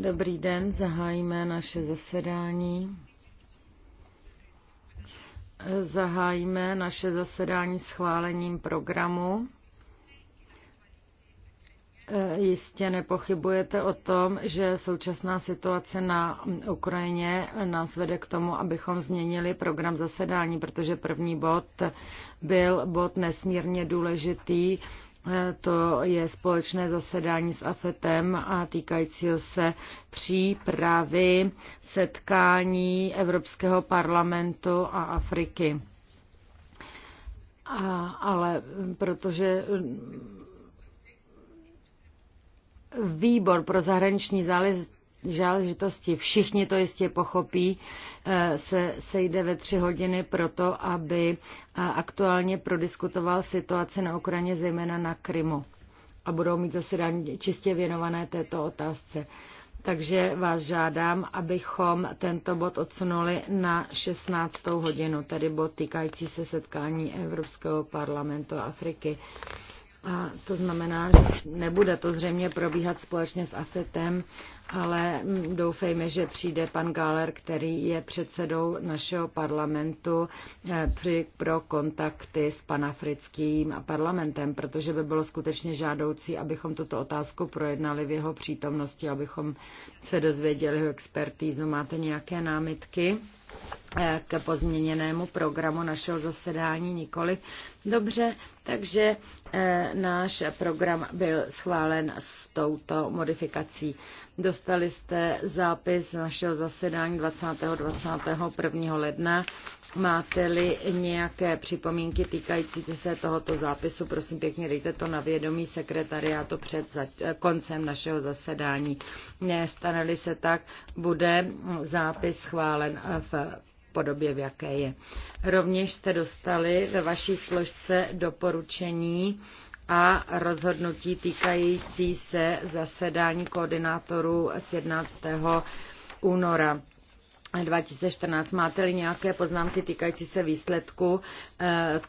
Dobrý den, zahájíme naše zasedání. Zahájíme naše zasedání schválením programu. Eh, jistě nepochybujete o tom, že současná situace na Ukrajině nás vede k tomu, abychom změnili program zasedání, protože první bod byl bod nesmírně důležitý Eh, to je společné zasedání s AFETem a týkajícího se přípravy setkání Evropského parlamentu a Afriky. A, ale protože mm, Výbor pro zahraniční záležitosti záležitosti, všichni to jistě pochopí, eh, se sejde ve tři hodiny proto, aby eh, aktuálně prodiskutoval situaci na Ukrajině, zejména na Krymu. A budou mít zasedání čistě věnované této otázce. Takže vás žádám, abychom tento bod odsunuli na 16. hodinu, tedy bod týkající se setkání Evropského parlamentu Afriky. A to znamená, že nebude to zřejmě probíhat společně s ASETem, ale doufejme, že přijde pan Galer, který je předsedou našeho parlamentu eh, pro kontakty s panafrickým parlamentem, protože by bylo skutečně žádoucí, abychom tuto otázku projednali v jeho přítomnosti, abychom se dozvěděli jeho expertízu. Máte nějaké námitky? Eh, k pozměněnému programu našeho zasedání nikoli. Dobře, takže eh, náš program byl schválen s touto modifikací. Dostali jste zápis našeho zasedání 20. 21. ledna. Máte-li nějaké připomínky týkající se tohoto zápisu, prosím pěkně dejte to na vědomí sekretariátu před eh, koncem našeho zasedání. Nestane-li se tak, bude zápis schválen eh, v podobě, v jaké je. Rovněž jste dostali ve vaší složce doporučení a rozhodnutí týkající se zasedání koordinátorů z 11. února. 2014. Máte-li nějaké poznámky týkající se výsledku eh,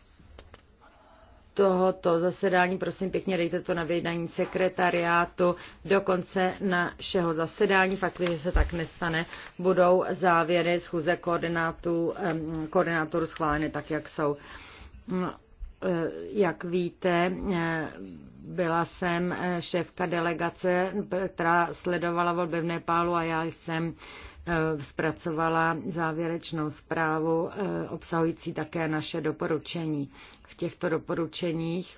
tohoto zasedání, prosím pěkně dejte to na vyjednání sekretariátu do konce našeho zasedání. fakt, když se tak nestane, budou závěry schůze koordinátorů, eh, koordinátorů schváleny tak, jak jsou. No, eh, jak víte, byla jsem šéfka delegace, která sledovala volby v Nepálu a já jsem Eh, zpracovala závěrečnou zprávu eh, obsahující také naše doporučení. V těchto doporučeních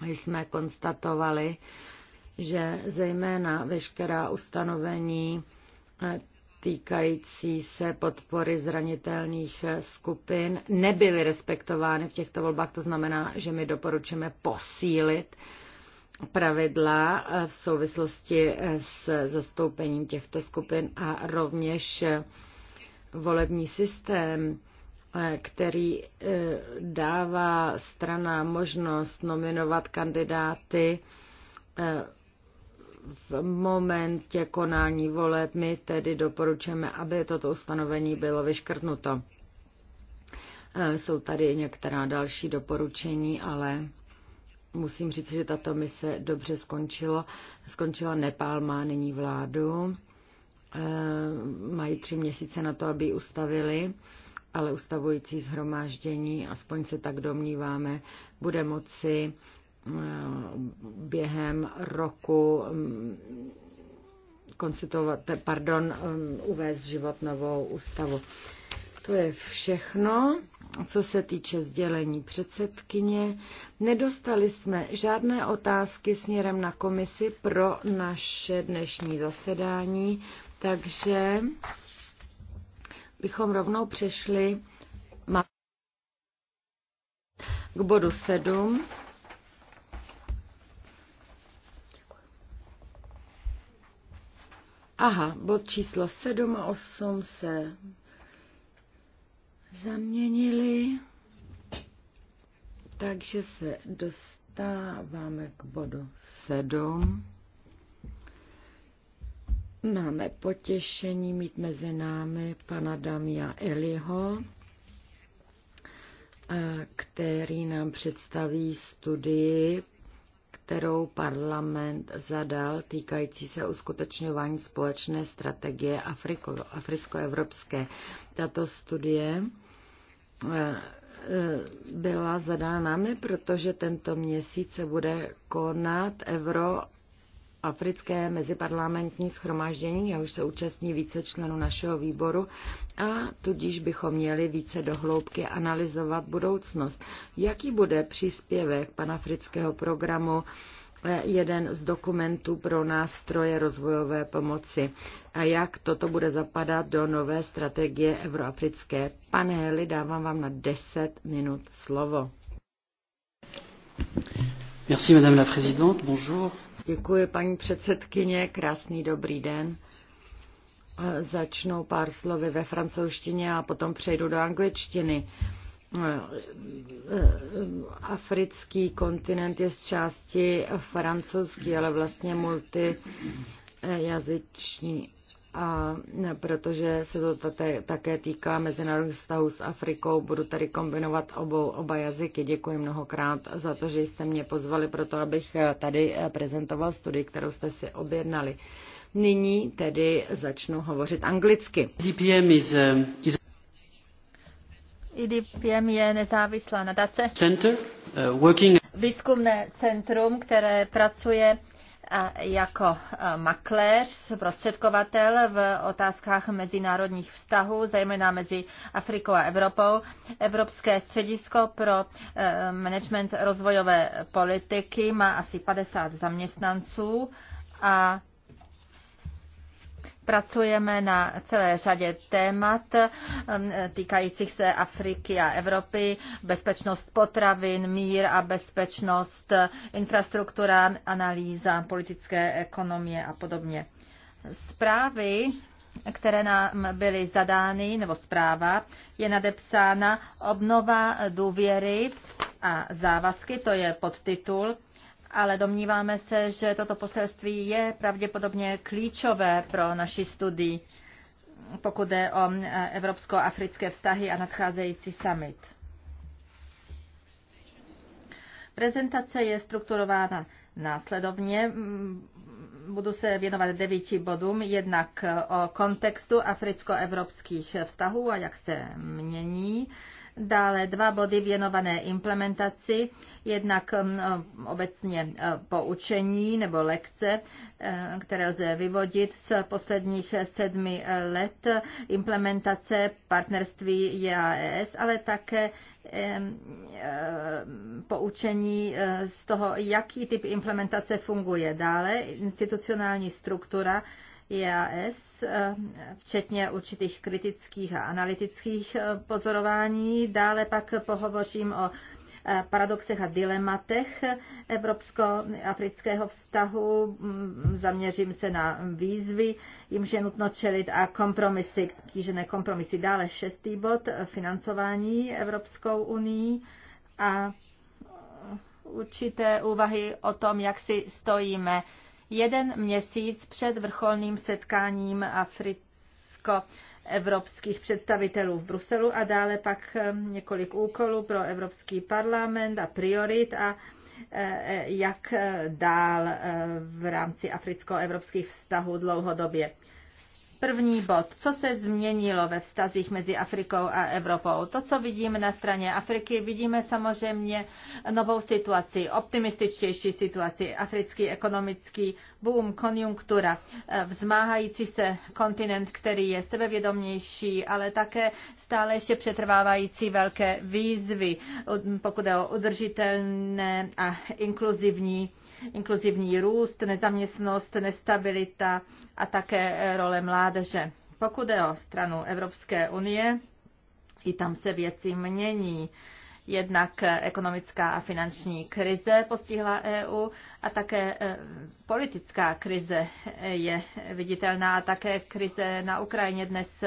jsme konstatovali, že zejména veškerá ustanovení eh, týkající se podpory zranitelných skupin nebyly respektovány v těchto volbách. To znamená, že my doporučíme posílit pravidla eh, v souvislosti eh, s zastoupením těchto skupin a rovněž eh, volební systém, který dává strana možnost nominovat kandidáty v momentě konání voleb. My tedy doporučujeme, aby toto ustanovení bylo vyškrtnuto. Jsou tady některá další doporučení, ale musím říct, že tato mise dobře skončilo. Skončila Nepál, má nyní vládu. Eh, mají tři měsíce na to, aby ji ustavili, ale ustavující zhromáždění, aspoň se tak domníváme, bude moci eh, během roku mm, konstituovat, pardon, mm, uvést v život novou ústavu. To je všechno, co se týče sdělení předsedkyně. Nedostali jsme žádné otázky směrem na komisi pro naše dnešní zasedání, takže bychom rovnou přešli k bodu 7. Aha, bod číslo 7 a 8 se zaměnili, takže se dostáváme k bodu 7. Máme potěšení mít mezi námi pana Damia Eliho, eh, který nám představí studii kterou parlament zadal týkající se uskutečňování společné strategie Afriko, africko-evropské. Tato studie eh, eh, byla zadána námi, protože tento měsíc se bude konat Euro africké meziparlamentní schromáždění, já už se účastní více členů našeho výboru a tudíž bychom měli více dohloubky analyzovat budoucnost. Jaký bude příspěvek panafrického programu eh, jeden z dokumentů pro nástroje rozvojové pomoci a jak toto bude zapadat do nové strategie euroafrické. Pane Heli, dávám vám na 10 minut slovo. Merci, madame la présidente. Bonjour. Děkuji, paní předsedkyně. Krásný dobrý den. Začnu pár slovy ve francouzštině a potom přejdu do angličtiny. Africký kontinent je z části francouzský, ale vlastně multijazyční a protože se to tate, také týká mezinárodních vztahů s Afrikou, budu tady kombinovat obou, oba jazyky. Děkuji mnohokrát za to, že jste mě pozvali pro to, abych eh, tady eh, prezentoval studii, kterou jste si objednali. Nyní tedy začnu hovořit anglicky. E DPM is, eh, is... IDPM e je nezávislá nadace. Center, uh, working... Výzkumné centrum, které pracuje jako e, makléř, zprostředkovatel v otázkách mezinárodních vztahů, zejména mezi Afrikou a Evropou, Evropské středisko pro e, management rozvojové politiky má asi 50 zaměstnanců a Pracujeme na celé řadě témat um, týkajících se Afriky a Evropy, bezpečnost potravin, mír a bezpečnost, infrastruktura, analýza politické ekonomie a podobně. Zprávy které nám byly zadány, nebo zpráva, je nadepsána Obnova důvěry a závazky, to je podtitul ale domníváme se, že toto poselství je pravděpodobně klíčové pro naši studii, pokud jde o eh, evropsko-africké vztahy a nadcházející summit. Prezentace je strukturována následovně. Mm, budu se věnovat devíti bodům, jednak o kontextu africko-evropských vztahů a jak se mění Dále dva body věnované implementaci, jednak mm, eh, obecně eh, poučení nebo lekce, eh, které lze vyvodit z posledních sedmi let implementace partnerství JAES, ale také poučení z toho, jaký typ implementace funguje dále, institucionální struktura, IAS, eh, včetně určitých kritických a analytických eh, pozorování. Dále pak pohovořím o eh, paradoxech a dilematech evropsko-afrického vztahu. Mm, zaměřím se na výzvy, jimž je nutno čelit a kompromisy, kýžené kompromisy. Dále šestý bod, financování Evropskou unii a určité úvahy o tom, jak si stojíme jeden měsíc před vrcholným setkáním Africko evropských představitelů v Bruselu a dále pak eh, několik úkolů pro Evropský parlament a priorit a eh, eh, jak dál v rámci africko-evropských vztahů dlouhodobě. První bod. Co se změnilo ve vztazích mezi Afrikou a Evropou? To, co vidíme na straně Afriky, vidíme samozřejmě novou situaci, optimističtější situaci, africký ekonomický boom, konjunktura, eh, vzmáhající se kontinent, který je sebevědomější, ale také stále ještě přetrvávající velké výzvy, pokud je o udržitelné a inkluzivní inkluzivní růst, nezaměstnost, nestabilita a také role mládeže. Pokud je o stranu Evropské unie, i tam se věci mění. Jednak ekonomická a finanční krize postihla EU a také eh, politická krize je viditelná a také krize na Ukrajině dnes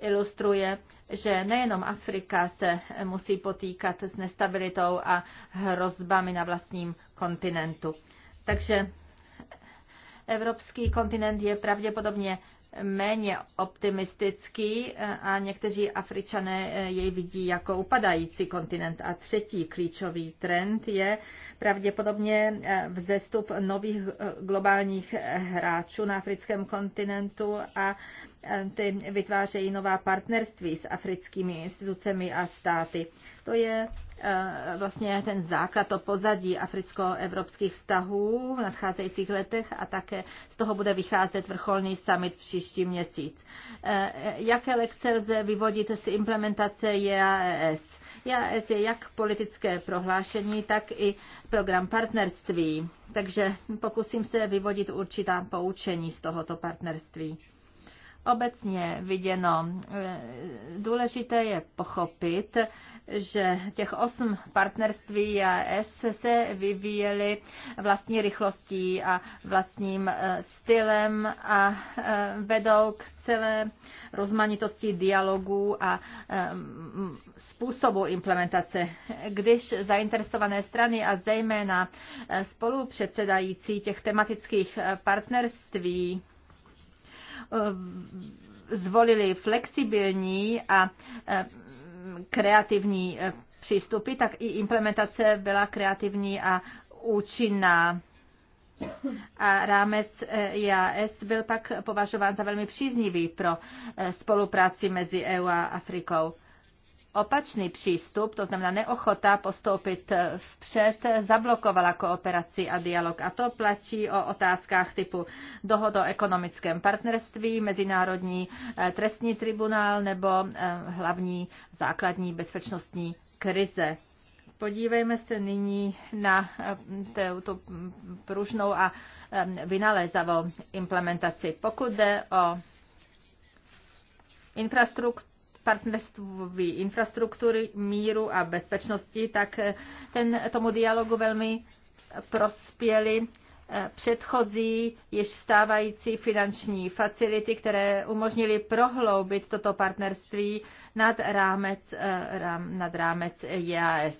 ilustruje, že nejenom Afrika se musí potýkat s nestabilitou a hrozbami na vlastním kontinentu. Takže evropský kontinent je pravděpodobně méně optimistický a někteří Afričané jej vidí jako upadající kontinent. A třetí klíčový trend je pravděpodobně vzestup nových globálních hráčů na africkém kontinentu a ty vytvářejí nová partnerství s africkými institucemi a státy. To je eh, vlastně ten základ, to pozadí africko-evropských vztahů v nadcházejících letech a také z toho bude vycházet vrcholný summit příští měsíc. Eh, jaké lekce lze vyvodit z implementace JAS? JAS je jak politické prohlášení, tak i program partnerství. Takže pokusím se vyvodit určitá poučení z tohoto partnerství. Obecně viděno, e, důležité je pochopit, že těch osm partnerství IAS se vyvíjely vlastní rychlostí a vlastním e, stylem a e, vedou k celé rozmanitosti dialogů a způsobu implementace. Když zainteresované strany a zejména spolupředsedající těch tematických partnerství Eh, zvolili flexibilní a eh, kreativní eh, přístupy, tak i implementace byla kreativní a účinná. A rámec EAS e byl pak považován za velmi příznivý pro spolupráci mezi EU a Afrikou. Opačný přístup, to znamená neochota postoupit eh, vpřed, eh, zablokovala kooperaci a dialog. A to platí o otázkách typu dohod o ekonomickém partnerství, Mezinárodní eh, trestní tribunál nebo hlavní základní bezpečnostní krize. Podívejme se nyní na tu pružnou a vynalézavou implementaci. Pokud jde o infrastrukturu, partnerství infrastruktury, míru a bezpečnosti, tak eh, ten, tomu dialogu velmi prospěly eh, předchozí, již stávající finanční facility, které umožnily prohloubit toto partnerství nad rámec, eh, nad rámec EAS.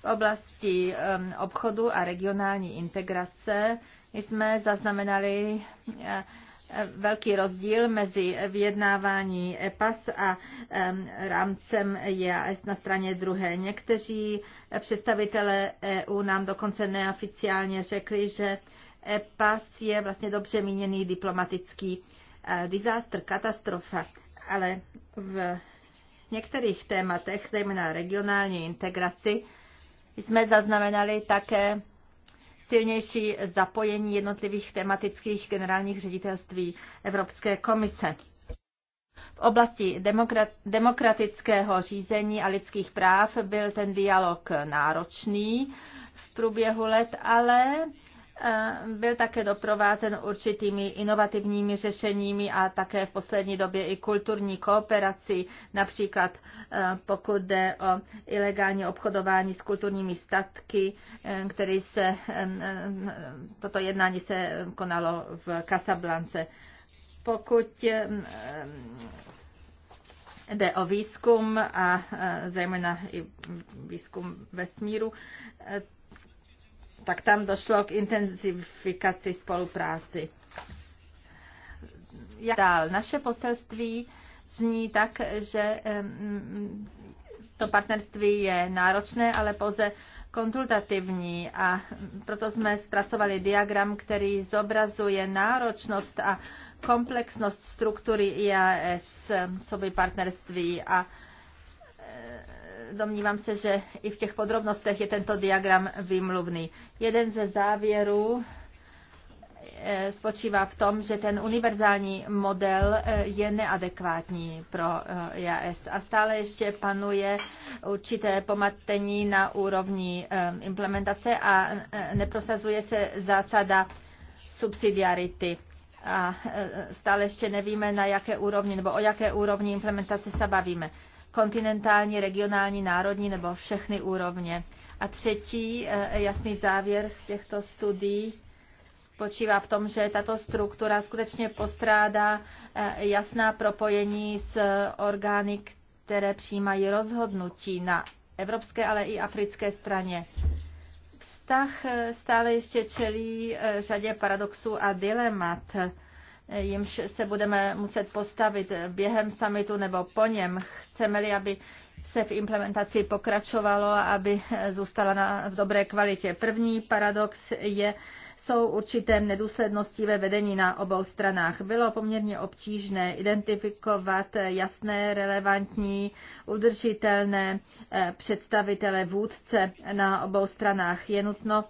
V oblasti ehm, obchodu a regionální integrace jsme zaznamenali velký rozdíl mezi vyjednávání EPAS a rámcem EAS na straně druhé. Někteří představitelé EU nám dokonce neoficiálně řekli, že EPAS je vlastně dobře míněný diplomatický e, disaster, katastrofa, ale v některých tématech, zejména regionální integraci, jsme zaznamenali také silnější zapojení jednotlivých tematických generálních ředitelství Evropské komise. V oblasti demokratického řízení a lidských práv byl ten dialog náročný v průběhu let, ale byl také doprovázen určitými inovativními řešeními a také v poslední době i kulturní kooperací, například eh, pokud jde o ilegální obchodování s kulturními statky, eh, který se, eh, toto jednání se konalo v Casablance. Pokud jde o výzkum a zejména i výzkum vesmíru, tak tam došlo k intenzifikaci spolupráci. Jak dál? Naše poselství zní tak, že to partnerství je náročné, ale pouze konzultativní a proto jsme zpracovali diagram, který zobrazuje náročnost a komplexnost struktury IAS, co by partnerství a domnívám se, že i v těch podrobnostech je tento diagram vymluvný. Jeden ze závěrů eh, spočívá v tom, že ten univerzální model eh, je neadekvátní pro JAS eh, e a stále ještě panuje určité pomatení na úrovni implementace a neprosazuje se zásada subsidiarity a stále ještě nevíme, na jaké úrovni nebo o jaké úrovni implementace se bavíme kontinentální, regionální, národní nebo všechny úrovně. A třetí eh, jasný závěr z těchto studií spočívá v tom, že tato struktura skutečně postrádá eh, jasná propojení s orgány, které přijímají rozhodnutí na evropské, ale i africké straně. Vztah eh, stále ještě čelí řadě paradoxů a dilemat jimž se budeme muset postavit během summitu nebo po něm. Chceme-li, aby se v implementaci pokračovalo a aby zůstala na, v dobré kvalitě. První paradox je, jsou určité nedůslednosti ve vedení na obou stranách. Bylo poměrně obtížné identifikovat jasné, relevantní, udržitelné eh, představitele vůdce na obou stranách. Je nutno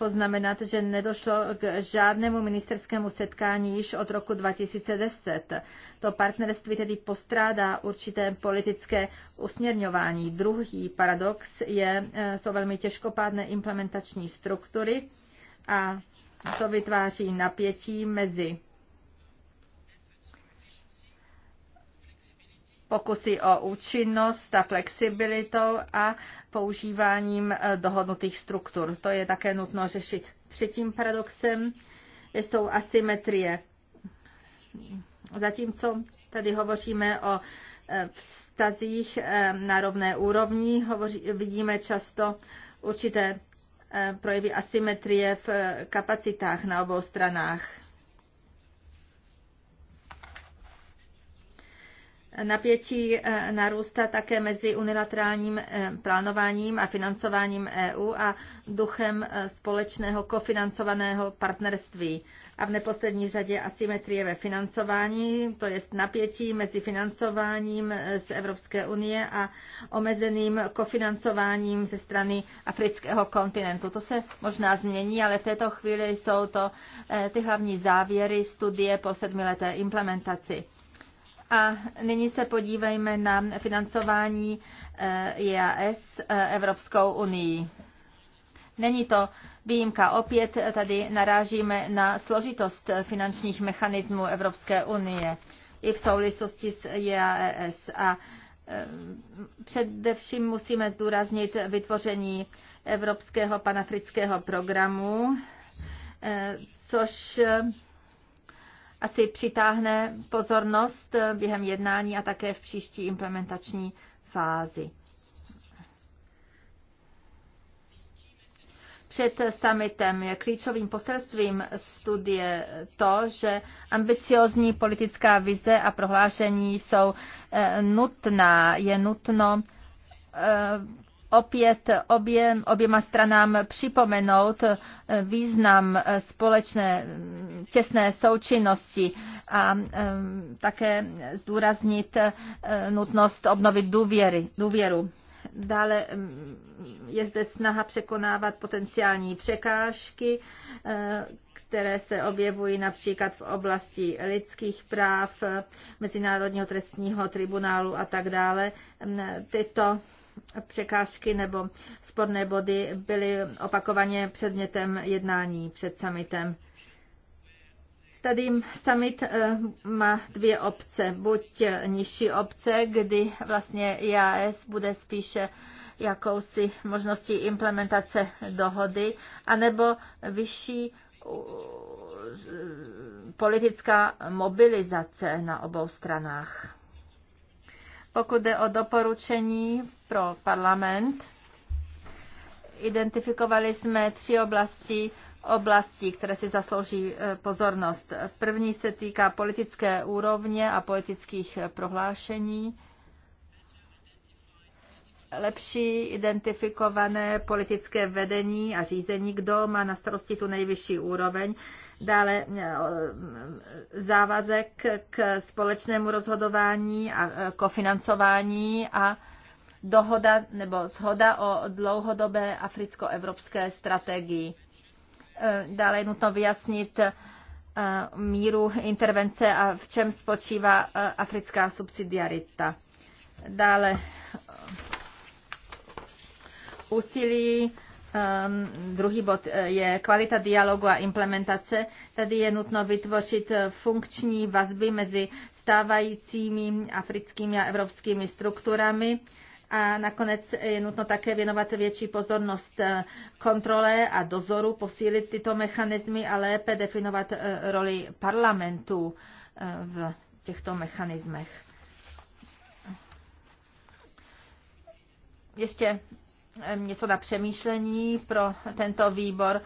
poznamenat, že nedošlo k žádnému ministerskému setkání již od roku 2010. To partnerství tedy postrádá určité politické usměrňování. Druhý paradox je, e, jsou velmi těžkopádné implementační struktury a to vytváří napětí mezi pokusy o účinnost a flexibilitou a používáním eh, dohodnutých struktur. To je také nutno řešit. Třetím paradoxem jsou asymetrie. Zatímco tady hovoříme o eh, vztazích eh, na rovné úrovni, hovoří, vidíme často určité projevy asymetrie v kapacitách na obou stranách. Napětí eh, narůstá také mezi unilaterálním eh, plánováním a financováním EU a duchem eh, společného kofinancovaného partnerství. A v neposlední řadě asymetrie ve financování, to je napětí mezi financováním z Evropské unie a omezeným kofinancováním ze strany afrického kontinentu. To se možná změní, ale v této chvíli jsou to ty hlavní závěry studie po sedmileté implementaci. A nyní se podívejme na financování EAS eh, e eh, Evropskou unii. Není to výjimka. Opět tady narážíme na složitost finančních mechanismů Evropské unie i v souvislosti s EAS. A eh, Především musíme zdůraznit vytvoření Evropského panafrického programu, což asi přitáhne pozornost eh, během jednání a také v příští implementační fázi. Před summitem je klíčovým poselstvím studie to, že ambiciozní politická vize a prohlášení jsou eh, nutná. Je nutno eh, opět obě, oběma stranám připomenout eh, význam eh, společné mm, těsné součinnosti a eh, také zdůraznit nutnost obnovit důvěry, důvěru. Dále mm, je zde snaha překonávat potenciální překážky, které se objevují například v oblasti lidských práv, Mezinárodního trestního tribunálu a tak dále. Tyto překážky nebo sporné body byly opakovaně předmětem jednání před summitem. Tady summit eh, má dvě obce. Buď nižší obce, kdy vlastně IAS e bude spíše jakousi možností implementace dohody, anebo vyšší politická mobilizace na obou stranách. Pokud jde o doporučení pro parlament, identifikovali jsme tři oblasti, oblasti, které si zaslouží e, pozornost. První se týká politické úrovně a politických e, prohlášení. Lepší identifikované politické vedení a řízení, kdo má na starosti tu nejvyšší úroveň, Dále eh, závazek k společnému rozhodování a eh, kofinancování a dohoda nebo shoda o dlouhodobé africko-evropské strategii. Eh, dále je nutno vyjasnit míru intervence a v čem spočívá africká subsidiarita. Dále úsilí Um, druhý bod eh, je kvalita dialogu a implementace. Tady je nutno vytvořit eh, funkční vazby mezi stávajícími africkými a evropskými strukturami. A nakonec je nutno také věnovat větší pozornost eh, kontrole a dozoru, posílit tyto mechanismy a lépe definovat roli parlamentu v těchto mechanismech. Ještě něco na přemýšlení pro tento výbor.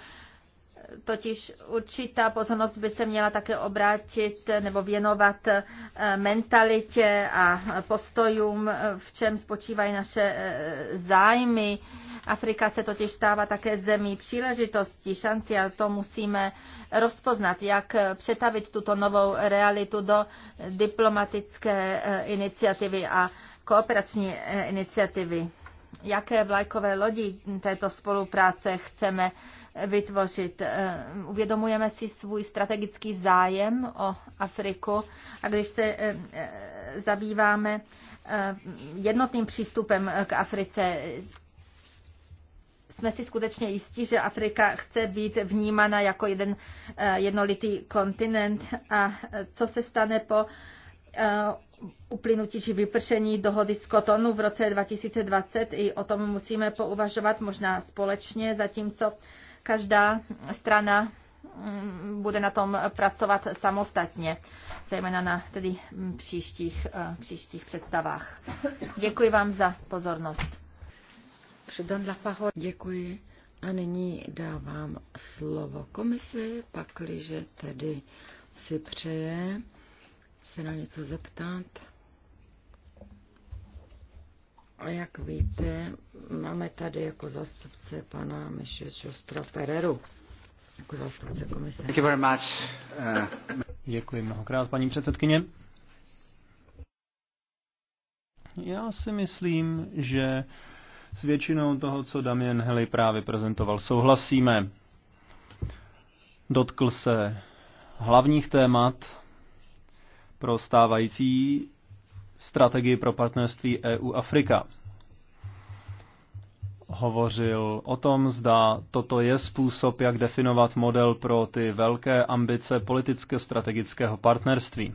Totiž určitá pozornost by se měla také obrátit nebo věnovat eh, mentalitě a postojům, eh, v čem spočívají naše eh, zájmy. Afrika se totiž stává také zemí příležitostí, šanci a to musíme rozpoznat, jak přetavit tuto novou realitu do diplomatické iniciativy a kooperační iniciativy jaké vlajkové lodi této spolupráce chceme vytvořit. Eh, uvědomujeme si svůj strategický zájem o Afriku a když se eh, zabýváme eh, jednotným přístupem k Africe, jsme si skutečně jistí, že Afrika chce být vnímána jako jeden jednolitý kontinent a co se stane po Eh, uplynutí či vypršení dohody z Kotonu v roce 2020. I o tom musíme pouvažovat možná společně, zatímco každá strana mm, bude na tom pracovat samostatně, zejména na tedy příštích, eh, příštích představách. Děkuji vám za pozornost. Děkuji. A nyní dávám slovo komisi, pakliže tedy si přeje se na něco zeptat? A jak víte, máme tady jako zástupce pana Miše Šostra Pereru, jako zástupce komise. Thank you very much. Uh... Děkuji mnohokrát, paní předsedkyně. Já si myslím, že s většinou toho, co Damien Heli právě prezentoval, souhlasíme. Dotkl se hlavních témat, pro stávající strategii pro partnerství EU-Afrika. Hovořil o tom, zda toto je způsob, jak definovat model pro ty velké ambice politické strategického partnerství.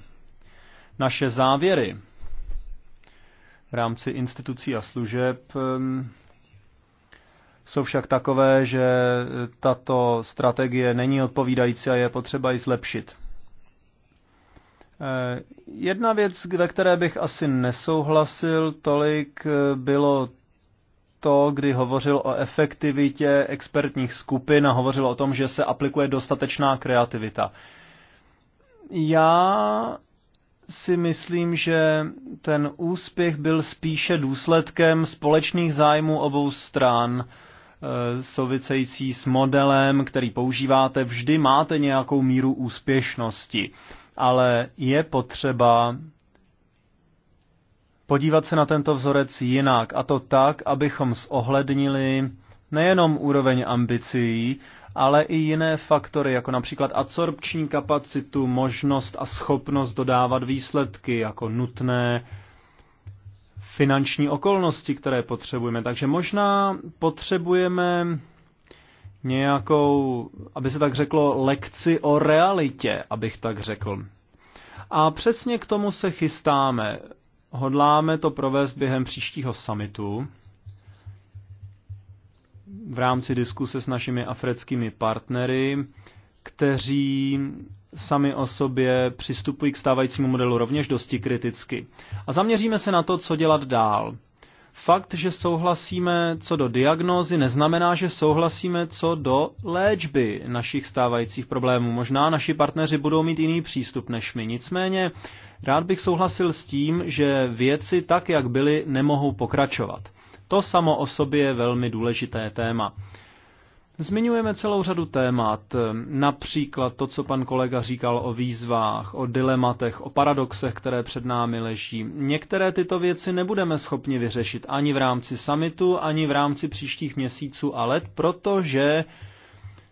Naše závěry v rámci institucí a služeb ehm, jsou však takové, že tato strategie není odpovídající a je potřeba ji zlepšit. Eh, jedna věc, ve které bych asi nesouhlasil tolik, eh, bylo to, kdy hovořil o efektivitě expertních skupin a hovořil o tom, že se aplikuje dostatečná kreativita. Já si myslím, že ten úspěch byl spíše důsledkem společných zájmů obou stran, eh, související s modelem, který používáte, vždy máte nějakou míru úspěšnosti ale je potřeba podívat se na tento vzorec jinak, a to tak, abychom zohlednili nejenom úroveň ambicí, ale i jiné faktory, jako například absorpční kapacitu, možnost a schopnost dodávat výsledky, jako nutné finanční okolnosti, které potřebujeme. Takže možná potřebujeme nějakou, aby se tak řeklo, lekci o realitě, abych tak řekl. A přesně k tomu se chystáme. Hodláme to provést během příštího summitu v rámci diskuse s našimi africkými partnery, kteří sami o sobě přistupují k stávajícímu modelu rovněž dosti kriticky. A zaměříme se na to, co dělat dál. Fakt, že souhlasíme co do diagnózy, neznamená, že souhlasíme co do léčby našich stávajících problémů. Možná naši partneři budou mít jiný přístup než my. Nicméně rád bych souhlasil s tím, že věci tak, jak byly, nemohou pokračovat. To samo o sobě je velmi důležité téma. Zmiňujeme celou řadu témat, například to, co pan kolega říkal o výzvách, o dilematech, o paradoxech, které před námi leží. Některé tyto věci nebudeme schopni vyřešit ani v rámci summitu, ani v rámci příštích měsíců a let, protože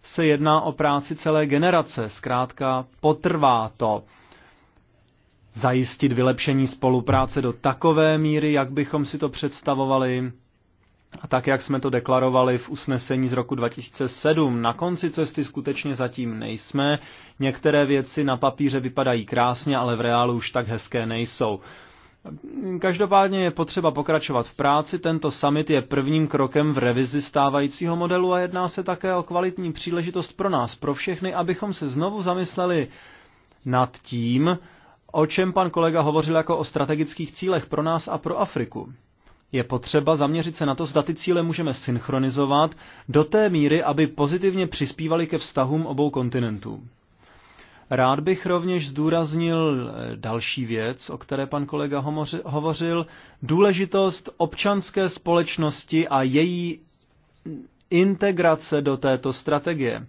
se jedná o práci celé generace. Zkrátka potrvá to zajistit vylepšení spolupráce do takové míry, jak bychom si to představovali, a tak, jak jsme to deklarovali v usnesení z roku 2007, na konci cesty skutečně zatím nejsme. Některé věci na papíře vypadají krásně, ale v reálu už tak hezké nejsou. Každopádně je potřeba pokračovat v práci. Tento summit je prvním krokem v revizi stávajícího modelu a jedná se také o kvalitní příležitost pro nás, pro všechny, abychom se znovu zamysleli nad tím, o čem pan kolega hovořil jako o strategických cílech pro nás a pro Afriku je potřeba zaměřit se na to, zda ty cíle můžeme synchronizovat do té míry, aby pozitivně přispívali ke vztahům obou kontinentů. Rád bych rovněž zdůraznil eh, další věc, o které pan kolega hovořil, důležitost občanské společnosti a její integrace do této strategie.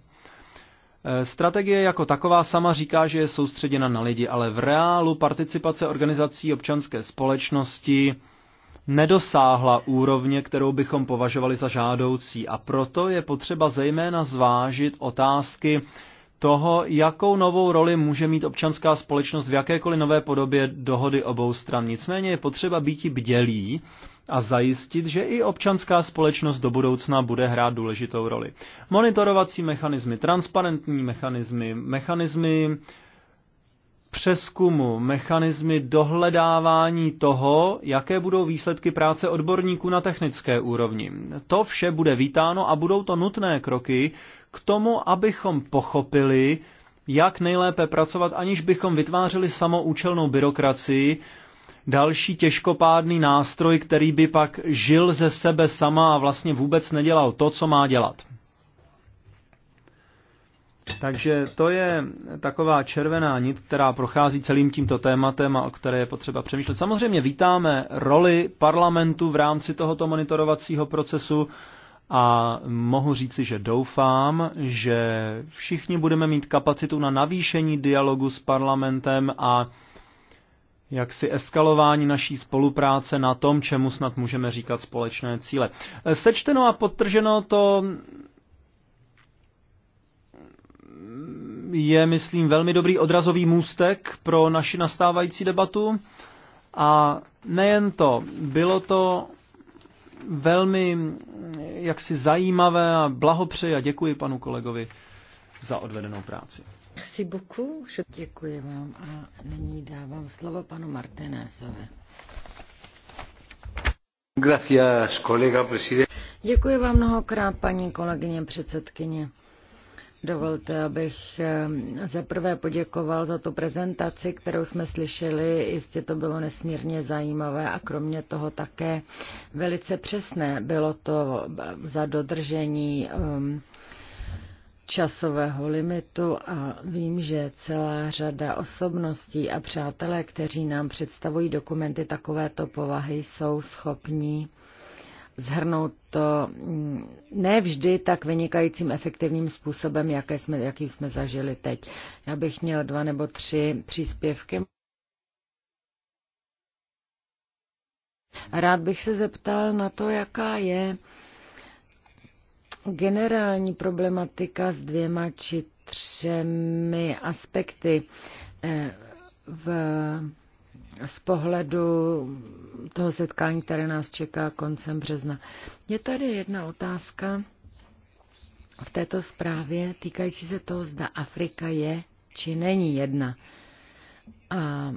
Eh, strategie jako taková sama říká, že je soustředěna na lidi, ale v reálu participace organizací občanské společnosti nedosáhla úrovně, kterou bychom považovali za žádoucí. A proto je potřeba zejména zvážit otázky toho, jakou novou roli může mít občanská společnost v jakékoliv nové podobě dohody obou stran. Nicméně je potřeba být i bdělí a zajistit, že i občanská společnost do budoucna bude hrát důležitou roli. Monitorovací mechanismy, transparentní mechanismy, mechanismy přeskumu, mechanizmy dohledávání toho, jaké budou výsledky práce odborníků na technické úrovni. To vše bude vítáno a budou to nutné kroky k tomu, abychom pochopili, jak nejlépe pracovat, aniž bychom vytvářeli samoučelnou byrokracii, další těžkopádný nástroj, který by pak žil ze sebe sama a vlastně vůbec nedělal to, co má dělat. Takže to je taková červená nit, která prochází celým tímto tématem a o které je potřeba přemýšlet. Samozřejmě vítáme roli parlamentu v rámci tohoto monitorovacího procesu a mohu říci, že doufám, že všichni budeme mít kapacitu na navýšení dialogu s parlamentem a jaksi eskalování naší spolupráce na tom, čemu snad můžeme říkat společné cíle. Sečteno a podtrženo to je, myslím, velmi dobrý odrazový můstek pro naši nastávající debatu. A nejen to, bylo to velmi jaksi zajímavé a blahopřeji a děkuji panu kolegovi za odvedenou práci. Merci beaucoup, děkuji vám a nyní dávám slovo panu Martinezovi. Gracias, kolega Děkuji vám mnohokrát, paní kolegyně předsedkyně. Dovolte, abych ehm, zaprvé poděkoval za tu prezentaci, kterou jsme slyšeli. Jistě to bylo nesmírně zajímavé a kromě toho také velice přesné. Bylo to ehm, za dodržení ehm, časového limitu a vím, že celá řada osobností a přátelé, kteří nám představují dokumenty takovéto povahy, jsou schopní zhrnout to mm, ne vždy tak vynikajícím efektivním způsobem, jaké jsme, jaký jsme zažili teď. Já bych měl dva nebo tři příspěvky. Rád bych se zeptal na to, jaká je generální problematika s dvěma či třemi aspekty eh, v z pohledu toho setkání, které nás čeká koncem března. Je tady jedna otázka v této zprávě týkající se toho, zda Afrika je či není jedna. A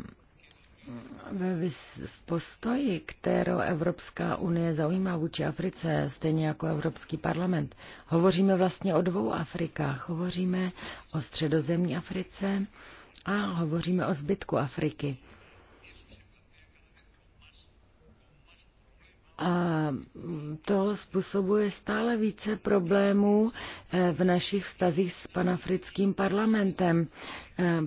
v postoji, kterou Evropská unie zaujímá vůči Africe, stejně jako Evropský parlament, hovoříme vlastně o dvou Afrikách. Hovoříme o středozemní Africe a hovoříme o zbytku Afriky. A to způsobuje stále více problémů eh, v našich vztazích s panafrickým parlamentem. Eh,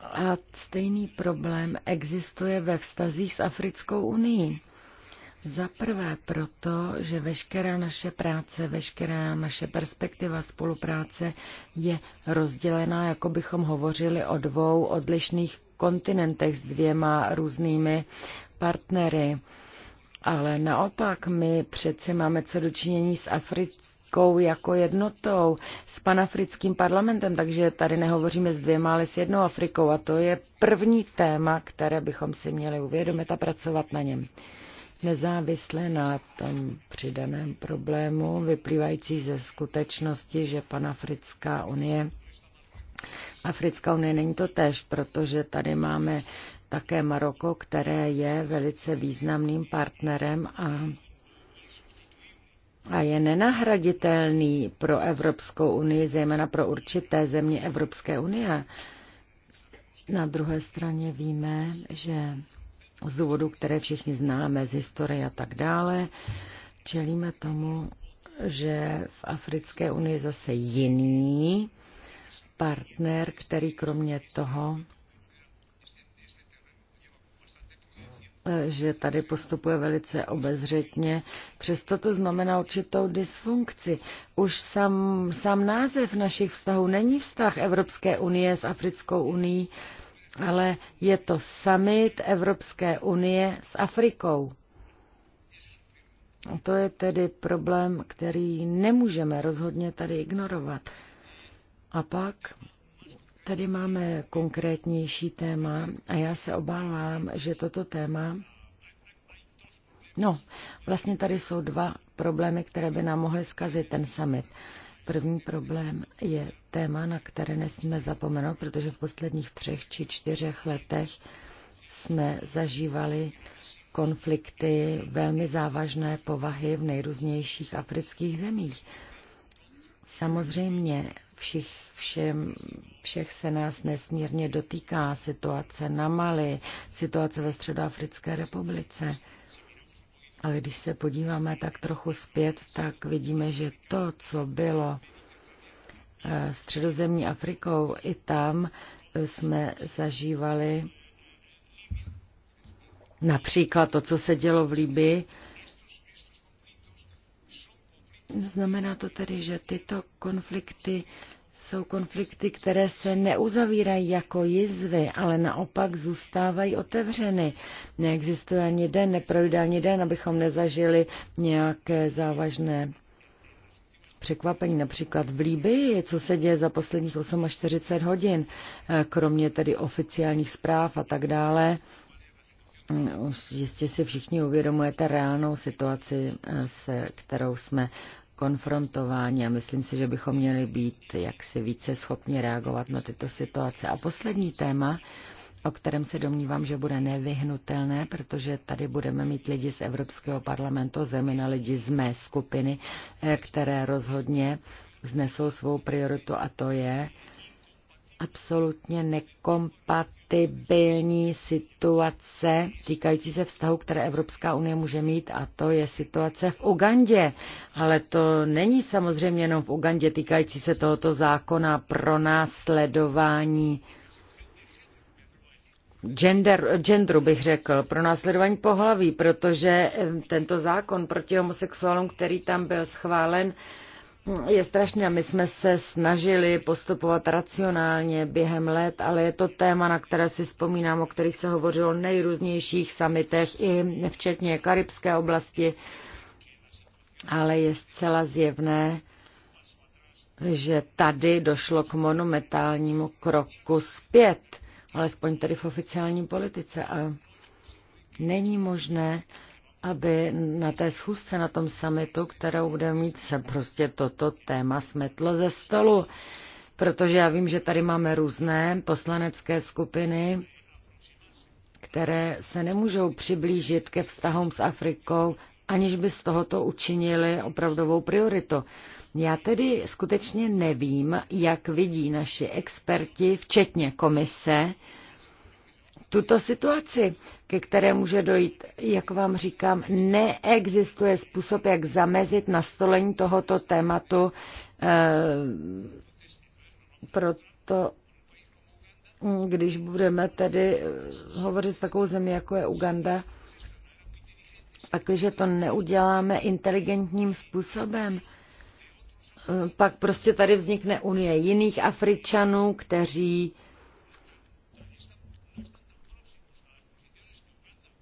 a stejný problém existuje ve vztazích s Africkou unii. Za prvé proto, že veškerá naše práce, veškerá naše perspektiva spolupráce je rozdělená, jako bychom hovořili o dvou odlišných kontinentech s dvěma různými partnery. Ale naopak, my přece máme co dočinění s Afrikou jako jednotou, s panafrickým parlamentem, takže tady nehovoříme s dvěma, ale s jednou Afrikou. A to je první téma, které bychom si měli uvědomit a pracovat na něm. Nezávisle na tom přidaném problému, vyplývající ze skutečnosti, že panafrická unie Africká unie není to tež, protože tady máme také Maroko, které je velice významným partnerem a, a je nenahraditelný pro Evropskou unii, zejména pro určité země Evropské unie. Na druhé straně víme, že z důvodu, které všichni známe z historie a tak dále, čelíme tomu, že v Africké unii zase jiný partner, který kromě toho že tady postupuje velice obezřetně. Přesto to znamená určitou dysfunkci. Už sam, sam název našich vztahů není vztah Evropské unie s Africkou unii, ale je to summit Evropské unie s Afrikou. To je tedy problém, který nemůžeme rozhodně tady ignorovat. A pak Tady máme konkrétnější téma a já se obávám, že toto téma. No, vlastně tady jsou dva problémy, které by nám mohly zkazit ten summit. První problém je téma, na které nesmíme zapomenout, protože v posledních třech či čtyřech letech jsme zažívali konflikty velmi závažné povahy v nejrůznějších afrických zemích. Samozřejmě všich, všem, všech se nás nesmírně dotýká situace na Mali, situace ve Středoafrické republice. Ale když se podíváme tak trochu zpět, tak vidíme, že to, co bylo eh, středozemní Afrikou, i tam eh, jsme zažívali například to, co se dělo v Libii, Znamená to tedy, že tyto konflikty jsou konflikty, které se neuzavírají jako jizvy, ale naopak zůstávají otevřeny. Neexistuje ani den, neprojde ani den, abychom nezažili nějaké závažné překvapení. Například v Líbii, co se děje za posledních 48 hodin, kromě tedy oficiálních zpráv a tak dále, Jistě si všichni uvědomujete reálnou situaci, eh, se kterou jsme konfrontováni a myslím si, že bychom měli být jaksi více schopni reagovat na tyto situace. A poslední téma, o kterém se domnívám, že bude nevyhnutelné, protože tady budeme mít lidi z Evropského parlamentu, zejména lidi z mé skupiny, eh, které rozhodně znesou svou prioritu a to je absolutně nekompatibilní kompatibilní situace týkající se vztahu, které Evropská unie může mít, a to je situace v Ugandě. Ale to není samozřejmě jenom v Ugandě týkající se tohoto zákona pro následování gender, genderu bych řekl, pro následování pohlaví, protože tento zákon proti homosexuálům, který tam byl schválen, je strašně, my jsme se snažili postupovat racionálně během let, ale je to téma, na které si vzpomínám, o kterých se hovořilo v nejrůznějších samitech, i včetně karibské oblasti, ale je zcela zjevné, že tady došlo k monumentálnímu kroku zpět, alespoň tedy v oficiální politice. A není možné, aby na té schůzce, na tom summitu, kterou budeme mít, se prostě toto téma smetlo ze stolu. Protože já vím, že tady máme různé poslanecké skupiny, které se nemůžou přiblížit ke vztahům s Afrikou, aniž by z tohoto učinili opravdovou prioritu. Já tedy skutečně nevím, jak vidí naši experti, včetně komise, tuto situaci, ke které může dojít, jak vám říkám, neexistuje způsob, jak zamezit nastolení tohoto tématu, eh, proto když budeme tedy eh, hovořit s takovou zemí, jako je Uganda, pak, když to neuděláme inteligentním způsobem, eh, pak prostě tady vznikne unie jiných Afričanů, kteří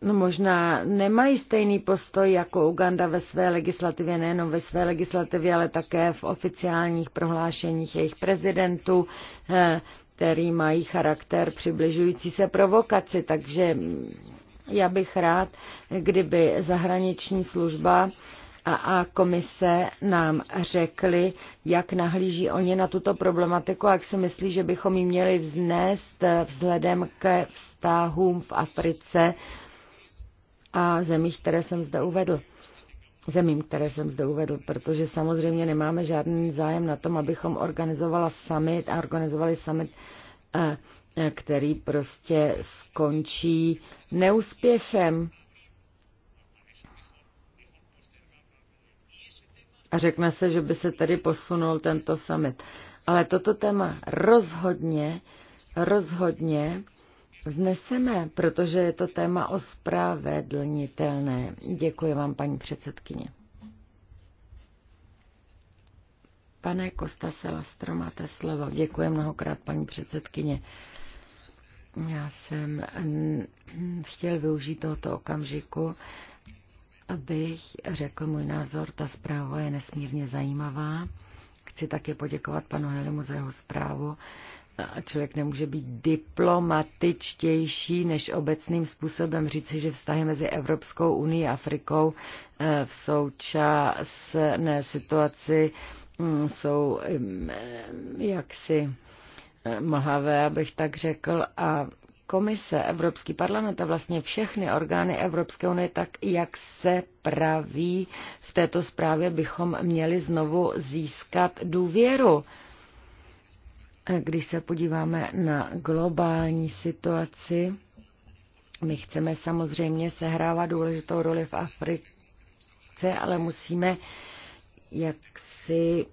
No možná nemají stejný postoj jako Uganda ve své legislativě, nejenom ve své legislativě, ale také v oficiálních prohlášeních jejich prezidentů, eh, který mají charakter přibližující se provokaci. Takže já bych rád, kdyby zahraniční služba a, a komise nám řekly, jak nahlíží oni na tuto problematiku a jak si myslí, že bychom ji měli vznést eh, vzhledem ke vztahům v Africe a zemích, které jsem zde uvedl zemím, které jsem zde uvedl, protože samozřejmě nemáme žádný zájem na tom, abychom organizovala summit a organizovali summit, eh, eh, který prostě skončí neúspěchem. A řekne se, že by se tedy posunul tento summit. Ale toto téma rozhodně, rozhodně vzneseme, protože je to téma ospravedlnitelné. Děkuji vám, paní předsedkyně. Pane Kosta Selastro, máte slovo. Děkuji mnohokrát, paní předsedkyně. Já jsem chtěl využít tohoto okamžiku, abych řekl můj názor. Ta zpráva je nesmírně zajímavá. Chci také poděkovat panu Helimu za jeho zprávu a člověk nemůže být diplomatičtější, než obecným způsobem říci, že vztahy mezi Evropskou unii a Afrikou eh, v současné situaci mm, jsou mm, eh, jaksi eh, mlhavé, abych tak řekl, a komise, Evropský parlament a vlastně všechny orgány Evropské unie, tak jak se praví v této zprávě, bychom měli znovu získat důvěru když se podíváme na globální situaci, my chceme samozřejmě sehrávat důležitou roli v Africe, ale musíme jak si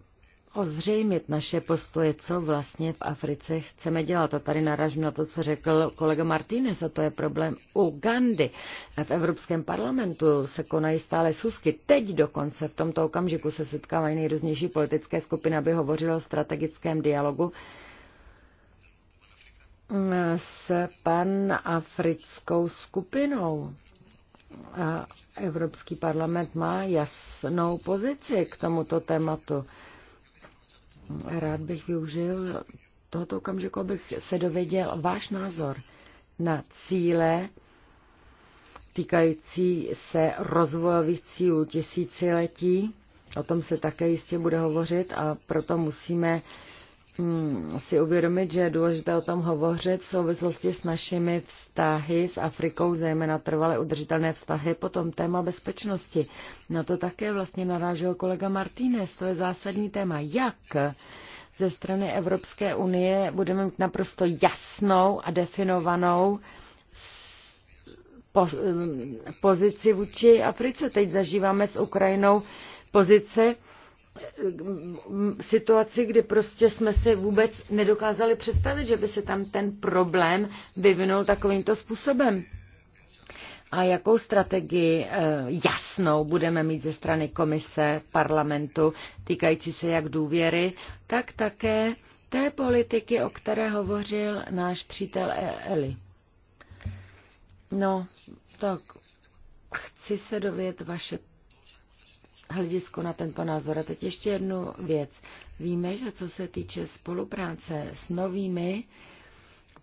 ozřejmit naše postoje, co vlastně v Africe chceme dělat. A tady naražím na to, co řekl kolega Martínez, a to je problém Ugandy. V Evropském parlamentu se konají stále susky. Teď dokonce v tomto okamžiku se setkávají nejrůznější politické skupiny, aby hovořilo o strategickém dialogu s Pan africkou skupinou. A Evropský parlament má jasnou pozici k tomuto tématu. Rád bych využil tohoto okamžiku, abych se dověděl váš názor na cíle týkající se rozvojových cílů tisíciletí. O tom se také jistě bude hovořit a proto musíme uh, Hmm, si uvědomit, že je důležité o tom hovořit v souvislosti s našimi vztahy s Afrikou, zejména trvale udržitelné vztahy, potom téma bezpečnosti. na no to také vlastně narážel kolega Martínez, to je zásadní téma. Jak ze strany Evropské unie budeme mít naprosto jasnou a definovanou hm, pozici vůči Africe. Teď zažíváme s Ukrajinou pozice, Eh, eh, situaci, kdy prostě jsme si vůbec nedokázali představit, že by se tam ten problém vyvinul takovýmto způsobem. A jakou strategii eh, jasnou budeme mít ze strany komise, parlamentu, týkající se jak důvěry, tak také té politiky, o které hovořil náš přítel e- Eli. No, tak chci se dovět vaše hledisko na tento názor. A teď ještě jednu věc. Víme, že co se týče spolupráce s novými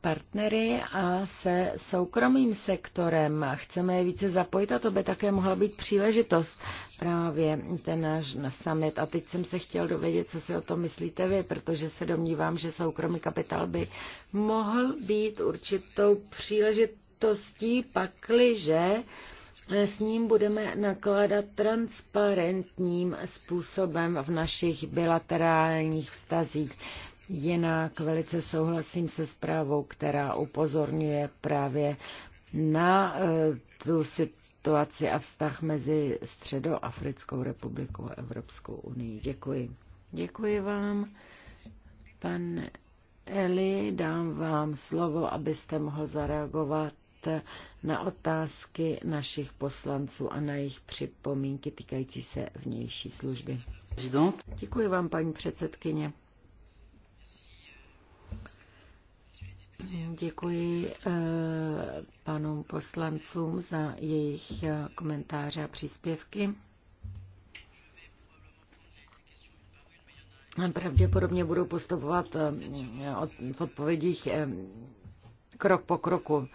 partnery a se soukromým sektorem. Chceme je více zapojit a to by také mohla být příležitost právě ten náš summit. A teď jsem se chtěl dovědět, co si o tom myslíte vy, protože se domnívám, že soukromý kapitál by mohl být určitou příležitostí, pakliže že s ním budeme nakládat transparentním způsobem v našich bilaterálních vztazích. Jinak velice souhlasím se zprávou, která upozorňuje právě na eh, tu situaci a vztah mezi Středoafrickou republikou a Evropskou unii. Děkuji. Děkuji vám, pan Eli, dám vám slovo, abyste mohl zareagovat na otázky našich poslanců a na jejich připomínky týkající se vnější služby. Děkuji vám, paní předsedkyně. Děkuji eh, panům poslancům za jejich eh, komentáře a příspěvky. Pravděpodobně budu postupovat eh, v odpovědích krok po kroku.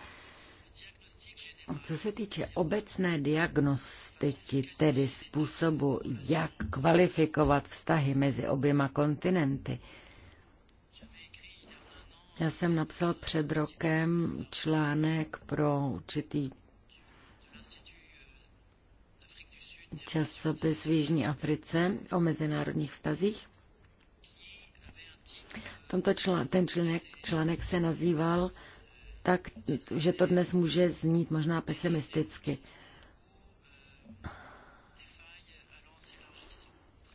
Co se týče obecné diagnostiky, tedy způsobu, jak kvalifikovat vztahy mezi oběma kontinenty, já jsem napsal před rokem článek pro určitý časopis v Jižní Africe o mezinárodních vztazích. Tento člán, ten článek, článek se nazýval tak že to dnes může znít možná pesimisticky.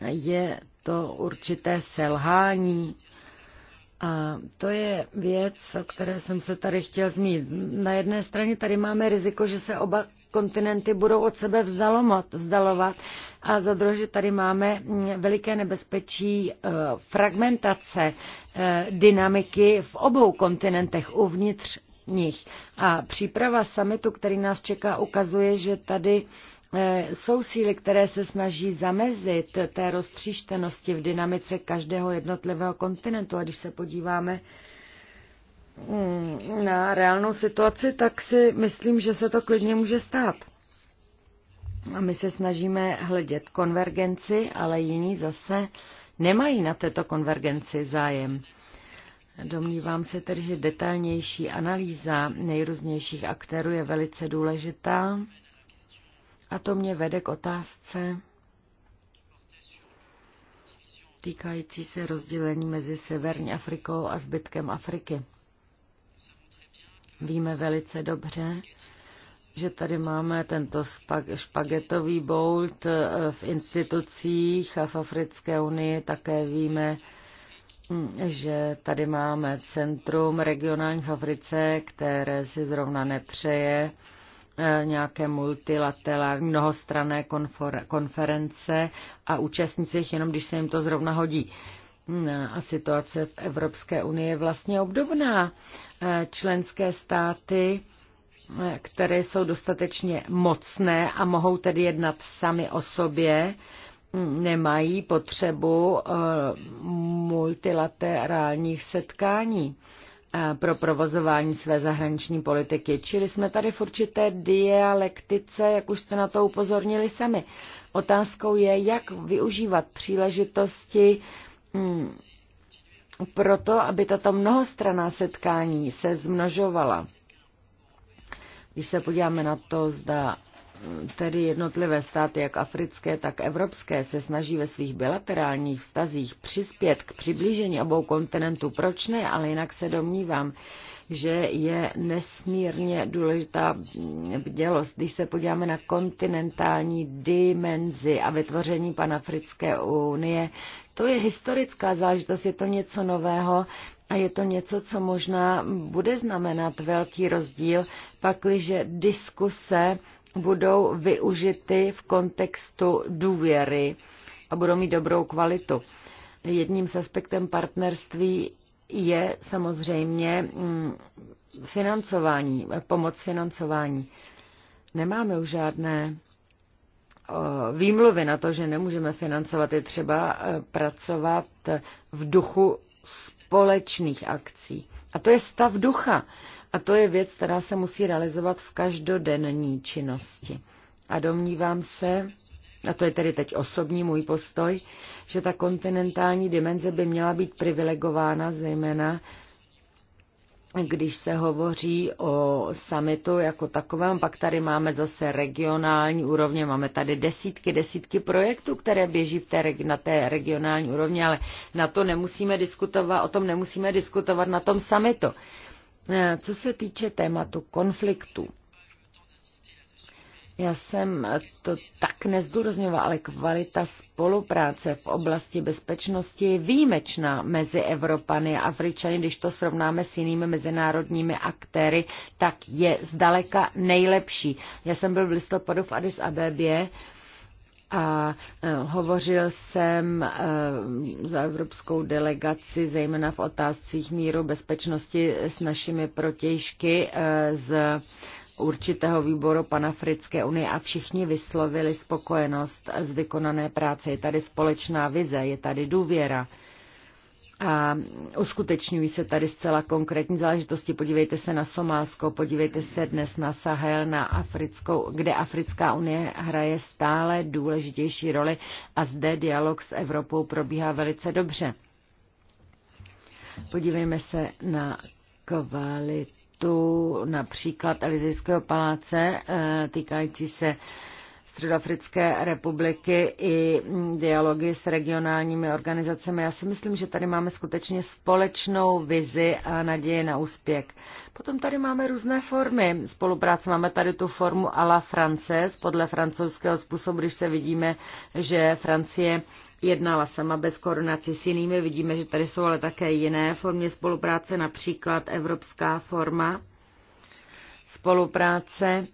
Je to určité selhání. A to je věc, o které jsem se tady chtěl zmínit. Na jedné straně tady máme riziko, že se oba kontinenty budou od sebe vzdalovat a za druhé, že tady máme veliké nebezpečí e, fragmentace e, dynamiky v obou kontinentech uvnitř nich. A příprava samitu, který nás čeká, ukazuje, že tady eh, jsou síly, které se snaží zamezit té roztříštenosti v dynamice každého jednotlivého kontinentu. A když se podíváme hmm, na reálnou situaci, tak si myslím, že se to klidně může stát. A my se snažíme hledět konvergenci, ale jiní zase nemají na této konvergenci zájem. Domnívám se tedy, že detailnější analýza nejrůznějších aktérů je velice důležitá a to mě vede k otázce týkající se rozdělení mezi Severní Afrikou a zbytkem Afriky. Víme velice dobře, že tady máme tento špagetový bolt eh, v institucích a v Africké unii také víme, že tady máme centrum regionální fabrice, které si zrovna nepřeje eh, nějaké multilaterální mnohostrané konference a účastníci jich jenom, když se jim to zrovna hodí. No, a situace v Evropské unii je vlastně obdobná. Eh, členské státy, eh, které jsou dostatečně mocné a mohou tedy jednat sami o sobě, nemají potřebu eh, multilaterálních setkání eh, pro provozování své zahraniční politiky. Čili jsme tady v určité dialektice, jak už jste na to upozornili sami. Otázkou je, jak využívat příležitosti hm, proto, aby tato mnohostraná setkání se zmnožovala. Když se podíváme na to, zda tedy jednotlivé státy, jak africké, tak evropské, se snaží ve svých bilaterálních vztazích přispět k přiblížení obou kontinentů. Proč ne? Ale jinak se domnívám, že je nesmírně důležitá bdělost. Když se podíváme na kontinentální dimenzi a vytvoření panafrické unie, to je historická záležitost, je to něco nového, a je to něco, co možná bude znamenat velký rozdíl, pakliže diskuse budou využity v kontextu důvěry a budou mít dobrou kvalitu. Jedním z aspektem partnerství je samozřejmě mm, financování, pomoc financování. Nemáme už žádné výmluvy na to, že nemůžeme financovat. Je třeba e, pracovat v duchu společných akcí. A to je stav ducha. A to je věc, která se musí realizovat v každodenní činnosti. A domnívám se, a to je tedy teď osobní můj postoj, že ta kontinentální dimenze by měla být privilegována zejména když se hovoří o summitu jako takovém, pak tady máme zase regionální úrovně, máme tady desítky, desítky projektů, které běží v té, na té regionální úrovni, ale na to nemusíme diskutovat, o tom nemusíme diskutovat na tom summitu. Eh, co se týče tématu konfliktu, já jsem to tak nezdůrazňoval, ale kvalita spolupráce v oblasti bezpečnosti je výjimečná mezi Evropany a Afričany. Když to srovnáme s jinými mezinárodními aktéry, tak je zdaleka nejlepší. Já jsem byl v listopadu v Addis Abebě a e, hovořil jsem e, za evropskou delegaci, zejména v otázcích míru bezpečnosti s našimi protějšky e, z určitého výboru Panafrické unie a všichni vyslovili spokojenost z vykonané práce. Je tady společná vize, je tady důvěra a uskutečňují se tady zcela konkrétní záležitosti. Podívejte se na Somálsko, podívejte se dnes na Sahel, na Africkou, kde Africká unie hraje stále důležitější roli a zde dialog s Evropou probíhá velice dobře. Podívejme se na kvalitu například Elizejského paláce eh, týkající se Středoafrické republiky i dialogy s regionálními organizacemi. Já si myslím, že tady máme skutečně společnou vizi a naději na úspěch. Potom tady máme různé formy spolupráce. Máme tady tu formu à la Frances, podle francouzského způsobu, když se vidíme, že Francie jednala sama bez koordinace s jinými. Vidíme, že tady jsou ale také jiné formy spolupráce, například evropská forma spolupráce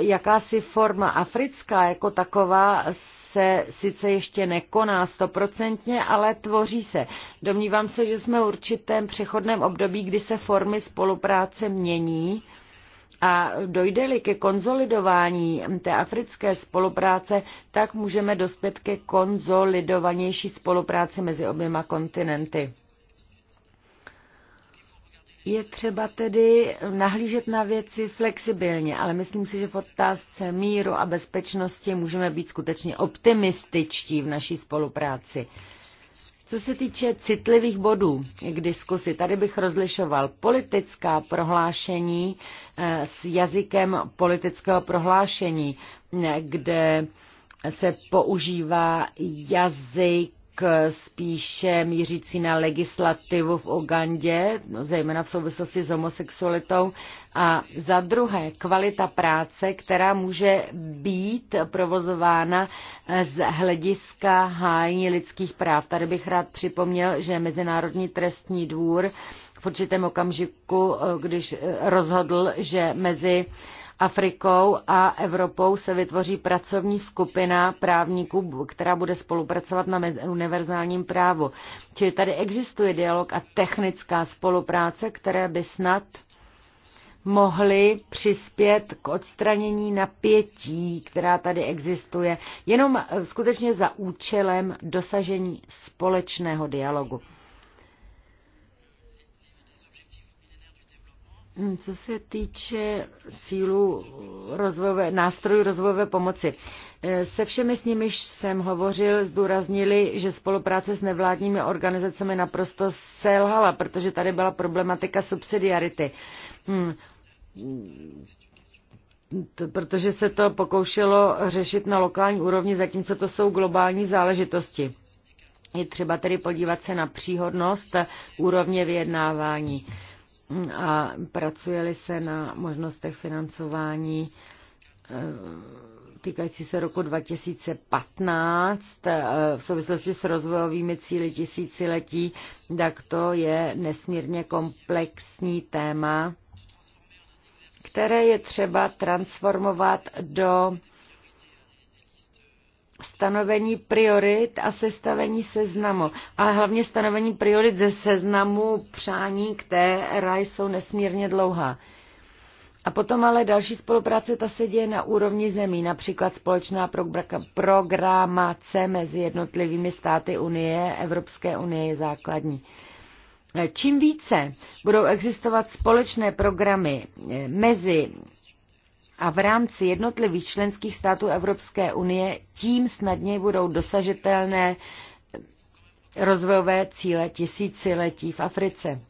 jakási forma africká jako taková se sice ještě nekoná stoprocentně, ale tvoří se. Domnívám se, že jsme v určitém přechodném období, kdy se formy spolupráce mění a dojde-li ke konzolidování té africké spolupráce, tak můžeme dospět ke konzolidovanější spolupráci mezi oběma kontinenty. Je třeba tedy nahlížet na věci flexibilně, ale myslím si, že v otázce míru a bezpečnosti můžeme být skutečně optimističtí v naší spolupráci. Co se týče citlivých bodů k diskusi, tady bych rozlišoval politická prohlášení eh, s jazykem politického prohlášení, kde se používá jazyk spíše mířící na legislativu v Ugandě, no, zejména v souvislosti s homosexualitou, a za druhé kvalita práce, která může být provozována eh, z hlediska hájení lidských práv. Tady bych rád připomněl, že Mezinárodní trestní dvůr v určitém okamžiku, eh, když eh, rozhodl, že mezi Afrikou a Evropou se vytvoří pracovní skupina právníků, která bude spolupracovat na univerzálním právu. Čili tady existuje dialog a technická spolupráce, které by snad mohly přispět k odstranění napětí, která tady existuje, jenom eh, skutečně za účelem dosažení společného dialogu. Hmm, co se týče cílů rozvojové, nástrojů rozvojové pomoci, eh, se všemi s nimiž jsem hovořil, zdůraznili, že spolupráce s nevládními organizacemi naprosto selhala, protože tady byla problematika subsidiarity. Hmm. Protože se to pokoušelo řešit na lokální úrovni, zatímco to jsou globální záležitosti. Je třeba tedy podívat se na příhodnost úrovně vyjednávání a pracujeli se na možnostech financování eh, týkající se roku 2015 eh, v souvislosti s rozvojovými cíly tisíciletí, tak to je nesmírně komplexní téma, které je třeba transformovat do stanovení priorit a sestavení seznamu, ale hlavně stanovení priorit ze seznamu přání, která jsou nesmírně dlouhá. A potom ale další spolupráce, ta se děje na úrovni zemí, například společná programace mezi jednotlivými státy Unie, Evropské unie je základní. Čím více budou existovat společné programy eh, mezi a v rámci jednotlivých členských států Evropské unie tím snadněji budou dosažitelné rozvojové cíle tisíciletí v Africe.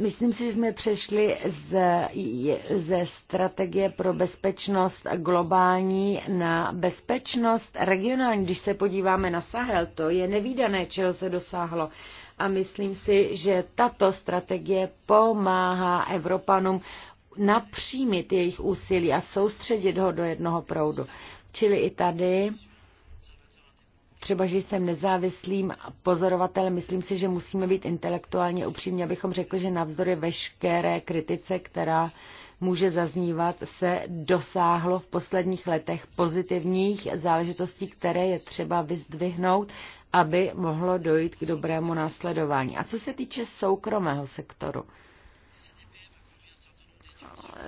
Myslím si, že jsme přešli ze, ze strategie pro bezpečnost globální na bezpečnost regionální. Když se podíváme na Sahel, to je nevýdané, čeho se dosáhlo. A myslím si, že tato strategie pomáhá Evropanům napřímit jejich úsilí a soustředit ho do jednoho proudu. Čili i tady, třeba, že jsem nezávislým pozorovatelem, myslím si, že musíme být intelektuálně upřímní, abychom řekli, že navzdory veškeré kritice, která může zaznívat, se dosáhlo v posledních letech pozitivních záležitostí, které je třeba vyzdvihnout, aby mohlo dojít k dobrému následování. A co se týče soukromého sektoru,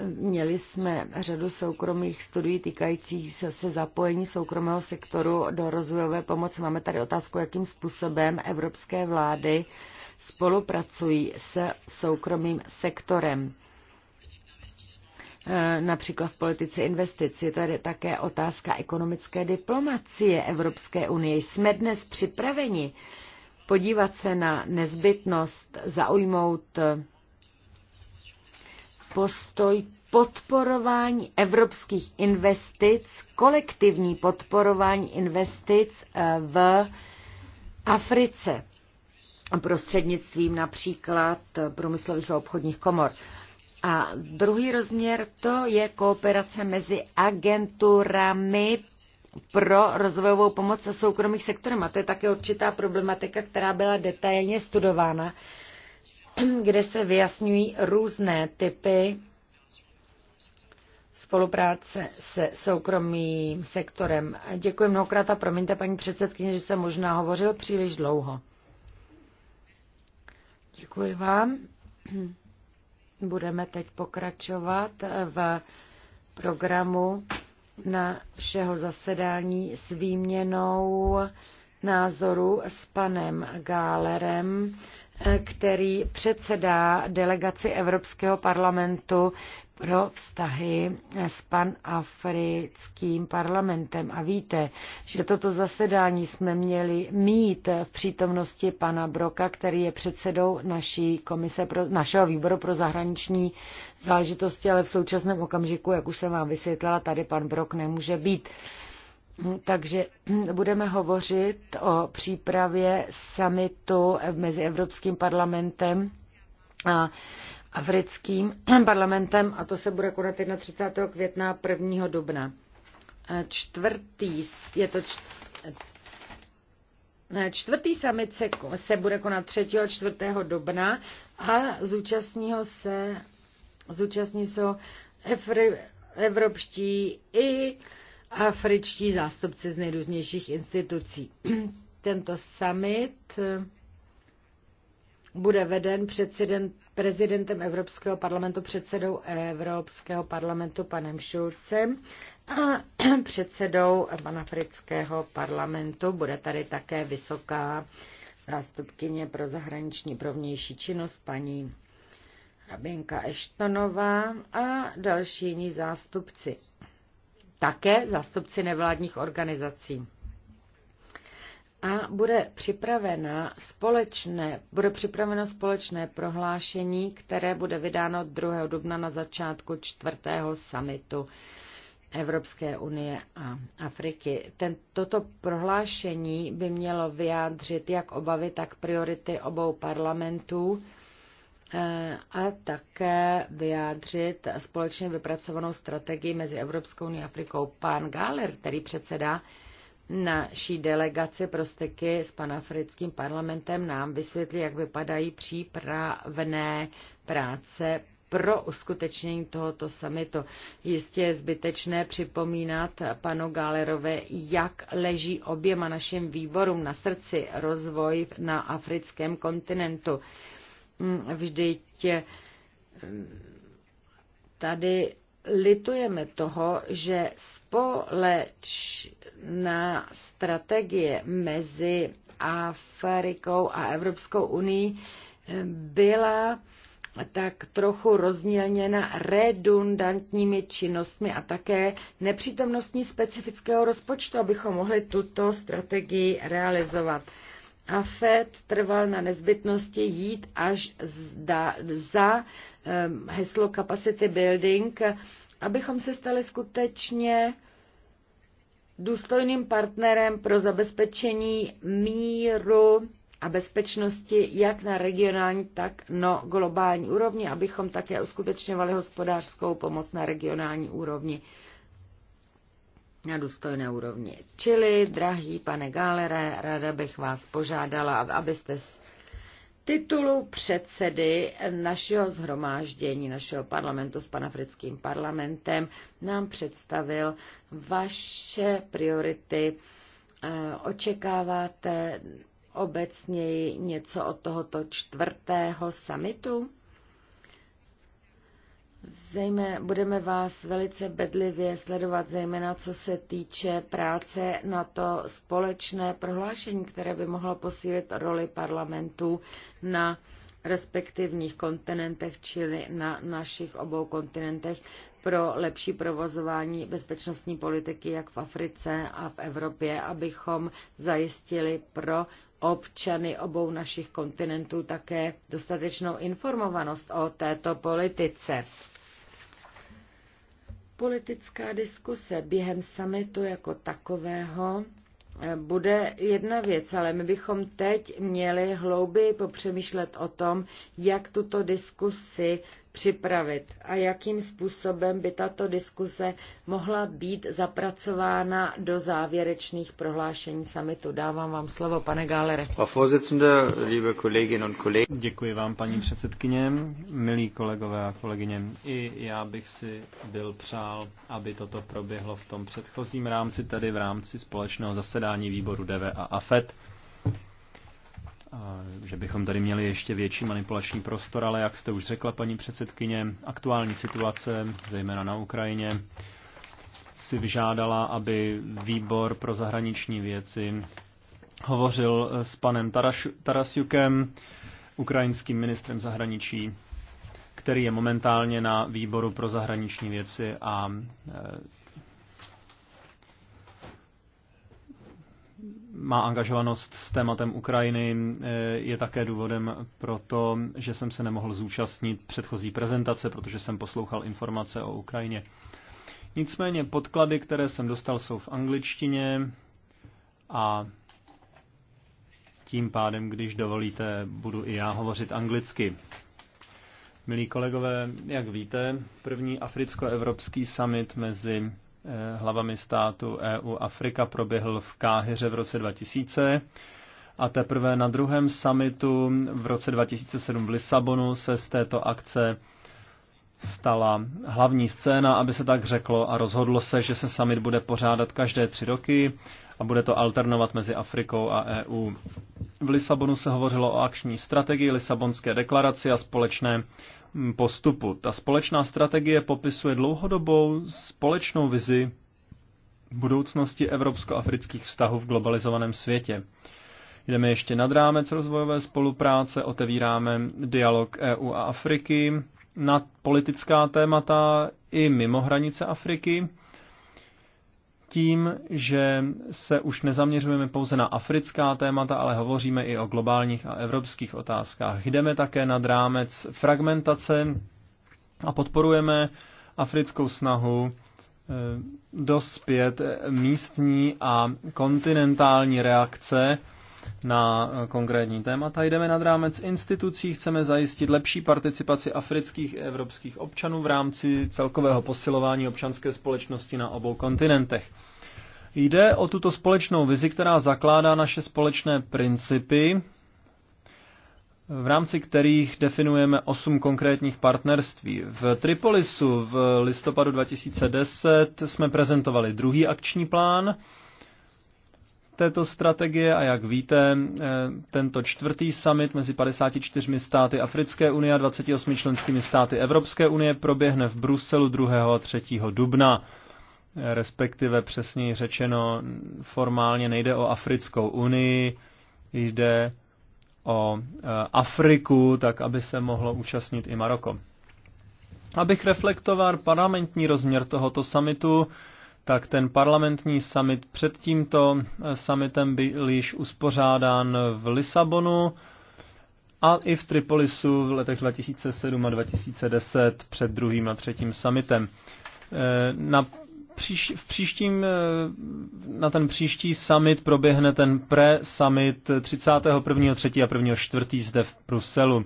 Měli jsme řadu soukromých studií týkajících se, se zapojení soukromého sektoru do rozvojové pomoci. Máme tady otázku, jakým způsobem evropské vlády spolupracují se soukromým sektorem e, například v politice investic. Je tady také otázka ekonomické diplomacie Evropské unie. Jsme dnes připraveni podívat se na nezbytnost zaujmout postoj podporování evropských investic, kolektivní podporování investic eh, v Africe prostřednictvím například průmyslových a obchodních komor. A druhý rozměr to je kooperace mezi agenturami pro rozvojovou pomoc a soukromých sektorem. A to je také určitá problematika, která byla detailně studována kde se vyjasňují různé typy spolupráce se soukromým sektorem. Děkuji mnohokrát a promiňte, paní předsedkyně, že jsem možná hovořil příliš dlouho. Děkuji vám. Budeme teď pokračovat v programu našeho zasedání s výměnou názoru s panem Gálerem, který předsedá delegaci Evropského parlamentu pro vztahy s panafrickým parlamentem. A víte, že toto zasedání jsme měli mít v přítomnosti pana Broka, který je předsedou naší komise pro, našeho výboru pro zahraniční záležitosti, ale v současném okamžiku, jak už jsem vám vysvětlila, tady pan Brok nemůže být. Takže budeme hovořit o přípravě summitu mezi Evropským parlamentem a africkým parlamentem a to se bude konat 31. května 1. dubna. Čtvrtý, je to čtvrtý summit se, se bude konat 3. a 4. dubna a zúčastní se zúčastní se evropští i afričtí zástupci z nejrůznějších institucí. Tento summit eh, bude veden předsident, prezidentem Evropského parlamentu, předsedou Evropského parlamentu panem Šulcem a předsedou panafrického parlamentu. Bude tady také vysoká zástupkyně pro zahraniční provnější činnost paní Rabinka Eštonová a další jiní zástupci také zástupci nevládních organizací a bude připravena společné, bude připraveno společné prohlášení, které bude vydáno 2. dubna na začátku čtvrtého samitu Evropské unie a Afriky. Ten, toto prohlášení by mělo vyjádřit jak obavy, tak priority obou parlamentů Eh, a také vyjádřit společně vypracovanou strategii mezi Evropskou unii a Afrikou. Pan Galer, který předsedá naší delegaci pro styky s panafrickým parlamentem, nám vysvětlí, jak vypadají přípravné práce pro uskutečnění tohoto samitu. Jistě je zbytečné připomínat panu Gálerovi, jak leží oběma našim výborům na srdci rozvoj na africkém kontinentu. Mm, vždyť eh, tady litujeme toho, že společná strategie mezi Afrikou a Evropskou unii eh, byla tak trochu rozmělněna redundantními činnostmi a také nepřítomností specifického rozpočtu, abychom mohli tuto strategii realizovat a Fed trval na nezbytnosti jít až zda, za heslo capacity building, abychom se stali skutečně důstojným partnerem pro zabezpečení míru a bezpečnosti jak na regionální, tak na globální úrovni, abychom také uskutečňovali hospodářskou pomoc na regionální úrovni na důstojné úrovni. Čili, drahý pane Gálere, ráda bych vás požádala, abyste z titulu předsedy našeho zhromáždění, našeho parlamentu s panafrickým parlamentem, nám představil vaše priority. Eh, očekáváte obecněji něco od tohoto čtvrtého samitu? Zajmé, budeme vás velice bedlivě sledovat, zejména co se týče práce na to společné prohlášení, které by mohlo posílit roli parlamentu na respektivních kontinentech, čili na našich obou kontinentech pro lepší provozování bezpečnostní politiky jak v Africe a v Evropě, abychom zajistili pro občany obou našich kontinentů také dostatečnou informovanost o této politice. Politická diskuse během summitu jako takového eh, bude jedna věc, ale my bychom teď měli hlouběji popřemýšlet o tom, jak tuto diskusi připravit a jakým způsobem by tato diskuse mohla být zapracována do závěrečných prohlášení samitu. Dávám vám slovo, pane Gálere. Děkuji vám, paní předsedkyně, milí kolegové a kolegyně. I já bych si byl přál, aby toto proběhlo v tom předchozím rámci, tedy v rámci společného zasedání výboru DV a AFET že bychom tady měli ještě větší manipulační prostor, ale jak jste už řekla, paní předsedkyně, aktuální situace, zejména na Ukrajině, si vyžádala, aby výbor pro zahraniční věci hovořil s panem Taraš, Tarasjukem, ukrajinským ministrem zahraničí, který je momentálně na výboru pro zahraniční věci a e, má angažovanost s tématem Ukrajiny eh, je také důvodem pro to, že jsem se nemohl zúčastnit předchozí prezentace, protože jsem poslouchal informace o Ukrajině. Nicméně podklady, které jsem dostal, jsou v angličtině a tím pádem, když dovolíte, budu i já hovořit anglicky. Milí kolegové, jak víte, první africko-evropský summit mezi Eh, hlavami státu EU Afrika proběhl v Káhyře v roce 2000 a teprve na druhém summitu v roce 2007 v Lisabonu se z této akce stala hlavní scéna, aby se tak řeklo, a rozhodlo se, že se summit bude pořádat každé tři roky a bude to alternovat mezi Afrikou a EU. V Lisabonu se hovořilo o akční strategii, Lisabonské deklaraci a společné postupu. Ta společná strategie popisuje dlouhodobou společnou vizi budoucnosti evropsko-afrických vztahů v globalizovaném světě. Jdeme ještě nad rámec rozvojové spolupráce, otevíráme dialog EU a Afriky na politická témata i mimo hranice Afriky tím, že se už nezaměřujeme pouze na africká témata, ale hovoříme i o globálních a evropských otázkách. Jdeme také nad rámec fragmentace a podporujeme africkou snahu eh, dospět místní a kontinentální reakce na eh, konkrétní témata. Jdeme nad rámec institucí, chceme zajistit lepší participaci afrických i evropských občanů v rámci celkového posilování občanské společnosti na obou kontinentech. Jde o tuto společnou vizi, která zakládá naše společné principy, v rámci kterých definujeme osm konkrétních partnerství. V Tripolisu v listopadu 2010 jsme prezentovali druhý akční plán, této strategie a jak víte, eh, tento čtvrtý summit mezi 54 státy Africké unie a 28 členskými státy Evropské unie proběhne v Bruselu 2. a 3. dubna. Eh, respektive přesněji řečeno, formálně nejde o Africkou unii, jde o eh, Afriku, tak aby se mohlo účastnit i Maroko. Abych reflektoval parlamentní rozměr tohoto samitu, tak ten parlamentní summit před tímto eh, summitem byl již uspořádán v Lisabonu a i v Tripolisu v letech 2007 a 2010 před druhým a třetím summitem. Eh, na příš, v příštím, eh, na ten příští summit proběhne ten pre-summit 31.3. a 1.4. zde v Bruselu.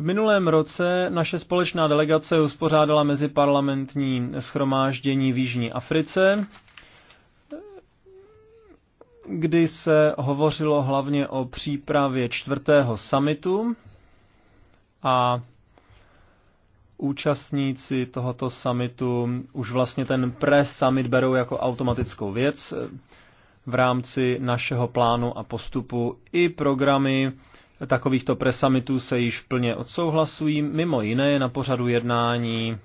V minulém roce naše společná delegace uspořádala meziparlamentní schromáždění v Jižní Africe, kdy se hovořilo hlavně o přípravě čtvrtého summitu a účastníci tohoto summitu už vlastně ten pre-summit berou jako automatickou věc v rámci našeho plánu a postupu i programy Takovýchto presamitů se již plně odsouhlasují, mimo jiné na pořadu jednání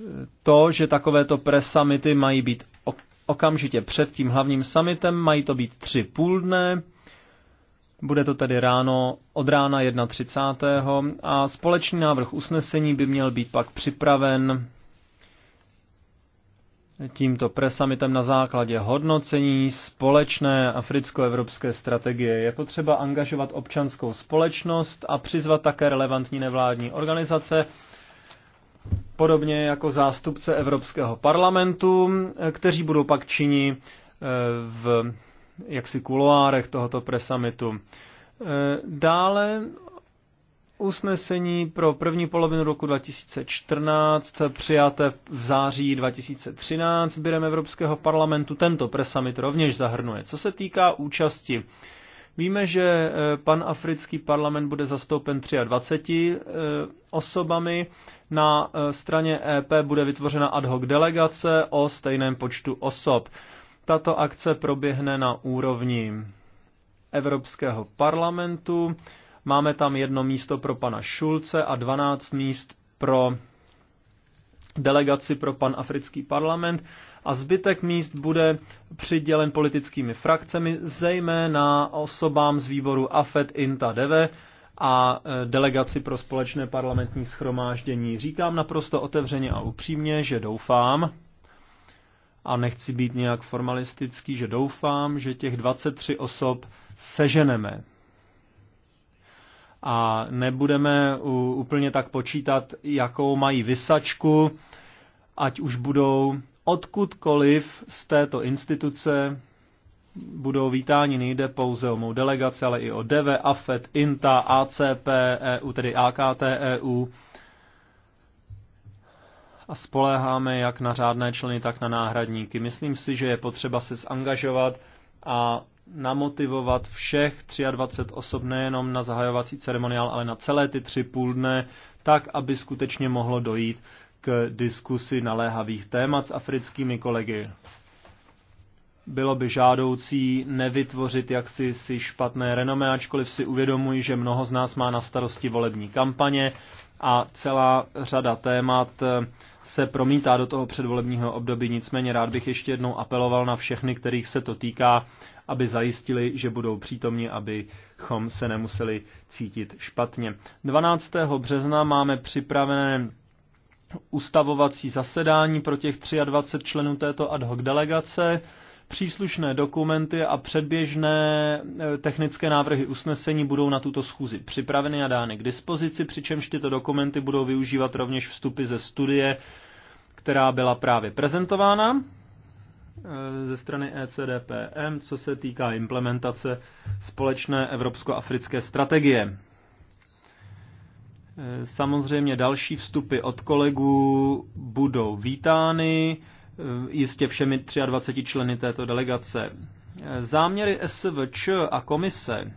eh, to, že takovéto presamity mají být okamžitě před tím hlavním samitem, mají to být tři půl dne, bude to tedy ráno od rána 31. a společný návrh usnesení by měl být pak připraven tímto presamitem na základě hodnocení společné africko-evropské strategie. Je potřeba angažovat občanskou společnost a přizvat také relevantní nevládní organizace, podobně jako zástupce Evropského parlamentu, kteří budou pak čini eh, v jaksi kuloárech tohoto presamitu. Eh, dále Usnesení pro první polovinu roku 2014, přijaté v září 2013 během Evropského parlamentu, tento presamit rovněž zahrnuje. Co se týká účasti, víme, že eh, pan africký parlament bude zastoupen 23 eh, osobami, na eh, straně EP bude vytvořena ad hoc delegace o stejném počtu osob. Tato akce proběhne na úrovni Evropského parlamentu, Máme tam jedno místo pro pana Šulce a 12 míst pro delegaci pro pan Africký parlament a zbytek míst bude přidělen politickými frakcemi, zejména osobám z výboru AFET, INTA, DEVE a e, delegaci pro společné parlamentní schromáždění. Říkám naprosto otevřeně a upřímně, že doufám, a nechci být nějak formalistický, že doufám, že těch 23 osob seženeme a nebudeme úplně tak počítat, jakou mají vysačku, ať už budou odkudkoliv z této instituce budou vítáni nejde pouze o mou delegaci, ale i o DEVE, AFET, INTA, ACP, EU, tedy AKT, EU. A spoléháme jak na řádné členy, tak na náhradníky. Myslím si, že je potřeba se zangažovat a namotivovat všech 23 osob nejenom na zahajovací ceremoniál, ale na celé ty tři půl dne, tak, aby skutečně mohlo dojít k diskusi naléhavých témat s africkými kolegy. Bylo by žádoucí nevytvořit jaksi si špatné renomé, ačkoliv si uvědomuji, že mnoho z nás má na starosti volební kampaně a celá řada témat eh, se promítá do toho předvolebního období. Nicméně rád bych ještě jednou apeloval na všechny, kterých se to týká, aby zajistili, že budou přítomni, abychom se nemuseli cítit špatně. 12. března máme připravené ustavovací zasedání pro těch 23 členů této ad hoc delegace příslušné dokumenty a předběžné eh, technické návrhy usnesení budou na tuto schůzi připraveny a dány k dispozici, přičemž tyto dokumenty budou využívat rovněž vstupy ze studie, která byla právě prezentována. Eh, ze strany ECDPM, co se týká implementace společné evropsko-africké strategie. Eh, samozřejmě další vstupy od kolegů budou vítány, eh, jistě všemi 23 členy této delegace. Záměry SVČ a komise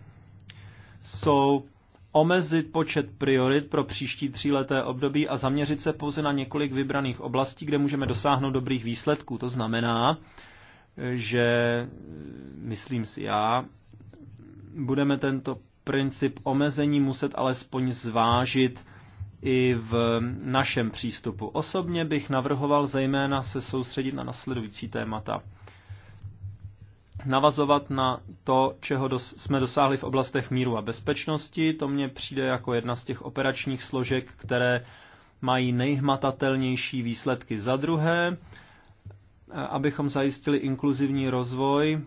jsou omezit počet priorit pro příští tříleté období a zaměřit se pouze na několik vybraných oblastí, kde můžeme dosáhnout dobrých výsledků. To znamená, že, myslím si já, budeme tento princip omezení muset alespoň zvážit i v našem přístupu. Osobně bych navrhoval zejména se soustředit na nasledující témata – navazovat na to, čeho dos- jsme dosáhli v oblastech míru a bezpečnosti. To mně přijde jako jedna z těch operačních složek, které mají nejhmatatelnější výsledky. Za druhé, eh, abychom zajistili inkluzivní rozvoj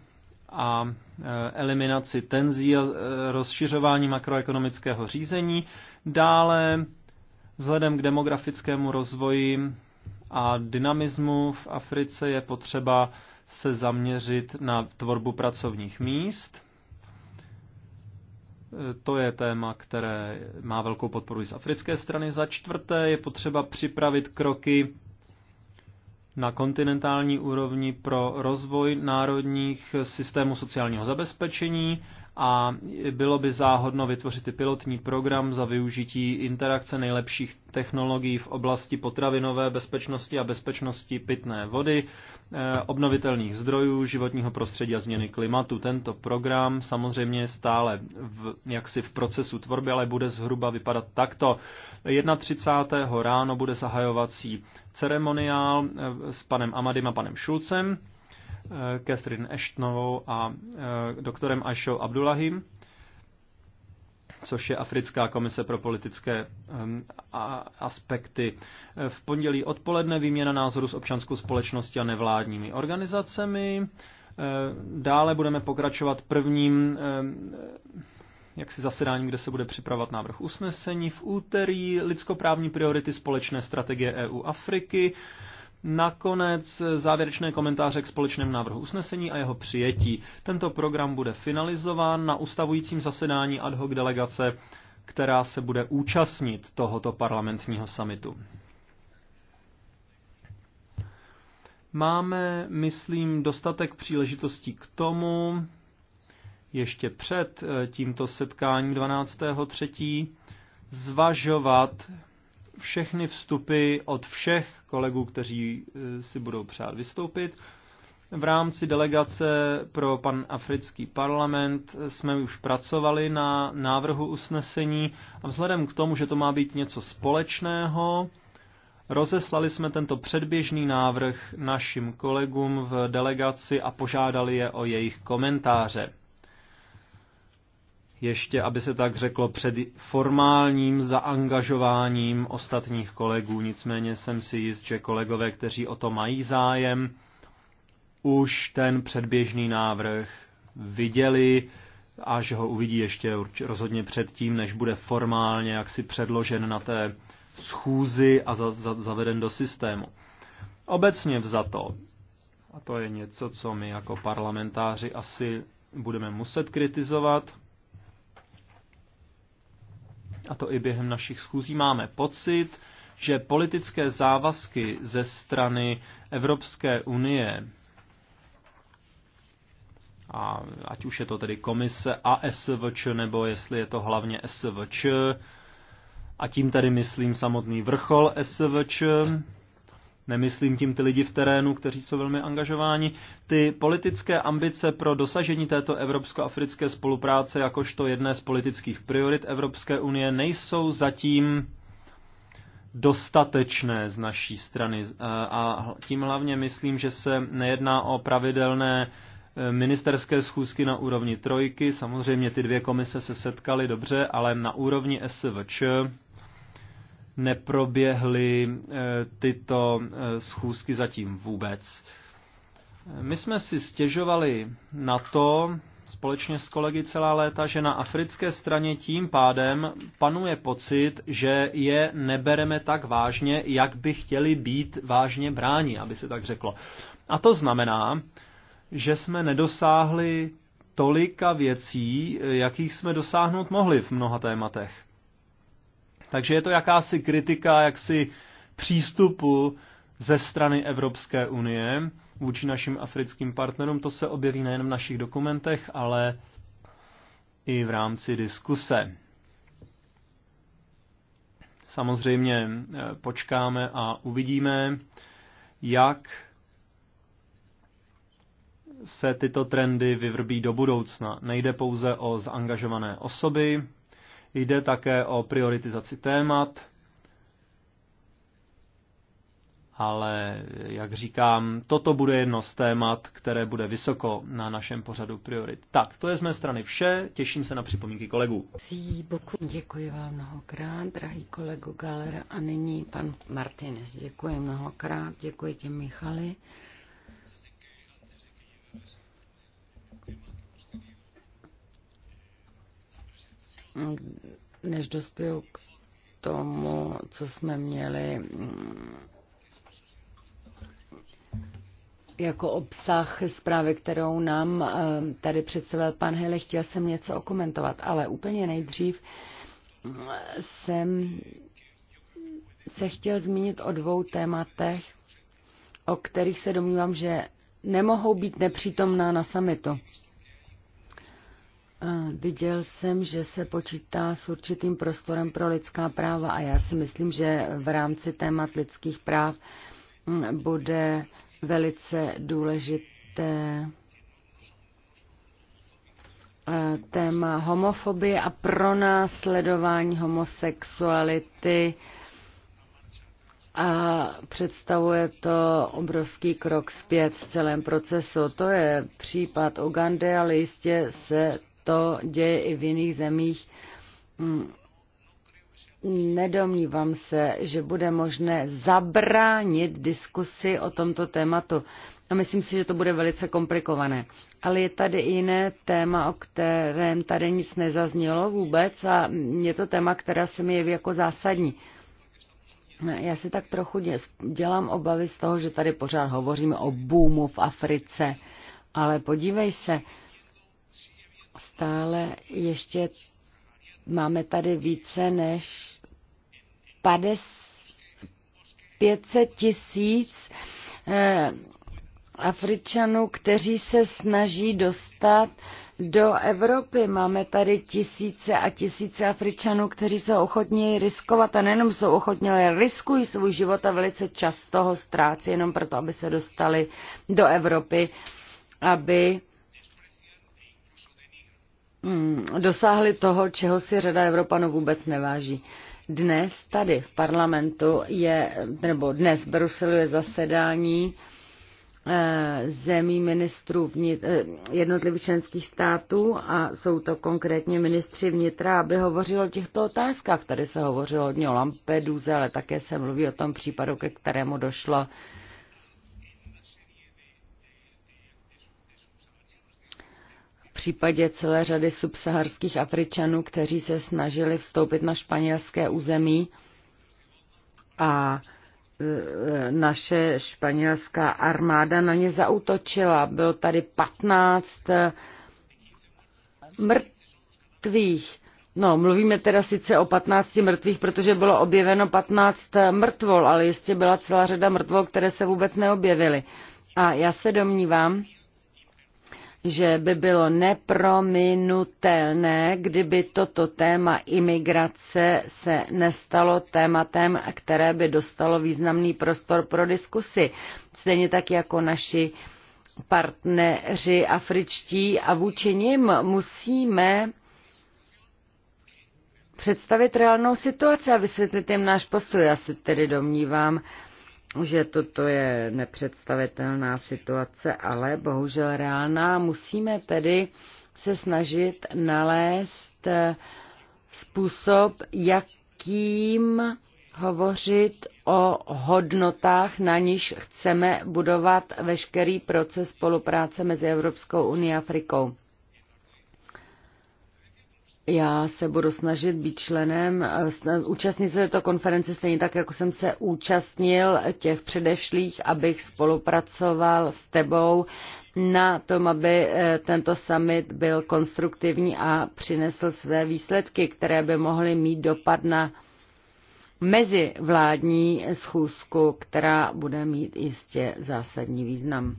a eh, eliminaci tenzí a eh, rozšiřování makroekonomického řízení. Dále, vzhledem k demografickému rozvoji a dynamismu v Africe je potřeba se zaměřit na tvorbu pracovních míst. E, to je téma, které má velkou podporu z africké strany. Za čtvrté je potřeba připravit kroky na kontinentální úrovni pro rozvoj národních systémů sociálního zabezpečení a bylo by záhodno vytvořit i pilotní program za využití interakce nejlepších technologií v oblasti potravinové bezpečnosti a bezpečnosti pitné vody, eh, obnovitelných zdrojů, životního prostředí a změny klimatu. Tento program samozřejmě je stále v, jaksi v procesu tvorby, ale bude zhruba vypadat takto. 31. ráno bude zahajovací ceremoniál eh, s panem Amadym a panem Šulcem Eh, Catherine Ashtonovou a eh, doktorem Aishou Abdullahim, což je Africká komise pro politické ehm, aspekty. Eh, v pondělí odpoledne výměna názoru s občanskou společností a nevládními organizacemi. Dále budeme pokračovat prvním ehm, jaksi zasedáním, kde se bude připravovat návrh usnesení. V úterý lidskoprávní priority společné strategie EU Afriky. Nakonec závěrečné komentáře k společnému návrhu usnesení a jeho přijetí. Tento program bude finalizován na ustavujícím zasedání ad hoc delegace, která se bude účastnit tohoto parlamentního samitu. Máme, myslím, dostatek příležitostí k tomu, ještě před eh, tímto setkáním 12.3. zvažovat všechny vstupy od všech kolegů, kteří eh, si budou přát vystoupit. V rámci delegace pro pan Africký parlament jsme už pracovali na návrhu usnesení a vzhledem k tomu, že to má být něco společného, rozeslali jsme tento předběžný návrh našim kolegům v delegaci a požádali je o jejich komentáře ještě, aby se tak řeklo, před formálním zaangažováním ostatních kolegů. Nicméně jsem si jist, že kolegové, kteří o to mají zájem, už ten předběžný návrh viděli a že ho uvidí ještě rozhodně předtím, než bude formálně jaksi předložen na té schůzi a za, za, zaveden do systému. Obecně vzato, a to je něco, co my jako parlamentáři asi budeme muset kritizovat, a to i během našich schůzí, máme pocit, že politické závazky ze strany Evropské unie, a ať už je to tedy komise a SVČ, nebo jestli je to hlavně SVČ, a tím tady myslím samotný vrchol SVČ, Nemyslím tím ty lidi v terénu, kteří jsou velmi angažováni. Ty politické ambice pro dosažení této evropsko-africké spolupráce jakožto jedné z politických priorit Evropské unie nejsou zatím dostatečné z naší strany. Eh, a tím hlavně myslím, že se nejedná o pravidelné eh, ministerské schůzky na úrovni trojky. Samozřejmě ty dvě komise se setkaly dobře, ale na úrovni SVČ neproběhly eh, tyto eh, schůzky zatím vůbec. My jsme si stěžovali na to, společně s kolegy celá léta, že na africké straně tím pádem panuje pocit, že je nebereme tak vážně, jak by chtěli být vážně bráni, aby se tak řeklo. A to znamená, že jsme nedosáhli tolika věcí, jakých jsme dosáhnout mohli v mnoha tématech. Takže je to jakási kritika, jaksi přístupu ze strany Evropské unie vůči našim africkým partnerům. To se objeví nejen v našich dokumentech, ale i v rámci diskuse. Samozřejmě eh, počkáme a uvidíme, jak se tyto trendy vyvrbí do budoucna. Nejde pouze o zaangažované osoby, Jde také o prioritizaci témat, ale jak říkám, toto bude jedno z témat, které bude vysoko na našem pořadu priorit. Tak, to je z mé strany vše, těším se na připomínky kolegů. Děkuji vám mnohokrát, drahý kolego Galera, a nyní pan Martinez. Děkuji mnohokrát, děkuji ti Michali. než dospěl k tomu, co jsme měli mm, jako obsah zprávy, kterou nám eh, tady představil pan Hele, chtěl jsem něco okomentovat, ale úplně nejdřív mm, jsem se chtěl zmínit o dvou tématech, o kterých se domnívám, že nemohou být nepřítomná na samitu. Viděl jsem, že se počítá s určitým prostorem pro lidská práva a já si myslím, že v rámci témat lidských práv mm, bude velice důležité e, téma homofobie a pronásledování homosexuality a představuje to obrovský krok zpět v celém procesu. To je případ Ugandy, ale jistě se to děje i v jiných zemích. Mm, Nedomnívám se, že bude možné zabránit diskusi o tomto tématu. A myslím si, že to bude velice komplikované. Ale je tady jiné téma, o kterém tady nic nezaznělo vůbec a je to téma, která se mi jeví jako zásadní. Já si tak trochu dělám obavy z toho, že tady pořád hovoříme o boomu v Africe, ale podívej se, stále ještě máme tady více než 50, 500 tisíc eh, Afričanů, kteří se snaží dostat do Evropy. Máme tady tisíce a tisíce Afričanů, kteří jsou ochotní riskovat a nejenom jsou ochotní, ale riskují svůj život a velice často ho ztrácí jenom proto, aby se dostali do Evropy, aby Mm, dosáhli toho, čeho si řada Evropanů vůbec neváží. Dnes tady v parlamentu je, nebo dnes v Bruselu je zasedání eh, zemí ministrů vnit, eh, jednotlivých členských států a jsou to konkrétně ministři vnitra, aby hovořilo o těchto otázkách. Tady se hovořilo hodně o Lampeduze, ale také se mluví o tom případu, ke kterému došlo případě celé řady subsaharských Afričanů, kteří se snažili vstoupit na španělské území a e, naše španělská armáda na ně zautočila. Bylo tady 15 e, mrtvých. No, mluvíme teda sice o 15 mrtvých, protože bylo objeveno 15 mrtvol, ale jistě byla celá řada mrtvol, které se vůbec neobjevily. A já se domnívám, že by bylo neprominutelné, kdyby toto téma imigrace se nestalo tématem, které by dostalo významný prostor pro diskusy. Stejně tak jako naši partneři afričtí a vůči nim musíme představit reálnou situaci a vysvětlit jim náš postoj. Já se tedy domnívám, že toto je nepředstavitelná situace, ale bohužel reálná. Musíme tedy se snažit nalézt eh, způsob, jakým hovořit o hodnotách, na niž chceme budovat veškerý proces spolupráce mezi Evropskou unii a Afrikou. Já se budu snažit být členem, eh, účastnit se této konference stejně tak, jako jsem se účastnil těch předešlých, abych spolupracoval s tebou na tom, aby eh, tento summit byl konstruktivní a přinesl své výsledky, které by mohly mít dopad na mezivládní schůzku, která bude mít jistě zásadní význam.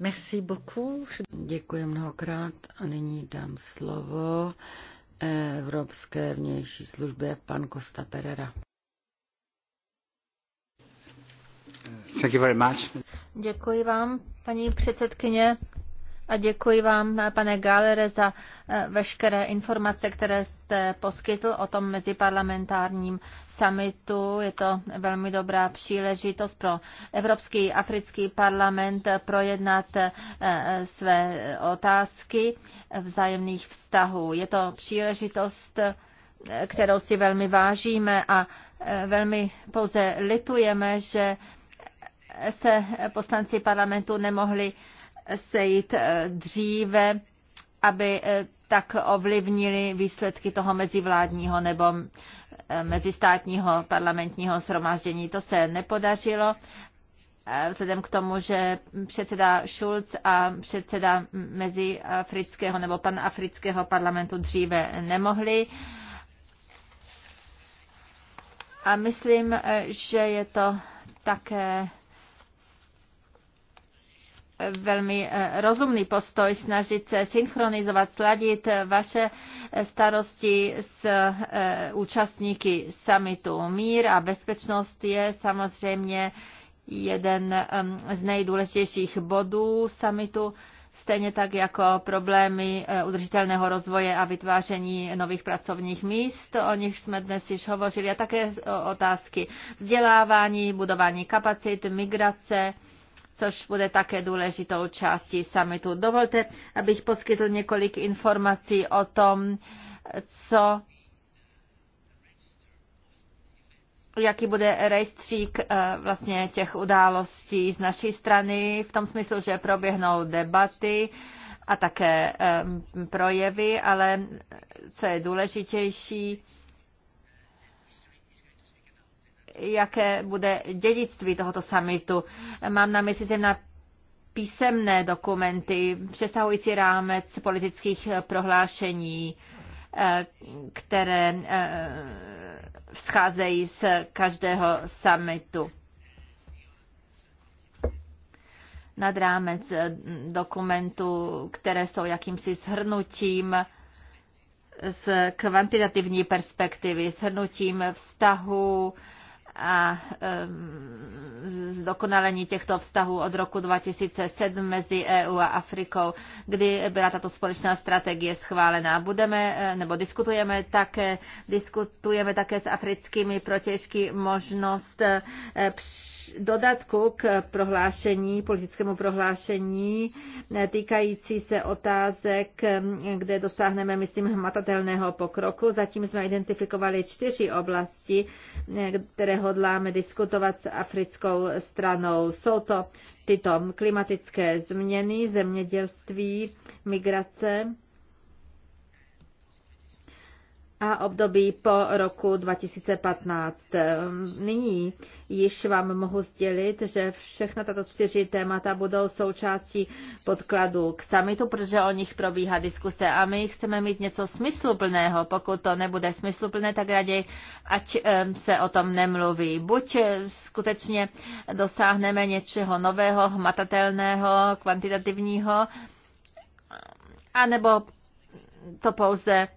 Merci beaucoup. Děkuji mnohokrát a nyní dám slovo eh, Evropské vnější službě pan Costa Pereira. Thank you very much. Děkuji vám, paní předsedkyně. A děkuji vám, pane Galere, za eh, veškeré informace, které jste poskytl o tom meziparlamentárním summitu. Je to velmi dobrá příležitost pro Evropský africký parlament projednat eh, své otázky vzájemných vztahů. Je to příležitost eh, kterou si velmi vážíme a velmi pouze litujeme, že se poslanci parlamentu nemohli sejít eh, dříve, aby eh, tak ovlivnili výsledky toho mezivládního nebo eh, mezistátního parlamentního shromáždění. To se nepodařilo vzhledem k tomu, že předseda Schulz a předseda mezi afrického nebo panafrického parlamentu dříve nemohli. A myslím, že je to také velmi eh, rozumný postoj snažit se synchronizovat, sladit eh, vaše eh, starosti s účastníky summitu. Mír a bezpečnost je samozřejmě jeden z nejdůležitějších bodů summitu, stejně tak jako problémy udržitelného rozvoje a vytváření nových pracovních míst, o nich jsme dnes již hovořili, a také otázky vzdělávání, budování kapacit, migrace, což bude také důležitou částí summitu. Dovolte, abych poskytl několik informací o tom, co jaký bude rejstřík eh, vlastně těch událostí z naší strany, v tom smyslu, že proběhnou debaty a také eh, projevy, ale co je důležitější, jaké bude dědictví tohoto summitu. Mám na mysli na písemné dokumenty, přesahující rámec politických prohlášení, eh, které vzcházejí eh, z každého summitu. Nad rámec eh, dokumentů, které jsou jakýmsi shrnutím z kvantitativní perspektivy, shrnutím vztahu a e, zdokonalení těchto vztahů od roku 2007 mezi EU a Afrikou, kdy byla tato společná strategie schválená. Budeme e, nebo diskutujeme také, diskutujeme také s africkými protěžky možnost e, dodatku k prohlášení, politickému prohlášení eh, týkající se otázek, mm, kde dosáhneme, myslím, hmatatelného pokroku. Zatím jsme identifikovali čtyři oblasti, eh, které hodláme diskutovat s africkou stranou. Jsou to tyto klimatické změny, zemědělství, migrace, a období po roku 2015. Nyní již vám mohu sdělit, že všechna tato čtyři témata budou součástí podkladu k samitu, protože o nich probíhá diskuse a my chceme mít něco smysluplného. Pokud to nebude smysluplné, tak raději, ať eh, se o tom nemluví. Buď eh, skutečně dosáhneme něčeho nového, hmatatelného, kvantitativního, anebo to pouze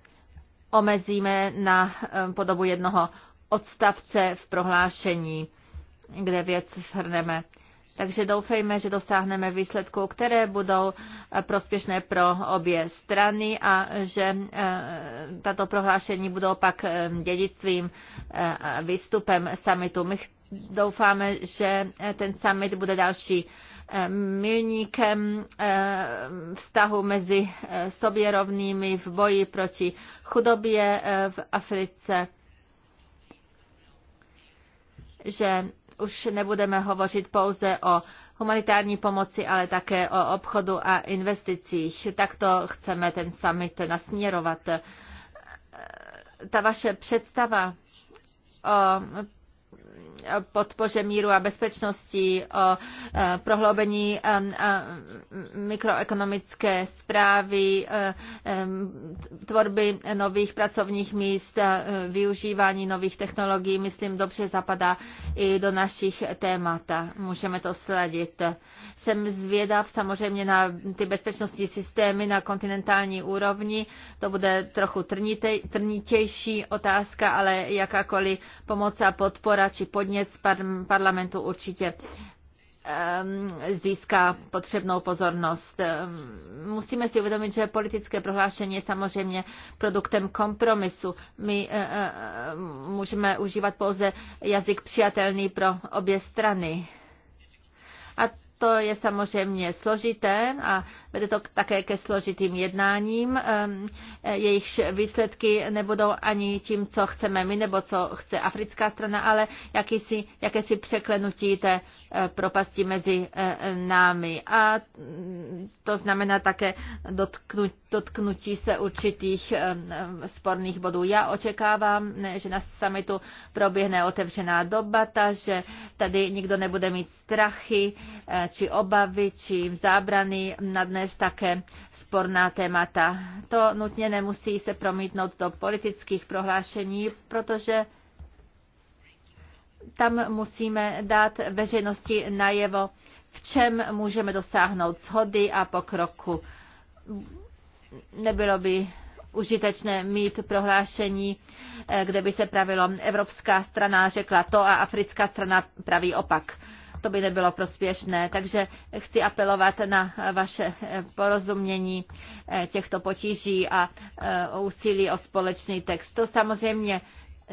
omezíme na eh, podobu jednoho odstavce v prohlášení, kde věc shrneme. Takže doufejme, že dosáhneme výsledků, které budou eh, prospěšné pro obě strany a že eh, tato prohlášení budou pak dědictvím výstupem summitu. My doufáme, že ten summit bude další milníkem eh, vztahu mezi eh, sobě rovnými v boji proti chudobě eh, v Africe, že už nebudeme hovořit pouze o humanitární pomoci, ale také o obchodu a investicích. Takto chceme ten summit nasměrovat. Ta vaše představa o podpoře míru a bezpečnosti, o e, prohloubení e, e, mikroekonomické zprávy, tvorby nových pracovních míst, využívání nových technologií, myslím, dobře zapadá i do našich témat. Můžeme to sledit. Jsem zvědav samozřejmě na ty bezpečnostní systémy na kontinentální úrovni. To bude trochu trnitější otázka, ale jakákoliv pomoc a podpora či podnět podnět parlamentu určitě ehm, získá potřebnou pozornost. Ehm, musíme si uvědomit, že politické prohlášení je samozřejmě produktem kompromisu. My e, e, můžeme užívat pouze jazyk přijatelný pro obě strany. A to je samozřejmě složité a vede to také ke složitým jednáním. Ehm, Jejich výsledky nebudou ani tím, co chceme my nebo co chce africká strana, ale jakýsi, jakési překlenutí té eh, propasti mezi eh, námi. A mm, to znamená také dotknutí, dotknutí se určitých ehm, ehm, sporných bodů. Já očekávám, že na summitu proběhne otevřená debata, že tady nikdo nebude mít strachy eh, či obavy, či zábrany dnes také sporná témata. To nutně nemusí se promítnout do politických prohlášení, protože tam musíme dát veřejnosti najevo, v čem můžeme dosáhnout shody a pokroku. Nebylo by užitečné mít prohlášení, eh, kde by se pravilo Evropská strana řekla to a africká strana praví opak to by nebylo prospěšné. Takže chci apelovat na vaše porozumění eh, těchto potíží a eh, úsilí o společný text. To samozřejmě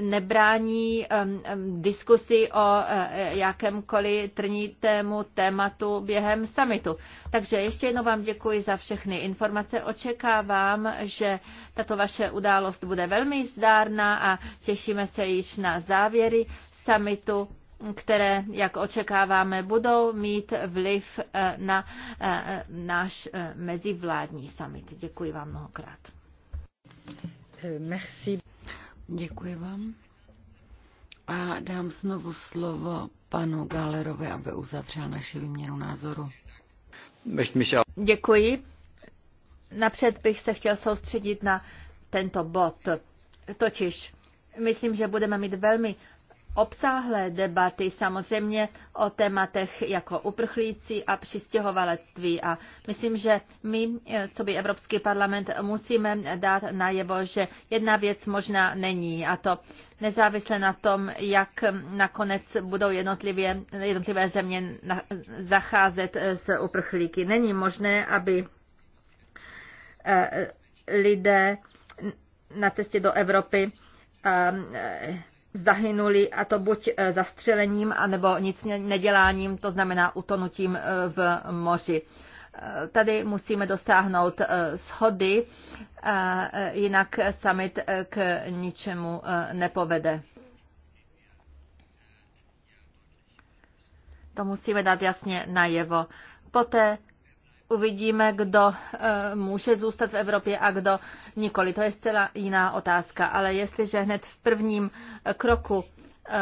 nebrání um, diskusi o uh, jakémkoliv trnitému tématu během summitu. Takže ještě jednou vám děkuji za všechny informace. Očekávám, že tato vaše událost bude velmi zdárná a těšíme se již na závěry summitu které, jak očekáváme, budou mít vliv eh, na eh, náš eh, mezivládní summit. Děkuji vám mnohokrát. Merci. Děkuji vám. A dám znovu slovo panu Galerovi, aby uzavřel naši výměnu názoru. Děkuji. Napřed bych se chtěl soustředit na tento bod. Totiž myslím, že budeme mít velmi obsáhlé debaty samozřejmě o tématech jako uprchlíci a přistěhovalectví. A myslím, že my, eh, co by Evropský parlament, musíme dát najevo, že jedna věc možná není a to nezávisle na tom, jak nakonec budou jednotlivě, jednotlivé země zacházet eh, s uprchlíky. Není možné, aby eh, lidé na cestě do Evropy zahynuli a to buď e, zastřelením, anebo nic neděláním, to znamená utonutím e, v moři. E, tady musíme dosáhnout shody, jinak summit k ničemu nepovede. To musíme dát jasně najevo. Poté uvidíme, kdo eh, může zůstat v Evropě a kdo nikoli. To je zcela jiná otázka. Ale jestliže hned v prvním eh, kroku eh,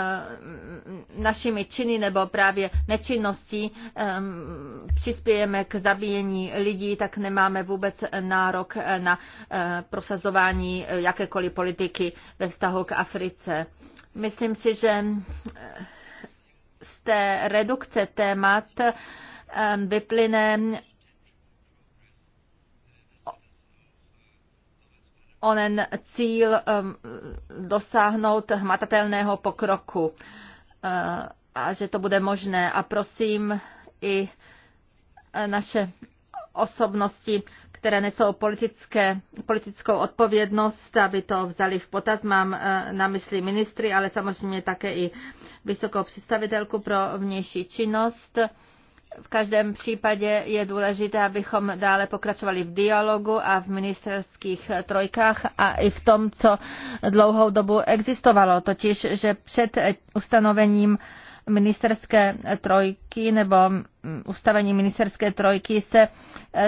našimi činy nebo právě nečinností přispějeme k zabíjení lidí, tak nemáme vůbec nárok na prosazování jakékoliv politiky ve vztahu k Africe. Myslím si, že z té redukce témat vyplyne onen cíl um, dosáhnout hmatatelného pokroku uh, a že to bude možné. A prosím i naše osobnosti, které nesou politické, politickou odpovědnost, aby to vzali v potaz. Mám uh, na mysli ministry, ale samozřejmě také i vysokou představitelku pro vnější činnost. V každém případě je důležité, abychom dále pokračovali v dialogu a v ministerských trojkách a i v tom, co dlouhou dobu existovalo, totiž, že před ustanovením ministerské trojky nebo ustavení ministerské trojky se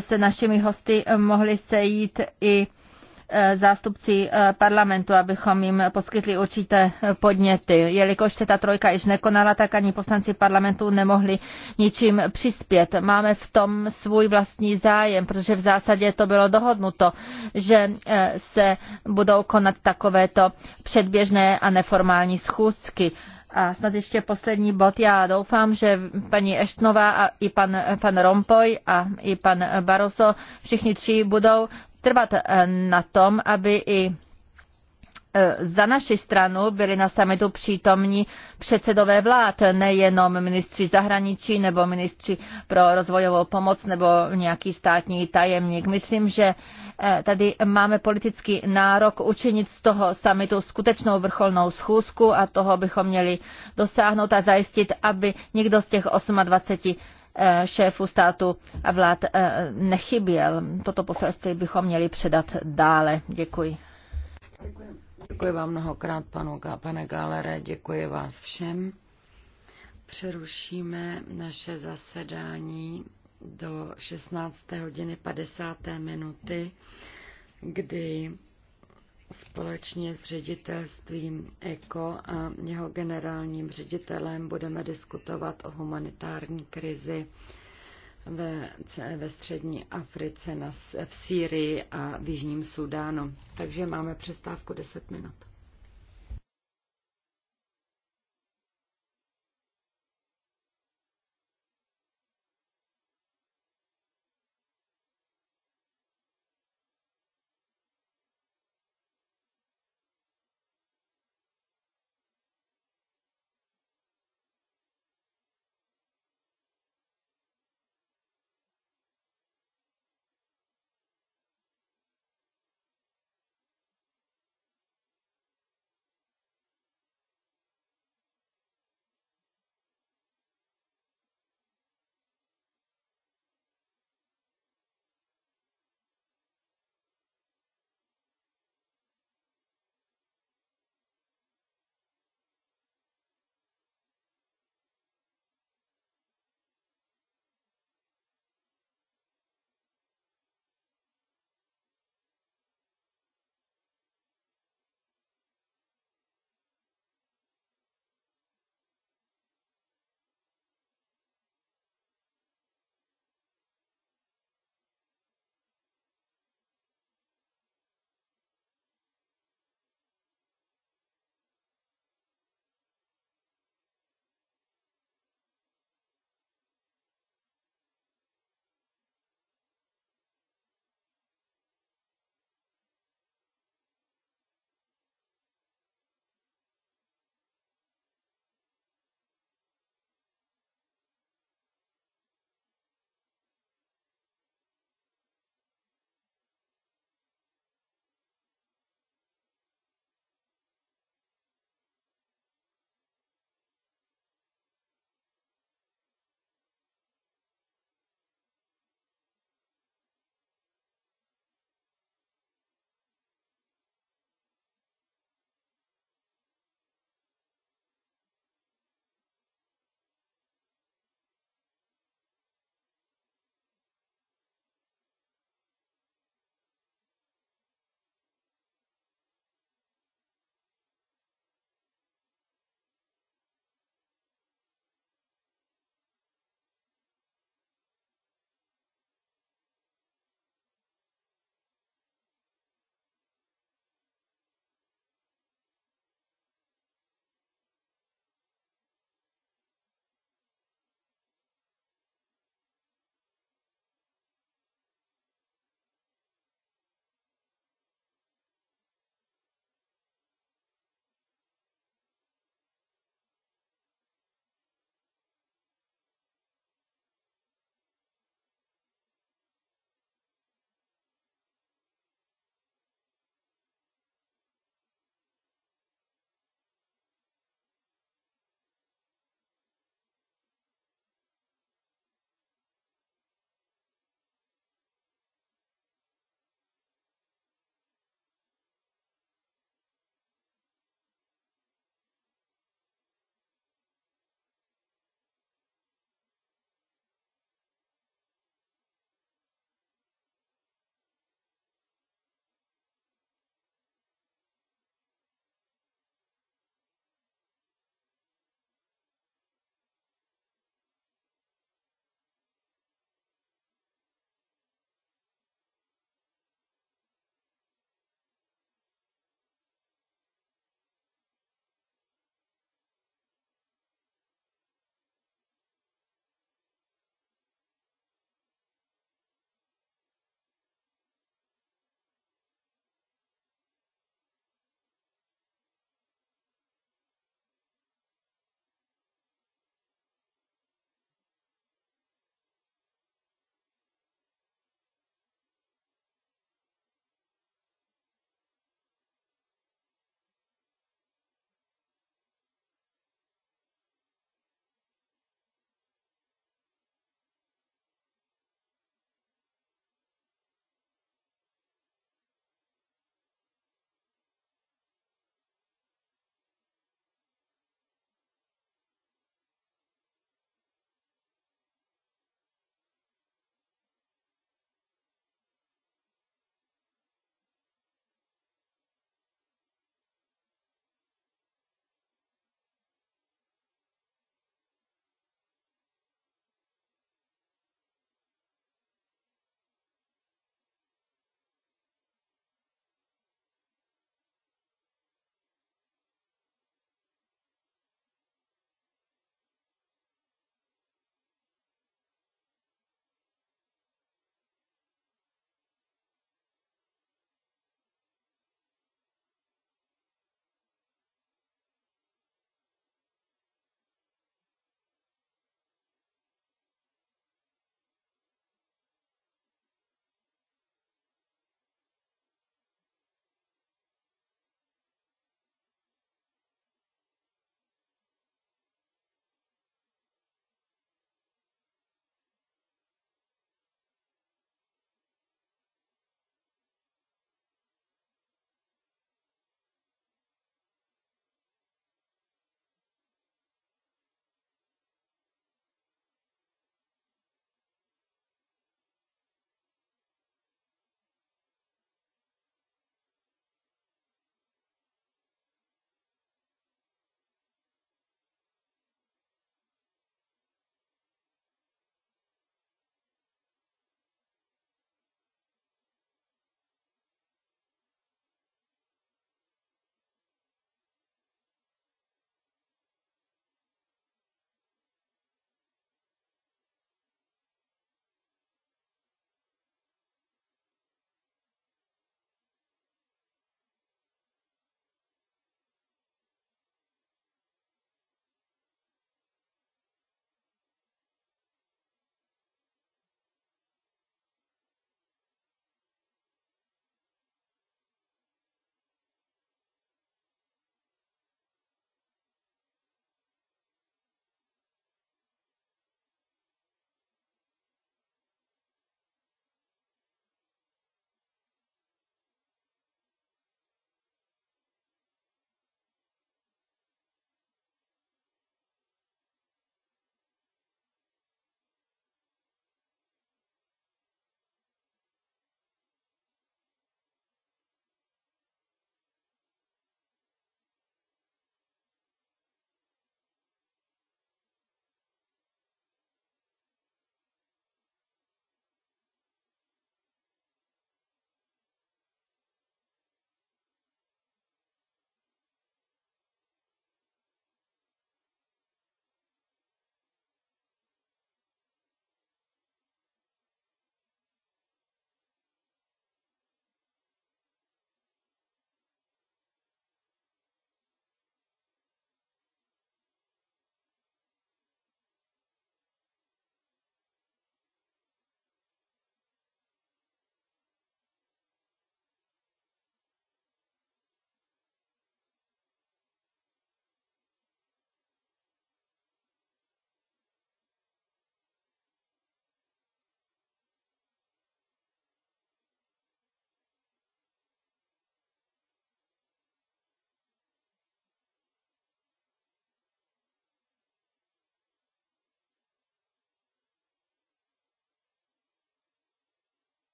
se našimi hosty mohli sejít i Eh, zástupci eh, parlamentu, abychom jim poskytli určité eh, podněty. Jelikož se ta trojka již nekonala, tak ani poslanci parlamentu nemohli ničím přispět. Máme v tom svůj vlastní zájem, protože v zásadě to bylo dohodnuto, že se budou konat takovéto předběžné a neformální schůzky. A snad ještě poslední bod. Já doufám, že paní Eštnová a i pan, pan Rompoj a i pan Barroso, všichni tři budou trvat eh, na tom, aby i eh, za naši stranu byli na samitu přítomní předsedové vlád, nejenom ministři zahraničí nebo ministři pro rozvojovou pomoc nebo nějaký státní tajemník. Myslím, že eh, tady máme politický nárok učinit z toho samitu skutečnou vrcholnou schůzku a toho bychom měli dosáhnout a zajistit, aby nikdo z těch 28 Eh, šéfů státu a vlád eh, nechyběl. Toto poselství bychom měli předat dále. Děkuji. Děkuji, Děkuji vám mnohokrát, panu, pane Galere. Děkuji vás všem. Přerušíme naše zasedání do 16. hodiny 50. minuty, kdy společně s ředitelstvím ECO a jeho generálním ředitelem budeme diskutovat o humanitární krizi ve, ve střední Africe, na, v Sýrii a v Jižním Sudánu. Takže máme přestávku 10 minut.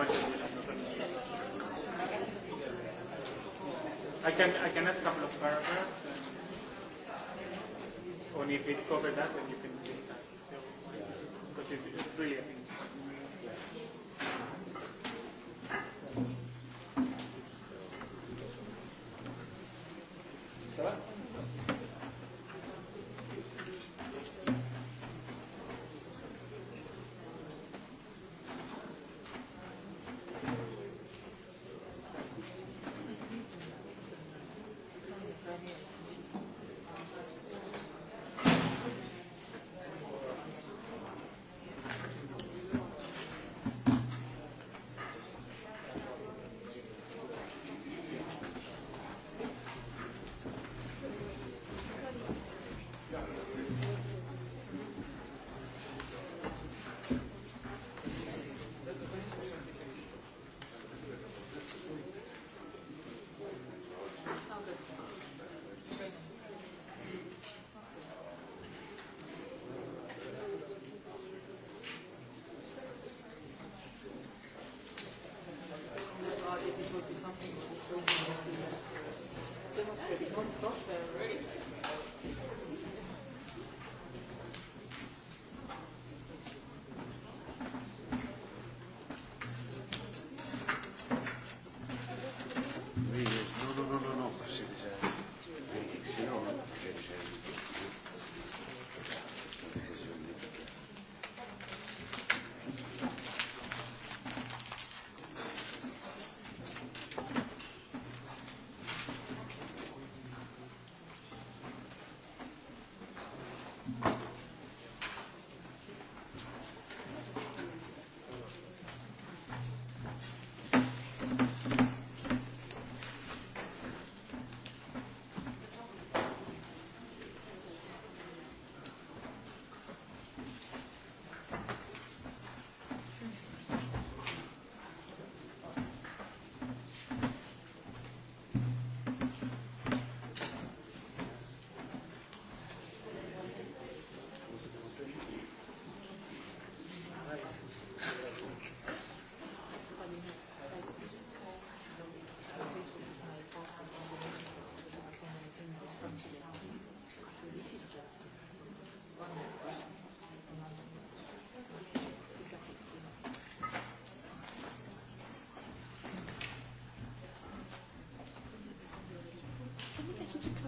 I can I can add a couple of paragraphs, and, only if it's covered up, then you can take that. Because it's, it's really I think.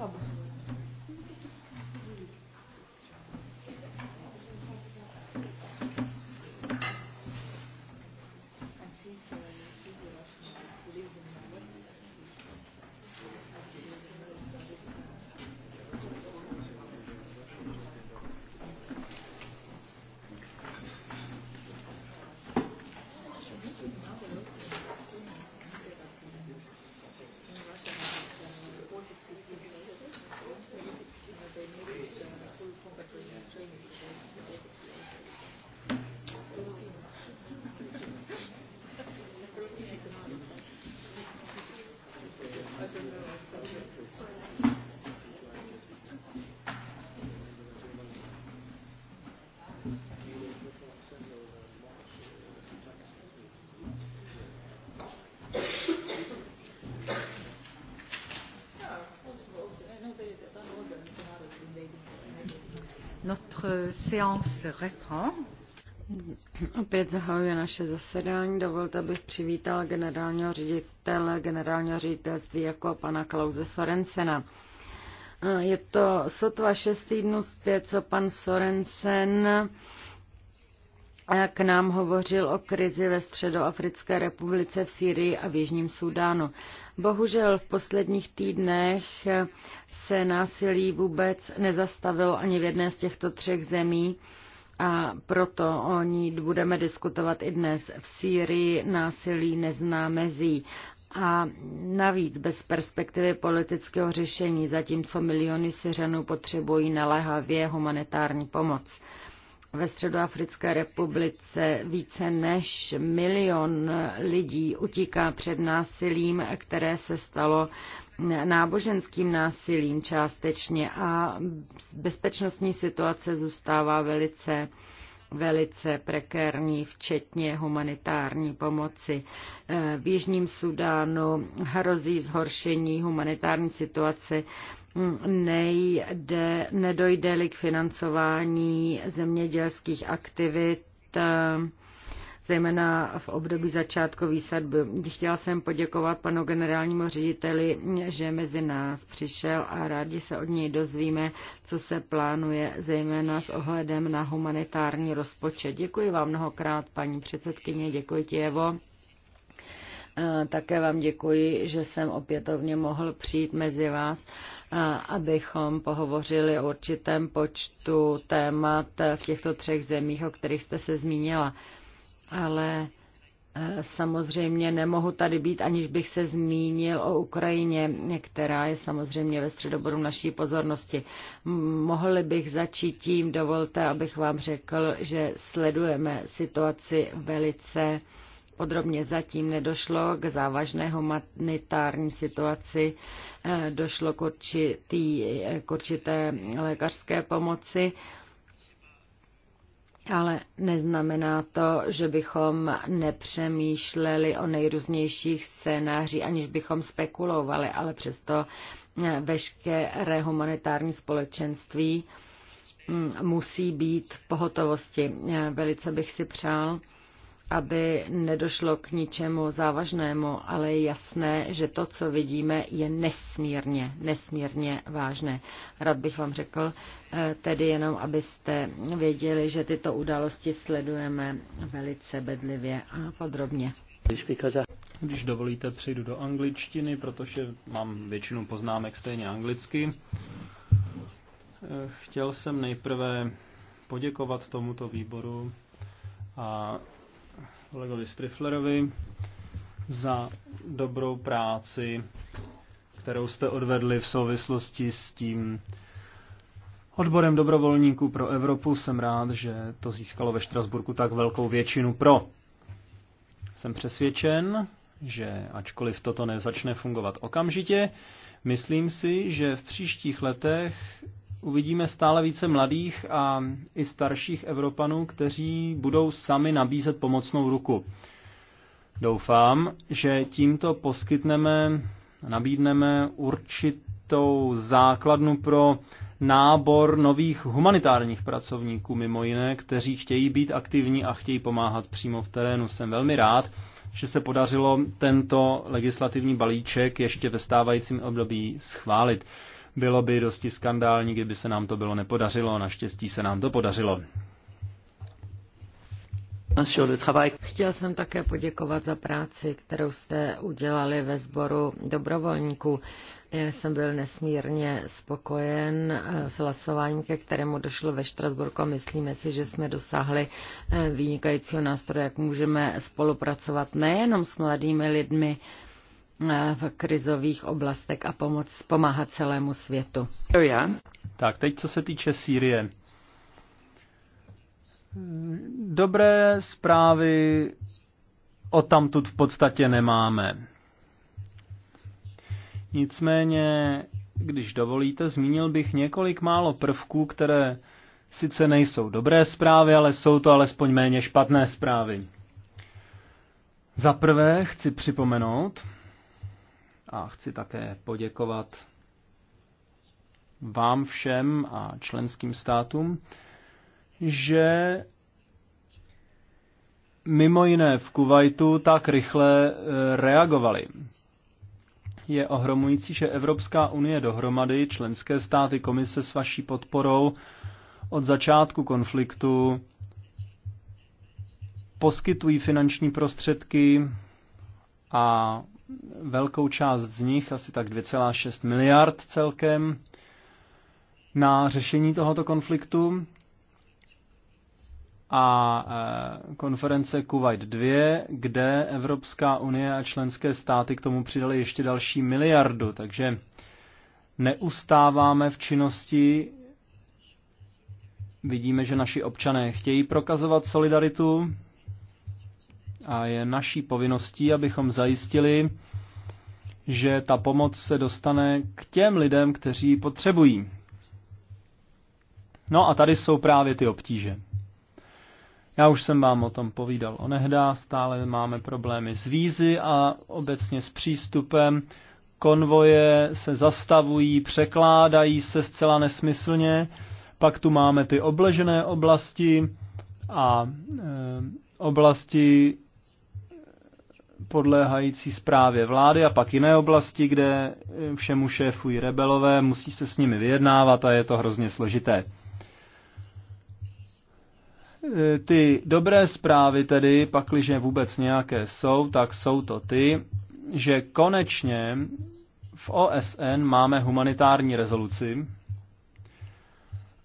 Hubs. Notre séance reprend. Opět zahajuje naše zasedání. Dovolte, abych přivítal generálního ředitele generálního ředitelství jako pana Klauze Sorensena. Je to sotva šest týdnů zpět, co pan Sorensen k nám hovořil o krizi ve Středoafrické republice v Sýrii a v Jižním Súdánu. Bohužel v posledních týdnech se násilí vůbec nezastavilo ani v jedné z těchto třech zemí a proto o ní budeme diskutovat i dnes. V Sýrii násilí nezná mezí a navíc bez perspektivy politického řešení, zatímco miliony Syřanů potřebují naléhavě humanitární pomoc ve Středoafrické republice více než milion lidí utíká před násilím, které se stalo náboženským násilím částečně a bezpečnostní situace zůstává velice velice prekérní, včetně humanitární pomoci. Eh, v Jižním Sudánu hrozí zhoršení humanitární situace nejde, nedojde-li k financování zemědělských aktivit, eh, zejména v období začátku výsadby. Chtěla jsem poděkovat panu generálnímu řediteli, že mezi nás přišel a rádi se od něj dozvíme, co se plánuje, zejména s ohledem na humanitární rozpočet. Děkuji vám mnohokrát, paní předsedkyně, děkuji ti, Evo. Také vám děkuji, že jsem opětovně mohl přijít mezi vás, abychom pohovořili o určitém počtu témat v těchto třech zemích, o kterých jste se zmínila. Ale e, Samozřejmě nemohu tady být, aniž bych se zmínil o Ukrajině, která je samozřejmě ve středoboru naší pozornosti. Mohli bych začít tím, dovolte, abych vám řekl, že sledujeme situaci velice podrobně zatím nedošlo k závažné humanitární situaci, eh, došlo k, určitý, eh, k určité lékařské pomoci, ale neznamená to, že bychom nepřemýšleli o nejrůznějších scénářích, aniž bychom spekulovali, ale přesto eh, veškeré humanitární společenství mm, musí být v pohotovosti. Velice bych si přál, aby nedošlo k ničemu závažnému, ale je jasné, že to, co vidíme, je nesmírně, nesmírně vážné. Rád bych vám řekl, eh, tedy jenom, abyste věděli, že tyto události sledujeme velice bedlivě a podrobně. Když dovolíte, přijdu do angličtiny, protože mám většinu poznámek stejně anglicky. Eh, chtěl jsem nejprve poděkovat tomuto výboru a kolegovi Striflerovi za dobrou práci, kterou jste odvedli v souvislosti s tím odborem dobrovolníků pro Evropu. Jsem rád, že to získalo ve Štrasburku tak velkou většinu pro. Jsem přesvědčen, že ačkoliv toto nezačne fungovat okamžitě, myslím si, že v příštích letech uvidíme stále více mladých a i starších Evropanů, kteří budou sami nabízet pomocnou ruku. Doufám, že tímto poskytneme, nabídneme určitou základnu pro nábor nových humanitárních pracovníků, mimo jiné, kteří chtějí být aktivní a chtějí pomáhat přímo v terénu. Jsem velmi rád, že se podařilo tento legislativní balíček ještě ve stávajícím období schválit. Bylo by dosti skandální, kdyby se nám to bylo nepodařilo. Naštěstí se nám to podařilo. Chtěl jsem také poděkovat za práci, kterou jste udělali ve sboru dobrovolníků. Já jsem byl nesmírně spokojen eh, s hlasováním, ke kterému došlo ve Štrasburku a myslíme si, že jsme dosáhli eh, vynikajícího nástroje, jak můžeme spolupracovat nejenom s mladými lidmi, v krizových oblastech a pomoc, pomáhat celému světu. Tak, teď co se týče Sýrie. Dobré zprávy o tamtud v podstatě nemáme. Nicméně, když dovolíte, zmínil bych několik málo prvků, které sice nejsou dobré zprávy, ale jsou to alespoň méně špatné zprávy. Za prvé chci připomenout, a chci také poděkovat vám všem a členským státům, že mimo jiné v Kuwaitu tak rychle e, reagovali. Je ohromující, že Evropská unie dohromady, členské státy, komise s vaší podporou od začátku konfliktu poskytují finanční prostředky a velkou část z nich, asi tak 2,6 miliard celkem, na řešení tohoto konfliktu. A e, konference Kuwait 2, kde Evropská unie a členské státy k tomu přidali ještě další miliardu. Takže neustáváme v činnosti. Vidíme, že naši občané chtějí prokazovat solidaritu, a je naší povinností, abychom zajistili, že ta pomoc se dostane k těm lidem, kteří ji potřebují. No a tady jsou právě ty obtíže. Já už jsem vám o tom povídal Onehdá stále máme problémy s vízy a obecně s přístupem. Konvoje se zastavují, překládají se zcela nesmyslně. Pak tu máme ty obležené oblasti a e, oblasti, podléhající zprávě vlády a pak jiné oblasti, kde eh, všemu šéfují rebelové, musí se s nimi vyjednávat a je to hrozně složité. Eh, ty dobré zprávy tedy, pakliže vůbec nějaké jsou, tak jsou to ty, že konečně v OSN máme humanitární rezoluci,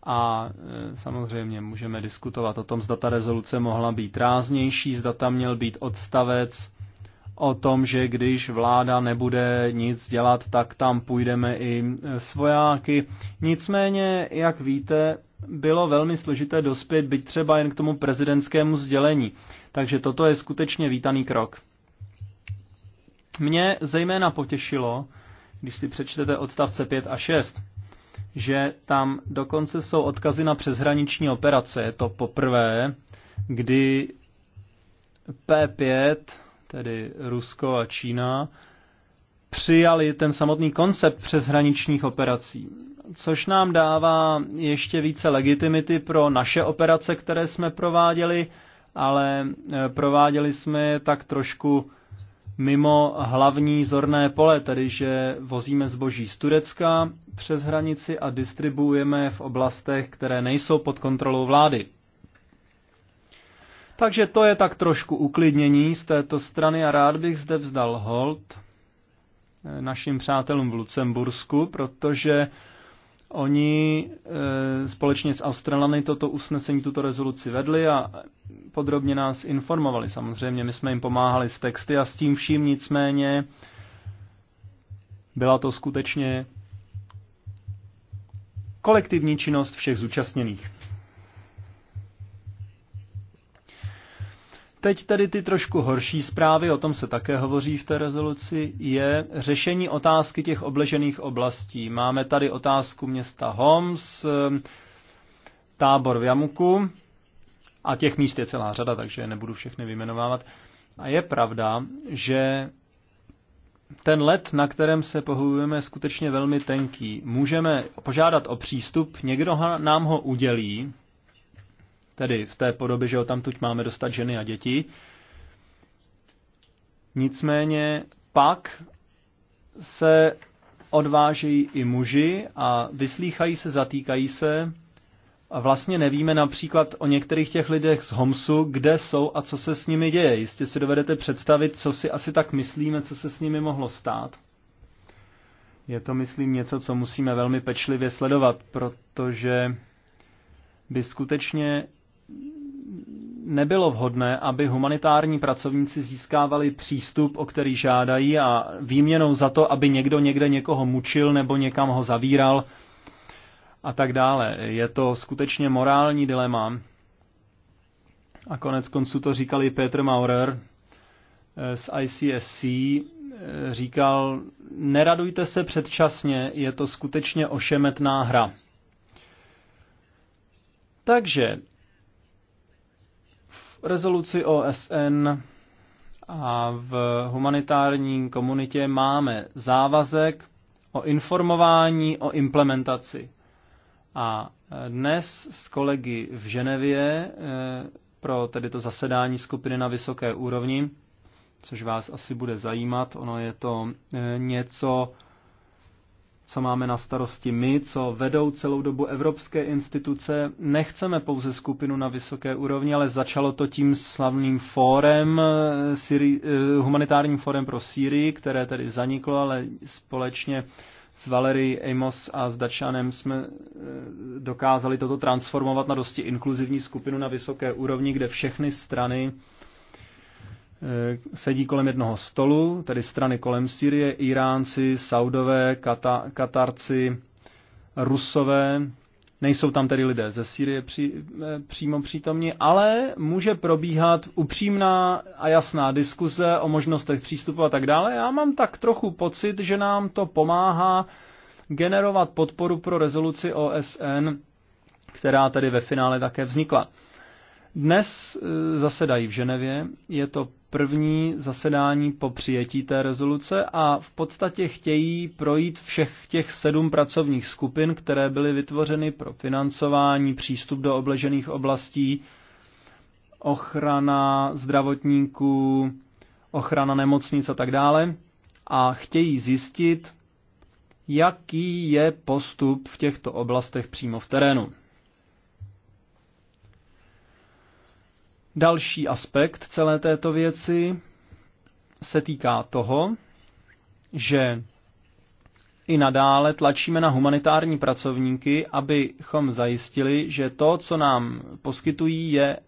a eh, samozřejmě můžeme diskutovat o tom, zda ta rezoluce mohla být ráznější, zda tam měl být odstavec o tom, že když vláda nebude nic dělat, tak tam půjdeme i s vojáky. Nicméně, jak víte, bylo velmi složité dospět, byť třeba jen k tomu prezidentskému sdělení. Takže toto je skutečně vítaný krok. Mě zejména potěšilo, když si přečtete odstavce 5 a 6, že tam dokonce jsou odkazy na přeshraniční operace. Je to poprvé, kdy P5 tedy Rusko a Čína, přijali ten samotný koncept přeshraničních operací, což nám dává ještě více legitimity pro naše operace, které jsme prováděli, ale eh, prováděli jsme je tak trošku mimo hlavní zorné pole, tedy že vozíme zboží z Turecka přes hranici a distribuujeme v oblastech, které nejsou pod kontrolou vlády. Takže to je tak trošku uklidnění z této strany a rád bych zde vzdal hold eh, našim přátelům v Lucembursku, protože Oni eh, společně s Australany toto usnesení, tuto rezoluci vedli a podrobně nás informovali. Samozřejmě my jsme jim pomáhali s texty a s tím vším nicméně byla to skutečně kolektivní činnost všech zúčastněných. Teď tedy ty trošku horší zprávy, o tom se také hovoří v té rezoluci, je řešení otázky těch obležených oblastí. Máme tady otázku města Homs, eh, tábor v Jamuku a těch míst je celá řada, takže je nebudu všechny vyjmenovávat. A je pravda, že ten let, na kterém se pohybujeme, je skutečně velmi tenký. Můžeme požádat o přístup, někdo nám ho udělí, tedy v té podobě, že ho tam tuď máme dostat ženy a děti. Nicméně pak se odvážejí i muži a vyslýchají se, zatýkají se a vlastně nevíme například o některých těch lidech z Homsu, kde jsou a co se s nimi děje. Jistě si dovedete představit, co si asi tak myslíme, co se s nimi mohlo stát. Je to, myslím, něco, co musíme velmi pečlivě sledovat, protože by skutečně nebylo vhodné, aby humanitární pracovníci získávali přístup, o který žádají a výměnou za to, aby někdo někde někoho mučil nebo někam ho zavíral a tak dále. Je to skutečně morální dilema. A konec konců to říkal i Petr Maurer eh, z ICSC. Eh, říkal, neradujte se předčasně, je to skutečně ošemetná hra. Takže v rezoluci OSN a v humanitární komunitě máme závazek o informování o implementaci. A e, dnes s kolegy v Ženevě e, pro tedy to zasedání skupiny na vysoké úrovni, což vás asi bude zajímat, ono je to e, něco co máme na starosti my, co vedou celou dobu evropské instituce. Nechceme pouze skupinu na vysoké úrovni, ale začalo to tím slavným fórem, eh, Syri, eh, humanitárním fórem pro Sýrii, které tedy zaniklo, ale společně s Valery Amos a s Dačanem jsme eh, dokázali toto transformovat na dosti inkluzivní skupinu na vysoké úrovni, kde všechny strany Eh, sedí kolem jednoho stolu, tedy strany kolem Syrie, Iránci, Saudové, Kata, Katarci, Rusové. Nejsou tam tedy lidé ze Syrie při, eh, přímo přítomní, ale může probíhat upřímná a jasná diskuze o možnostech přístupu a tak dále. Já mám tak trochu pocit, že nám to pomáhá generovat podporu pro rezoluci OSN, která tedy ve finále také vznikla. Dnes eh, zasedají v Ženevě, je to první zasedání po přijetí té rezoluce a v podstatě chtějí projít všech těch sedm pracovních skupin, které byly vytvořeny pro financování, přístup do obležených oblastí, ochrana zdravotníků, ochrana nemocnic a tak dále. A chtějí zjistit, jaký je postup v těchto oblastech přímo v terénu. Další aspekt celé této věci se týká toho, že i nadále tlačíme na humanitární pracovníky, abychom zajistili, že to, co nám poskytují, je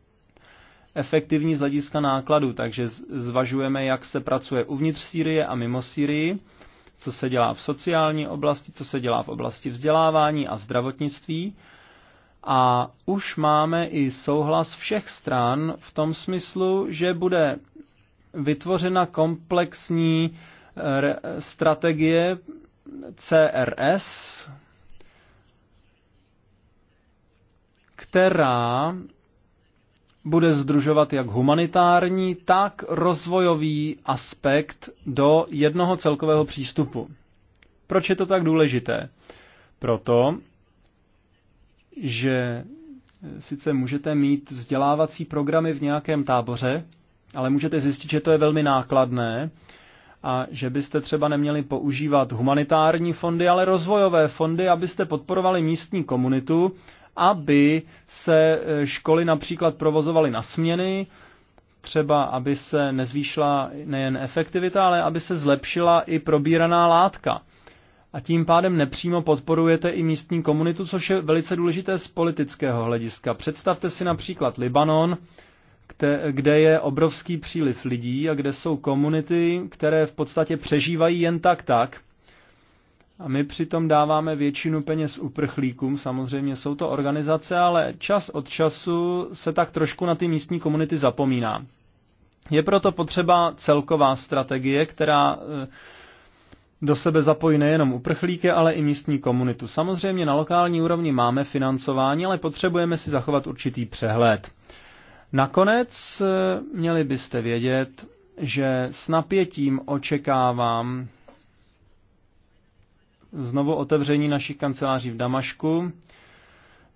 efektivní z hlediska nákladu. Takže zvažujeme, jak se pracuje uvnitř Sýrie a mimo Sýrii, co se dělá v sociální oblasti, co se dělá v oblasti vzdělávání a zdravotnictví a už máme i souhlas všech stran v tom smyslu, že bude vytvořena komplexní eh, strategie CRS, která bude združovat jak humanitární, tak rozvojový aspekt do jednoho celkového přístupu. Proč je to tak důležité? Proto, že eh, sice můžete mít vzdělávací programy v nějakém táboře, ale můžete zjistit, že to je velmi nákladné a že byste třeba neměli používat humanitární fondy, ale rozvojové fondy, abyste podporovali místní komunitu, aby se eh, školy například provozovaly na směny, třeba aby se nezvýšila nejen efektivita, ale aby se zlepšila i probíraná látka a tím pádem nepřímo podporujete i místní komunitu, což je velice důležité z politického hlediska. Představte si například Libanon, kde, kde je obrovský příliv lidí a kde jsou komunity, které v podstatě přežívají jen tak tak. A my přitom dáváme většinu peněz uprchlíkům, samozřejmě jsou to organizace, ale čas od času se tak trošku na ty místní komunity zapomíná. Je proto potřeba celková strategie, která eh, do sebe zapojí nejenom uprchlíky, ale i místní komunitu. Samozřejmě na lokální úrovni máme financování, ale potřebujeme si zachovat určitý přehled. Nakonec eh, měli byste vědět, že s napětím očekávám znovu otevření našich kanceláří v Damašku.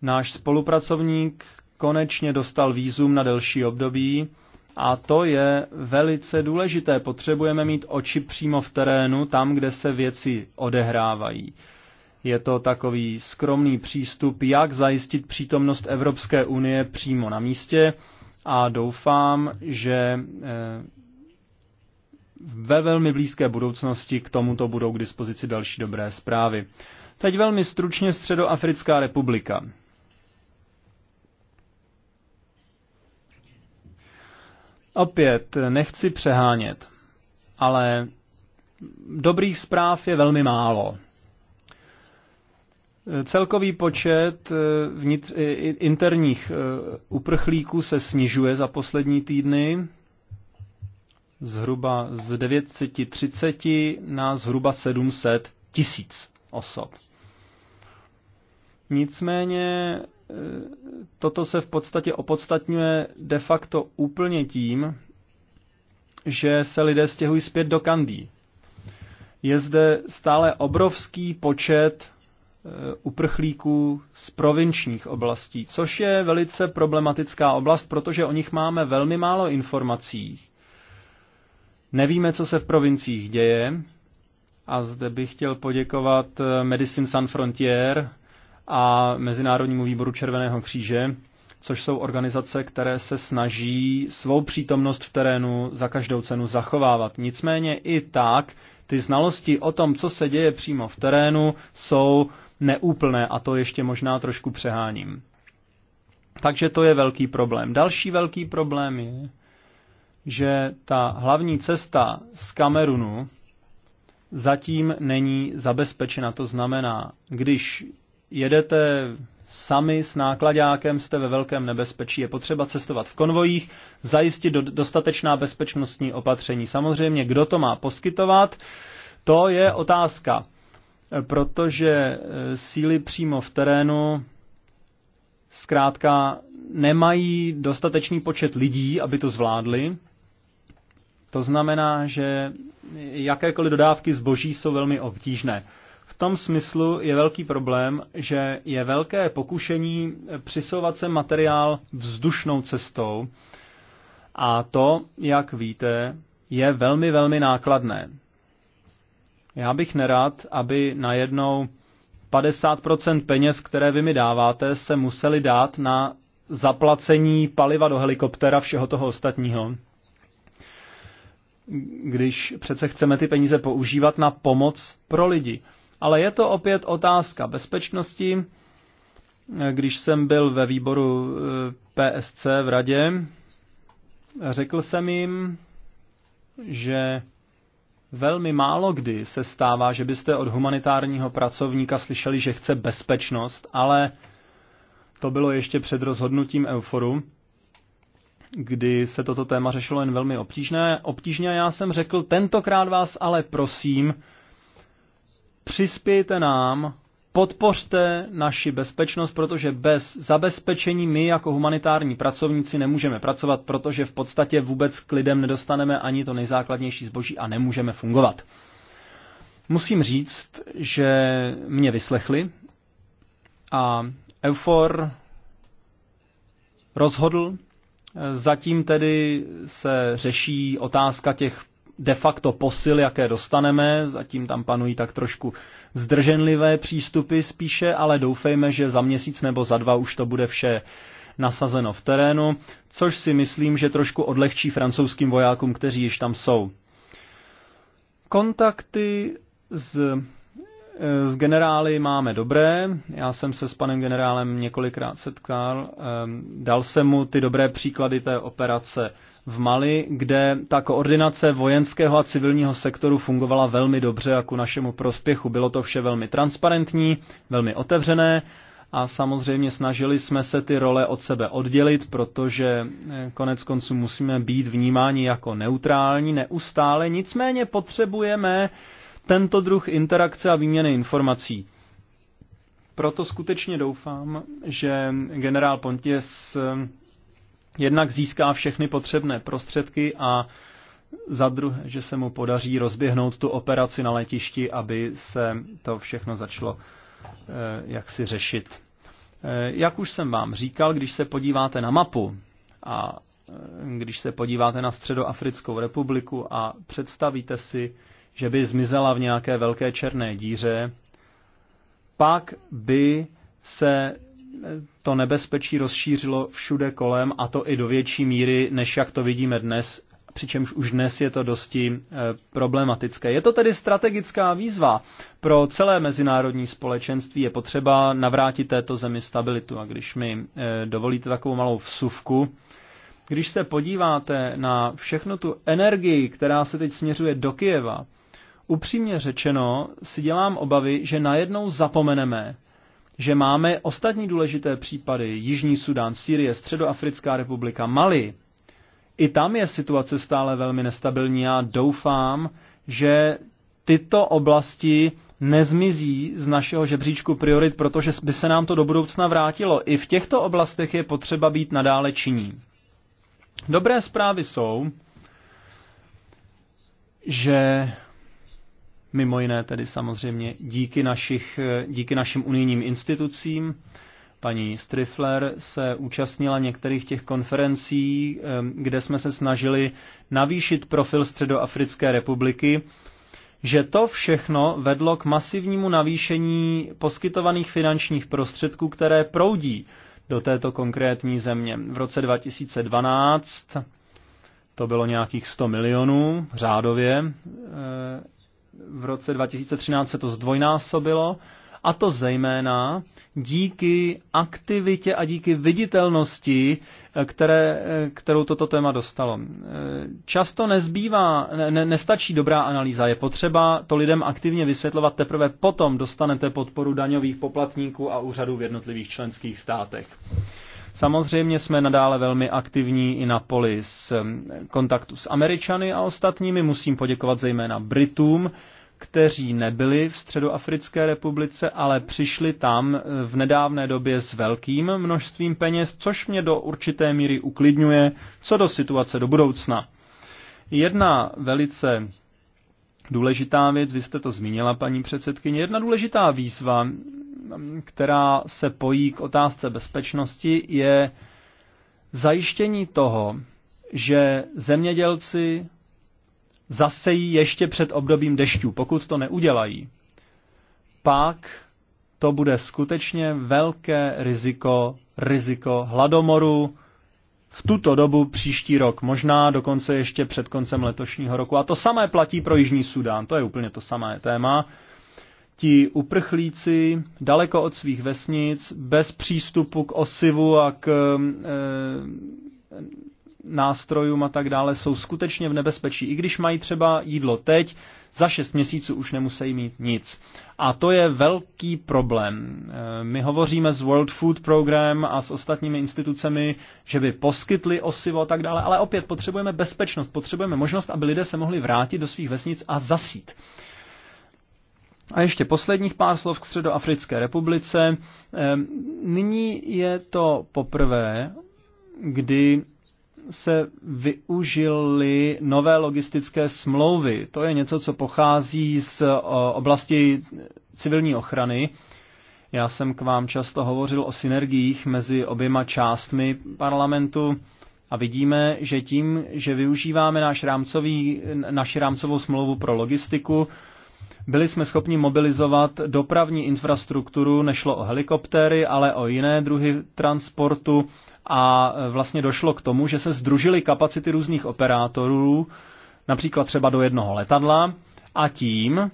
Náš spolupracovník konečně dostal výzum na delší období a to je velice důležité. Potřebujeme mít oči přímo v terénu, tam, kde se věci odehrávají. Je to takový skromný přístup, jak zajistit přítomnost Evropské unie přímo na místě a doufám, že eh, ve velmi blízké budoucnosti k tomuto budou k dispozici další dobré zprávy. Teď velmi stručně Středoafrická republika. Opět, nechci přehánět, ale dobrých zpráv je velmi málo. Celkový počet eh, vnitř, interních eh, uprchlíků se snižuje za poslední týdny zhruba z 930 na zhruba 700 tisíc osob. Nicméně toto se v podstatě opodstatňuje de facto úplně tím, že se lidé stěhují zpět do Kandí. Je zde stále obrovský počet e, uprchlíků z provinčních oblastí, což je velice problematická oblast, protože o nich máme velmi málo informací. Nevíme, co se v provinciích děje. A zde bych chtěl poděkovat e, Medicine San Frontier, a Mezinárodnímu výboru Červeného kříže, což jsou organizace, které se snaží svou přítomnost v terénu za každou cenu zachovávat. Nicméně i tak ty znalosti o tom, co se děje přímo v terénu, jsou neúplné a to ještě možná trošku přeháním. Takže to je velký problém. Další velký problém je, že ta hlavní cesta z Kamerunu zatím není zabezpečena. To znamená, když jedete sami s nákladákem, jste ve velkém nebezpečí. Je potřeba cestovat v konvojích, zajistit dostatečná bezpečnostní opatření. Samozřejmě, kdo to má poskytovat, to je otázka, protože eh, síly přímo v terénu zkrátka nemají dostatečný počet lidí, aby to zvládli. To znamená, že jakékoliv dodávky zboží jsou velmi obtížné tom smyslu je velký problém, že je velké pokušení přisouvat se materiál vzdušnou cestou a to, jak víte, je velmi, velmi nákladné. Já bych nerad, aby najednou 50% peněz, které vy mi dáváte, se museli dát na zaplacení paliva do helikoptera všeho toho ostatního. Když přece chceme ty peníze používat na pomoc pro lidi. Ale je to opět otázka bezpečnosti. Když jsem byl ve výboru eh, PSC v radě, řekl jsem jim, že velmi málo kdy se stává, že byste od humanitárního pracovníka slyšeli, že chce bezpečnost, ale to bylo ještě před rozhodnutím Euforu, kdy se toto téma řešilo jen velmi obtížné, obtížně a já jsem řekl, tentokrát vás ale prosím, přispějte nám, podpořte naši bezpečnost, protože bez zabezpečení my jako humanitární pracovníci nemůžeme pracovat, protože v podstatě vůbec k lidem nedostaneme ani to nejzákladnější zboží a nemůžeme fungovat. Musím říct, že mě vyslechli a Eufor rozhodl. Zatím tedy se řeší otázka těch de facto posil, jaké dostaneme. Zatím tam panují tak trošku zdrženlivé přístupy spíše, ale doufejme, že za měsíc nebo za dva už to bude vše nasazeno v terénu, což si myslím, že trošku odlehčí francouzským vojákům, kteří již tam jsou. Kontakty s, eh, s generály máme dobré. Já jsem se s panem generálem několikrát setkal. Ehm, dal jsem mu ty dobré příklady té operace v Mali, kde ta koordinace vojenského a civilního sektoru fungovala velmi dobře a ku našemu prospěchu. Bylo to vše velmi transparentní, velmi otevřené a samozřejmě snažili jsme se ty role od sebe oddělit, protože eh, konec konců musíme být vnímáni jako neutrální neustále, nicméně potřebujeme tento druh interakce a výměny informací. Proto skutečně doufám, že generál Pontěs eh, jednak získá všechny potřebné prostředky a za druhé, že se mu podaří rozběhnout tu operaci na letišti, aby se to všechno začalo eh, jak si řešit. Eh, jak už jsem vám říkal, když se podíváte na mapu a eh, když se podíváte na Středoafrickou republiku a představíte si, že by zmizela v nějaké velké černé díře, pak by se to nebezpečí rozšířilo všude kolem a to i do větší míry, než jak to vidíme dnes, přičemž už dnes je to dosti eh, problematické. Je to tedy strategická výzva. Pro celé mezinárodní společenství je potřeba navrátit této zemi stabilitu. A když mi eh, dovolíte takovou malou vsuvku, když se podíváte na všechnu tu energii, která se teď směřuje do Kijeva, upřímně řečeno si dělám obavy, že najednou zapomeneme, že máme ostatní důležité případy, Jižní Sudán, Sýrie, Středoafrická republika, Mali. I tam je situace stále velmi nestabilní. a doufám, že tyto oblasti nezmizí z našeho žebříčku priorit, protože by se nám to do budoucna vrátilo. I v těchto oblastech je potřeba být nadále činí. Dobré zprávy jsou, že mimo jiné tedy samozřejmě díky, našich, díky našim unijním institucím. Paní Strifler se účastnila některých těch konferencí, kde jsme se snažili navýšit profil Středoafrické republiky, že to všechno vedlo k masivnímu navýšení poskytovaných finančních prostředků, které proudí do této konkrétní země. V roce 2012 to bylo nějakých 100 milionů řádově v roce 2013 se to zdvojnásobilo a to zejména díky aktivitě a díky viditelnosti, eh, které, eh, kterou toto téma dostalo. Eh, často nezbývá, ne, nestačí dobrá analýza, je potřeba to lidem aktivně vysvětlovat, teprve potom dostanete podporu daňových poplatníků a úřadů v jednotlivých členských státech. Samozřejmě jsme nadále velmi aktivní i na poli s kontaktu s Američany a ostatními. Musím poděkovat zejména Britům, kteří nebyli v Středoafrické republice, ale přišli tam eh, v nedávné době s velkým množstvím peněz, což mě do určité míry uklidňuje co do situace do budoucna. Jedna velice důležitá věc, vy jste to zmínila, paní předsedkyně, jedna důležitá výzva která se pojí k otázce bezpečnosti, je zajištění toho, že zemědělci zasejí ještě před obdobím dešťů. Pokud to neudělají, pak to bude skutečně velké riziko, riziko hladomoru v tuto dobu příští rok, možná dokonce ještě před koncem letošního roku. A to samé platí pro Jižní Sudán, to je úplně to samé téma ti uprchlíci daleko od svých vesnic, bez přístupu k osivu a k e, nástrojům a tak dále, jsou skutečně v nebezpečí. I když mají třeba jídlo teď, za šest měsíců už nemusí mít nic. A to je velký problém. Eh, my hovoříme s World Food Program a s ostatními institucemi, že by poskytli osivo a tak dále, ale opět potřebujeme bezpečnost, potřebujeme možnost, aby lidé se mohli vrátit do svých vesnic a zasít. A ještě posledních pár slov k Středoafrické republice. Nyní je to poprvé, kdy se využily nové logistické smlouvy. To je něco, co pochází z oblasti civilní ochrany. Já jsem k vám často hovořil o synergiích mezi oběma částmi parlamentu a vidíme, že tím, že využíváme náš rámcový, naši rámcovou smlouvu pro logistiku, byli jsme schopni mobilizovat dopravní infrastrukturu, nešlo o helikoptéry, ale o jiné druhy transportu a e, vlastně došlo k tomu, že se združily kapacity různých operátorů, například třeba do jednoho letadla a tím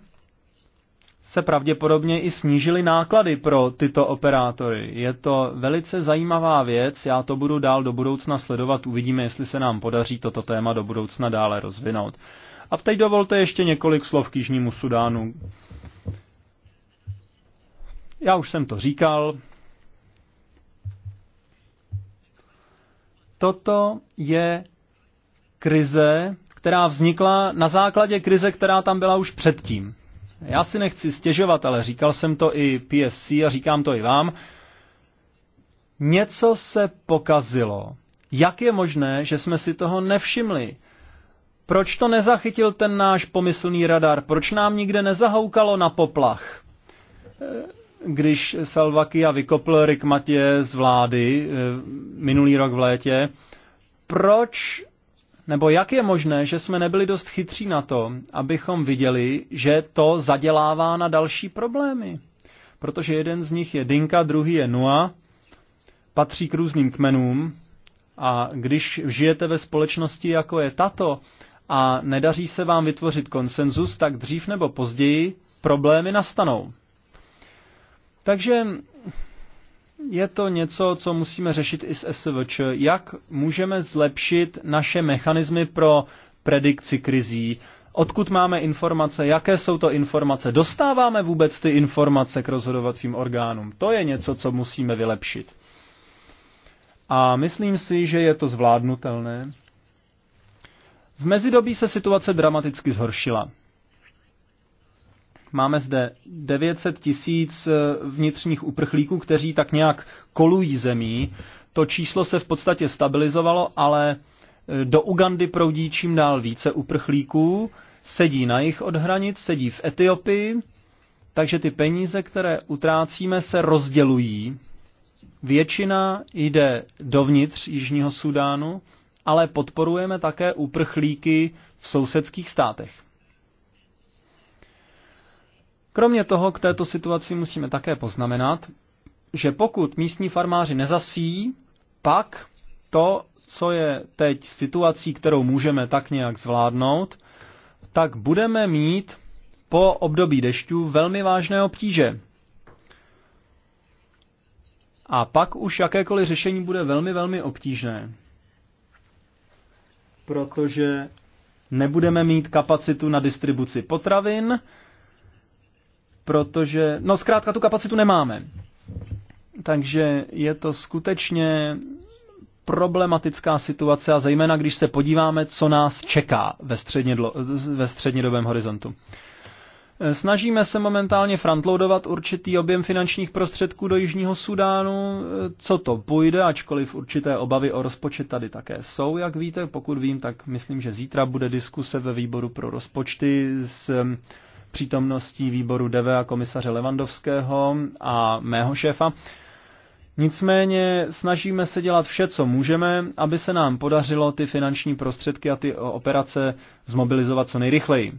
se pravděpodobně i snížily náklady pro tyto operátory. Je to velice zajímavá věc, já to budu dál do budoucna sledovat, uvidíme, jestli se nám podaří toto téma do budoucna dále rozvinout. A teď dovolte ještě několik slov k Jižnímu Sudánu. Já už jsem to říkal. Toto je krize, která vznikla na základě krize, která tam byla už předtím. Já si nechci stěžovat, ale říkal jsem to i PSC a říkám to i vám. Něco se pokazilo. Jak je možné, že jsme si toho nevšimli? Proč to nezachytil ten náš pomyslný radar? Proč nám nikde nezahoukalo na poplach? Eh, když Salvakia vykopl Rick Matě z vlády eh, minulý rok v létě, proč nebo jak je možné, že jsme nebyli dost chytří na to, abychom viděli, že to zadělává na další problémy? Protože jeden z nich je Dinka, druhý je Nua, patří k různým kmenům a když žijete ve společnosti jako je tato, a nedaří se vám vytvořit konsenzus, tak dřív nebo později problémy nastanou. Takže je to něco, co musíme řešit i s SVČ. Jak můžeme zlepšit naše mechanismy pro predikci krizí? Odkud máme informace? Jaké jsou to informace? Dostáváme vůbec ty informace k rozhodovacím orgánům? To je něco, co musíme vylepšit. A myslím si, že je to zvládnutelné v mezidobí se situace dramaticky zhoršila. Máme zde 900 tisíc eh, vnitřních uprchlíků, kteří tak nějak kolují zemí. To číslo se v podstatě stabilizovalo, ale eh, do Ugandy proudí čím dál více uprchlíků, sedí na jich od hranic, sedí v Etiopii, takže ty peníze, které utrácíme, se rozdělují. Většina jde dovnitř Jižního Sudánu, ale podporujeme také uprchlíky v sousedských státech. Kromě toho k této situaci musíme také poznamenat, že pokud místní farmáři nezasíjí, pak to, co je teď situací, kterou můžeme tak nějak zvládnout, tak budeme mít po období dešťů velmi vážné obtíže. A pak už jakékoliv řešení bude velmi, velmi obtížné protože nebudeme mít kapacitu na distribuci potravin, protože, no zkrátka tu kapacitu nemáme. Takže je to skutečně problematická situace a zejména když se podíváme, co nás čeká ve, střednědlo, ve střednědobém horizontu. Snažíme se momentálně frontloadovat určitý objem finančních prostředků do Jižního Sudánu, co to půjde, ačkoliv určité obavy o rozpočet tady také jsou, jak víte. Pokud vím, tak myslím, že zítra bude diskuse ve výboru pro rozpočty s um, přítomností výboru DV a komisaře Levandovského a mého šéfa. Nicméně snažíme se dělat vše, co můžeme, aby se nám podařilo ty finanční prostředky a ty operace zmobilizovat co nejrychleji.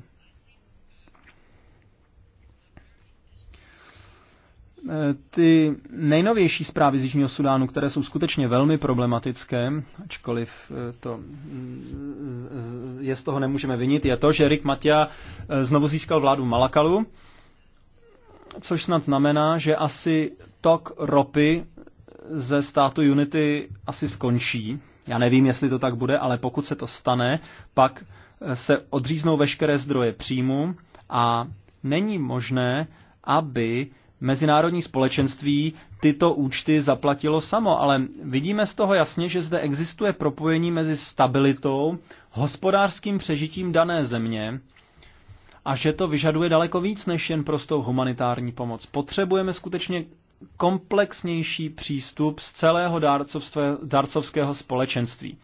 Eh, ty nejnovější zprávy z Jižního Sudánu, které jsou skutečně velmi problematické, ačkoliv eh, to mm, je z toho nemůžeme vinit, je to, že Rick Matia eh, znovu získal vládu Malakalu, což snad znamená, že asi tok ropy ze státu Unity asi skončí. Já nevím, jestli to tak bude, ale pokud se to stane, pak se odříznou veškeré zdroje příjmu a není možné, aby mezinárodní společenství tyto účty zaplatilo samo, ale vidíme z toho jasně, že zde existuje propojení mezi stabilitou, hospodářským přežitím dané země a že to vyžaduje daleko víc než jen prostou humanitární pomoc. Potřebujeme skutečně komplexnější přístup z celého dárcovského společenství.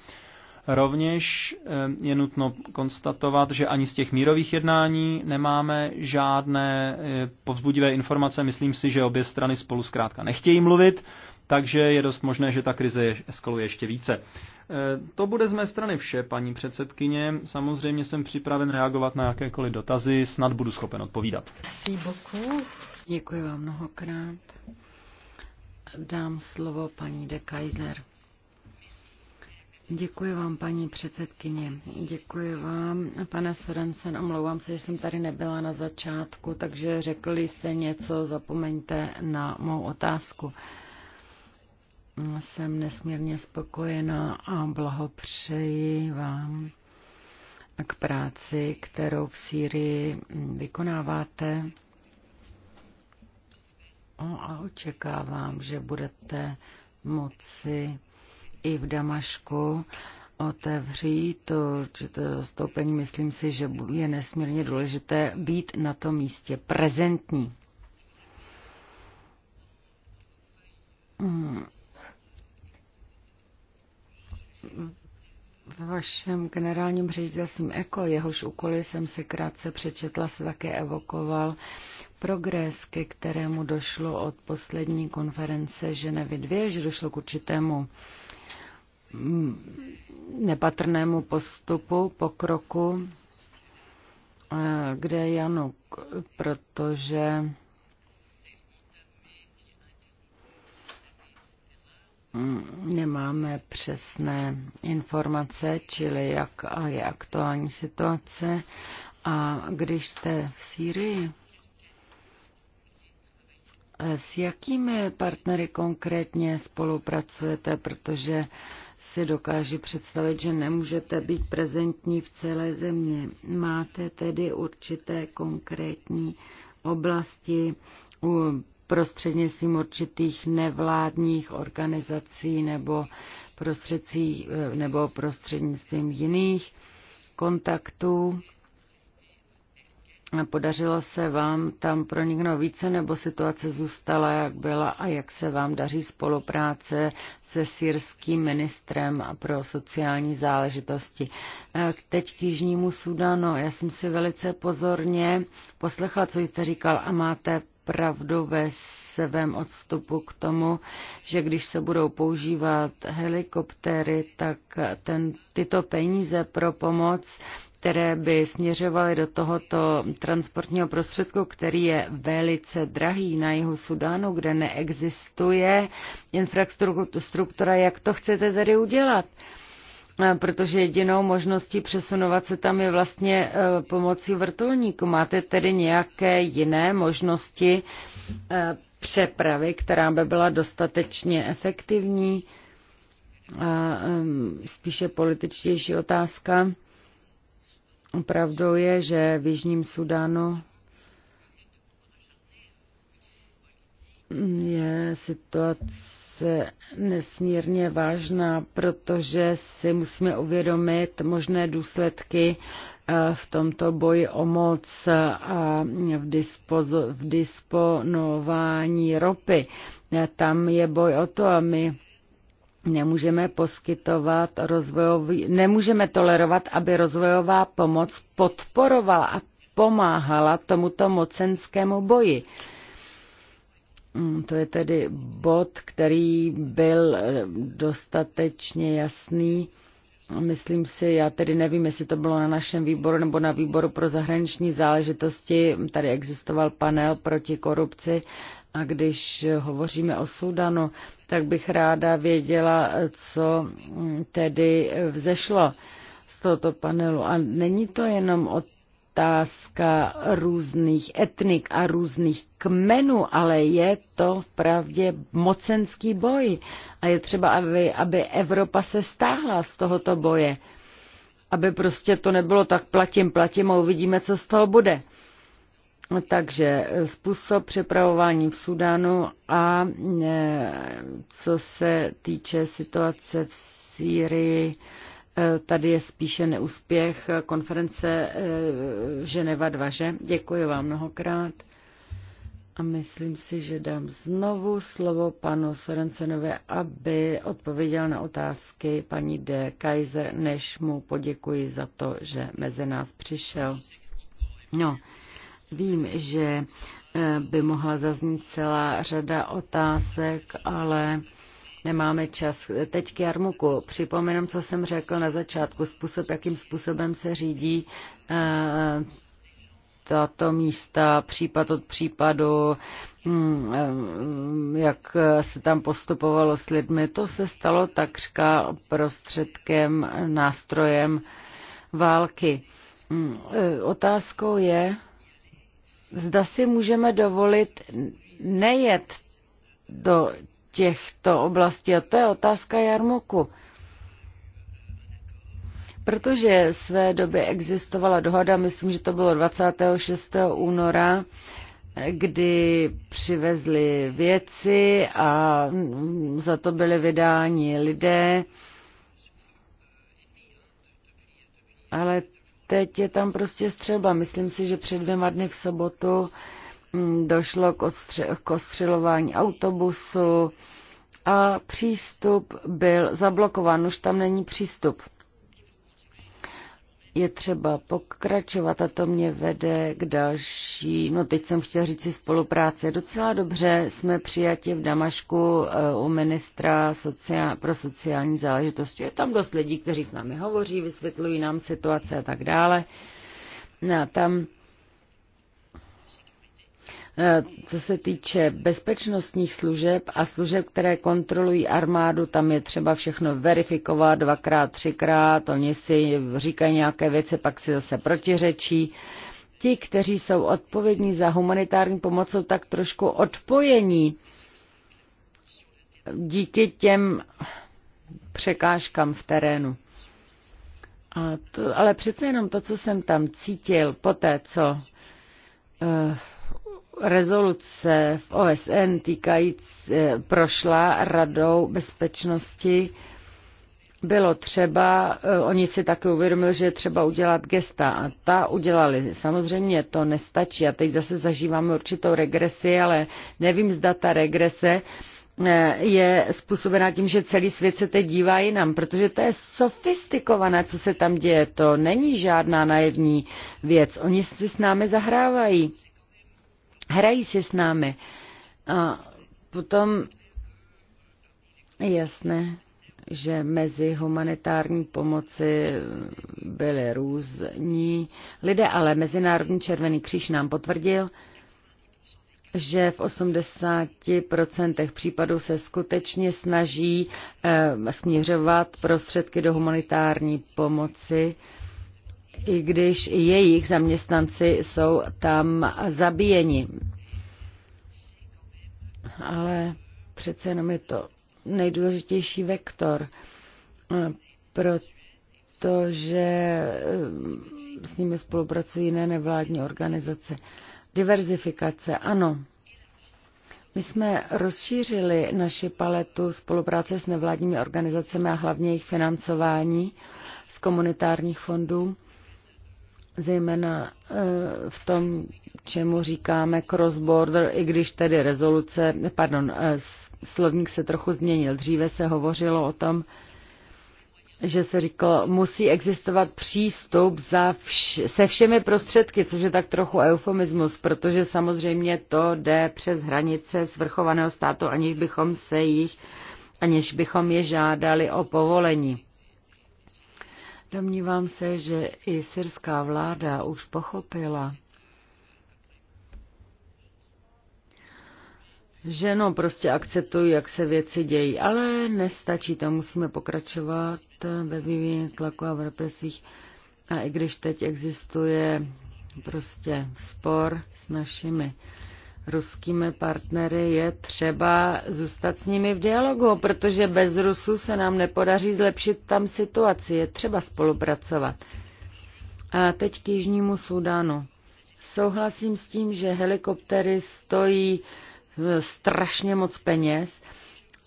Rovněž eh, je nutno konstatovat, že ani z těch mírových jednání nemáme žádné eh, povzbudivé informace. Myslím si, že obě strany spolu zkrátka nechtějí mluvit, takže je dost možné, že ta krize eskaluje ještě více. Eh, to bude z mé strany vše, paní předsedkyně. Samozřejmě jsem připraven reagovat na jakékoliv dotazy, snad budu schopen odpovídat. Děkuji vám mnohokrát. Dám slovo paní de Kaiser. Děkuji vám, paní předsedkyně. Děkuji vám, pane Sorensen. Omlouvám se, že jsem tady nebyla na začátku, takže řekli jste něco, zapomeňte na mou otázku. Jsem nesmírně spokojená a blahopřeji vám k práci, kterou v Sýrii vykonáváte. O, a očekávám, že budete moci i v Damašku otevřít to to zastoupení, myslím si, že je nesmírně důležité být na tom místě prezentní. Hmm. V vašem generálním ředitelství ECO, jehož úkoly jsem si krátce přečetla, se také evokoval progres, ke kterému došlo od poslední konference Ženevy 2, že došlo k určitému nepatrnému postupu, pokroku, eh, kde je Januk, protože nemáme přesné informace, čili jak a je aktuální situace. A když jste v Sýrii, eh, s jakými partnery konkrétně spolupracujete, protože si dokáži představit, že nemůžete být prezentní v celé země. Máte tedy určité konkrétní oblasti prostřednictvím určitých nevládních organizací nebo, prostředcí, eh, nebo prostřednictvím jiných kontaktů Podařilo se vám tam proniknout více, nebo situace zůstala, jak byla a jak se vám daří spolupráce se sírským ministrem pro sociální záležitosti? Teď k Jižnímu Sudanu. Já jsem si velice pozorně poslechla, co jste říkal a máte pravdu ve svém odstupu k tomu, že když se budou používat helikoptéry, tak ten, tyto peníze pro pomoc které by směřovaly do tohoto transportního prostředku, který je velice drahý na jihu Sudánu, kde neexistuje infrastruktura, jak to chcete tady udělat? Eh, protože jedinou možností přesunovat se tam je vlastně eh, pomocí vrtulníku. Máte tedy nějaké jiné možnosti eh, přepravy, která by byla dostatečně efektivní? A spíše političtější otázka. Pravdou je, že v Jižním Sudánu je situace nesmírně vážná, protože si musíme uvědomit možné důsledky eh, v tomto boji o moc a v, dispozo- v disponování ropy. Tam je boj o to a my nemůžeme poskytovat rozvojový, nemůžeme tolerovat, aby rozvojová pomoc podporovala a pomáhala tomuto mocenskému boji. Mm, to je tedy bod, který byl eh, dostatečně jasný. Myslím si, já tedy nevím, jestli to bylo na našem výboru nebo na výboru pro zahraniční záležitosti. Tady existoval panel proti korupci a když hovoříme o Sudanu, tak bych ráda věděla, co tedy vzešlo z tohoto panelu. A není to jenom o otázka různých etnik a různých kmenů, ale je to vpravdě mocenský boj. A je třeba, aby, aby Evropa se stáhla z tohoto boje. Aby prostě to nebylo tak platím, platím a uvidíme, co z toho bude. Takže způsob přepravování v Sudánu a e, co se týče situace v Sýrii, e, tady je spíše neúspěch konference e, Ženeva 2, že? Děkuji vám mnohokrát. A myslím si, že dám znovu slovo panu Sorensenové, aby odpověděl na otázky paní D. Kaiser, než mu poděkuji za to, že mezi nás přišel. No, Vím, že eh, by mohla zaznít celá řada otázek, ale nemáme čas. Teď k Jarmuku. Připomenu, co jsem řekl na začátku, způsob, jakým způsobem se řídí eh, tato místa, případ od případu, hm, eh, jak se tam postupovalo s lidmi, to se stalo takřka prostředkem, nástrojem války. Hm, otázkou je, zda si můžeme dovolit nejet do těchto oblastí. A to je otázka Jarmoku. Protože v své době existovala dohoda, myslím, že to bylo 26. února, kdy přivezli věci a za to byli vydáni lidé. Ale teď je tam prostě střelba. Myslím si, že před dvěma dny v sobotu mm, došlo k, odstře- k ostřelování autobusu a přístup byl zablokován, už tam není přístup je třeba pokračovat a to mě vede k další, no teď jsem chtěla říct si spolupráce. Docela dobře jsme přijati v Damašku eh, u ministra sociál, pro sociální záležitosti. Je tam dost lidí, kteří s námi hovoří, vysvětlují nám situace a tak dále. No, tam Eh, co se týče bezpečnostních služeb a služeb, které kontrolují armádu, tam je třeba všechno verifikovat dvakrát, třikrát, oni si říkají nějaké věci, pak si zase protiřečí. Ti, kteří jsou odpovědní za humanitární pomoc, jsou tak trošku odpojení díky těm překážkám v terénu. A to, ale přece jenom to, co jsem tam cítil po té, co uh, rezoluce v OSN týkajíc eh, prošla radou bezpečnosti, bylo třeba, eh, oni si také uvědomili, že je třeba udělat gesta a ta udělali. Samozřejmě to nestačí a teď zase zažíváme určitou regresi, ale nevím, zda ta regrese eh, je způsobená tím, že celý svět se teď dívá jinam, protože to je sofistikované, co se tam děje. To není žádná naivní věc. Oni si s námi zahrávají. Hrají si s námi. A potom je jasné, že mezi humanitární pomoci byly různí lidé, ale Mezinárodní červený kříž nám potvrdil, že v 80% případů se skutečně snaží eh, směřovat prostředky do humanitární pomoci i když jejich zaměstnanci jsou tam zabíjeni. Ale přece jenom je to nejdůležitější vektor, protože eh, s nimi spolupracují jiné nevládní organizace. Diverzifikace, ano. My jsme rozšířili naši paletu spolupráce s nevládními organizacemi a hlavně jejich financování z komunitárních fondů zejména eh, v tom, čemu říkáme cross-border, i když tedy rezoluce, pardon, eh, slovník se trochu změnil. Dříve se hovořilo o tom, že se říkalo, musí existovat přístup za vš- se všemi prostředky, což je tak trochu eufemismus, protože samozřejmě to jde přes hranice svrchovaného státu, aniž bychom se jich, aniž bychom je žádali o povolení. Domnívám se, že i syrská vláda už pochopila, že no, prostě akceptují, jak se věci dějí, ale nestačí to, musíme pokračovat ve vyvíjení tlaku a v represích. A i když teď existuje prostě spor s našimi ruskými partnery, je třeba zůstat s nimi v dialogu, protože bez Rusů se nám nepodaří zlepšit tam situaci. Je třeba spolupracovat. A teď k Jižnímu Sudánu. Souhlasím s tím, že helikoptery stojí e, strašně moc peněz,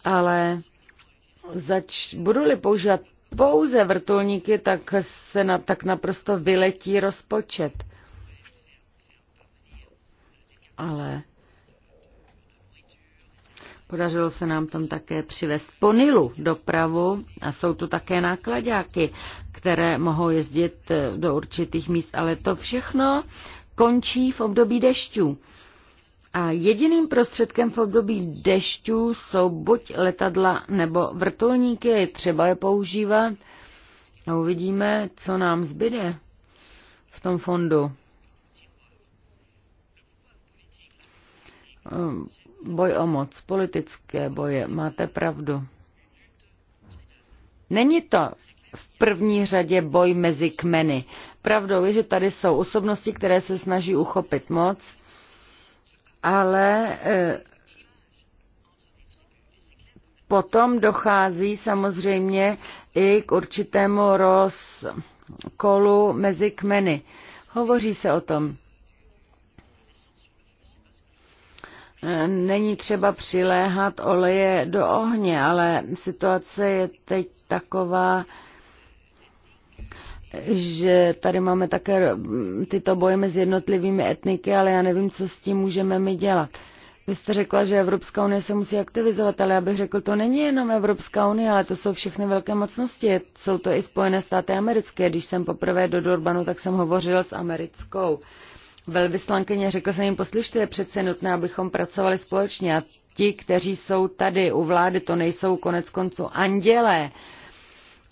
ale zač- budu-li používat pouze vrtulníky, tak se na, tak naprosto vyletí rozpočet. Ale Podařilo se nám tam také přivést ponilu dopravu a jsou tu také nákladáky, které mohou jezdit eh, do určitých míst, ale to všechno končí v období dešťů. A jediným prostředkem v období dešťů jsou buď letadla nebo vrtulníky, je třeba je používat a uvidíme, co nám zbyde v tom fondu. Ehm, boj o moc, politické boje. Máte pravdu. Není to v první řadě boj mezi kmeny. Pravdou je, že tady jsou osobnosti, které se snaží uchopit moc, ale e, potom dochází samozřejmě i k určitému rozkolu mezi kmeny. Hovoří se o tom. není třeba přiléhat oleje do ohně, ale situace je teď taková, že tady máme také tyto boje mezi jednotlivými etniky, ale já nevím, co s tím můžeme my dělat. Vy jste řekla, že Evropská unie se musí aktivizovat, ale já bych řekl, to není jenom Evropská unie, ale to jsou všechny velké mocnosti. Jsou to i Spojené státy americké. Když jsem poprvé do Durbanu, tak jsem hovořil s americkou Velvyslankyně, řekl jsem jim, poslyšte, je přece nutné, abychom pracovali společně a ti, kteří jsou tady u vlády, to nejsou konec konců andělé.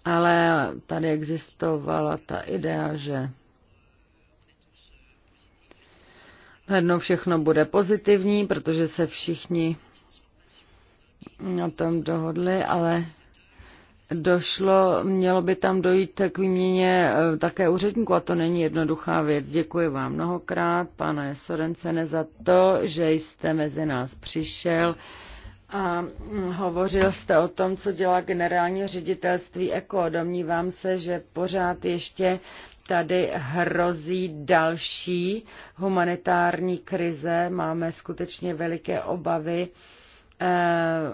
Ale tady existovala ta idea, že najednou všechno bude pozitivní, protože se všichni na tom dohodli, ale došlo, mělo by tam dojít k výměně e, také úředníků a to není jednoduchá věc. Děkuji vám mnohokrát, pane Sorencene, za to, že jste mezi nás přišel a mm, hovořil jste o tom, co dělá generální ředitelství ECO. Domnívám se, že pořád ještě tady hrozí další humanitární krize. Máme skutečně veliké obavy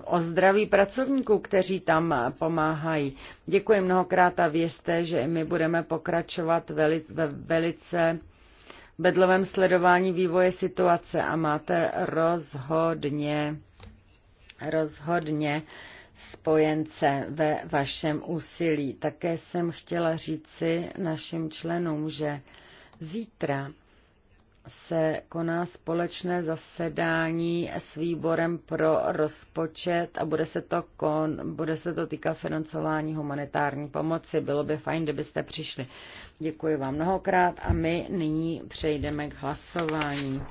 o zdraví pracovníků, kteří tam pomáhají. Děkuji mnohokrát a vězte, že my budeme pokračovat ve velice bedlovém sledování vývoje situace a máte rozhodně, rozhodně spojence ve vašem úsilí. Také jsem chtěla říci našim členům, že zítra se koná společné zasedání s výborem pro rozpočet a bude se to, kon, bude se to týkat financování humanitární pomoci. Bylo by fajn, kdybyste přišli. Děkuji vám mnohokrát a my nyní přejdeme k hlasování.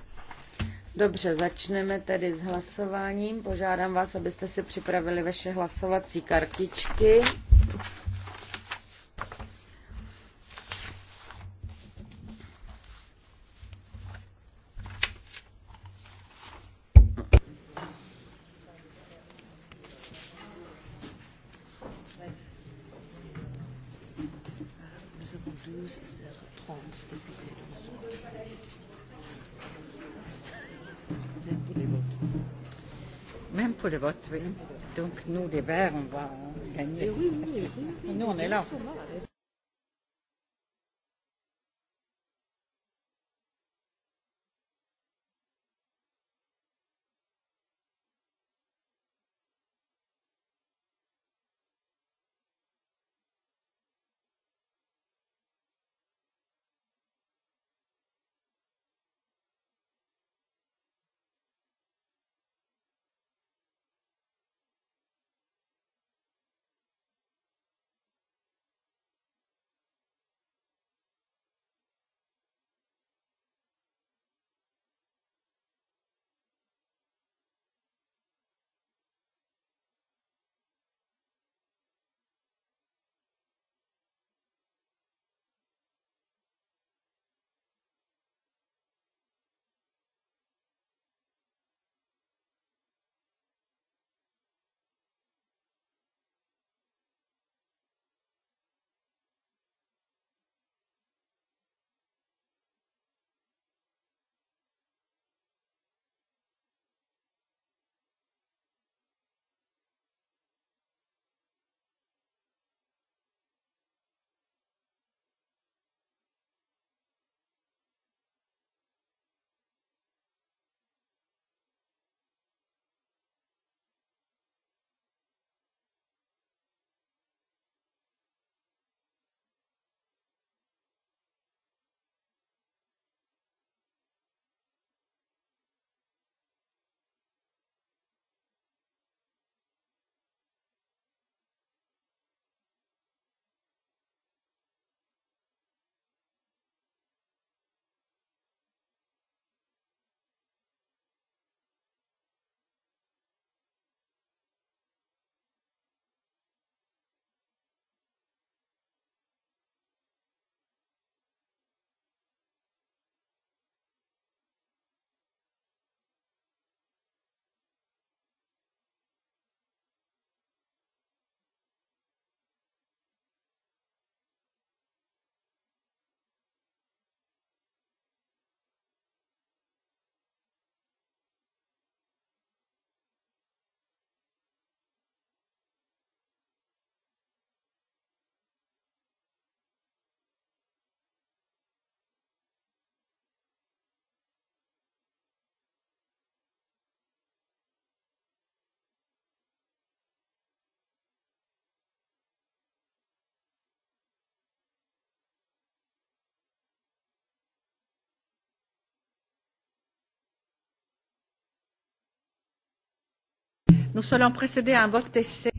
Dobře, začneme tedy s hlasováním. Požádám vás, abyste si připravili vaše hlasovací kartičky. vote, oui. Donc nous, les Verts, on va gagner. Et eh oui, oui, oui, oui, nous, on est là.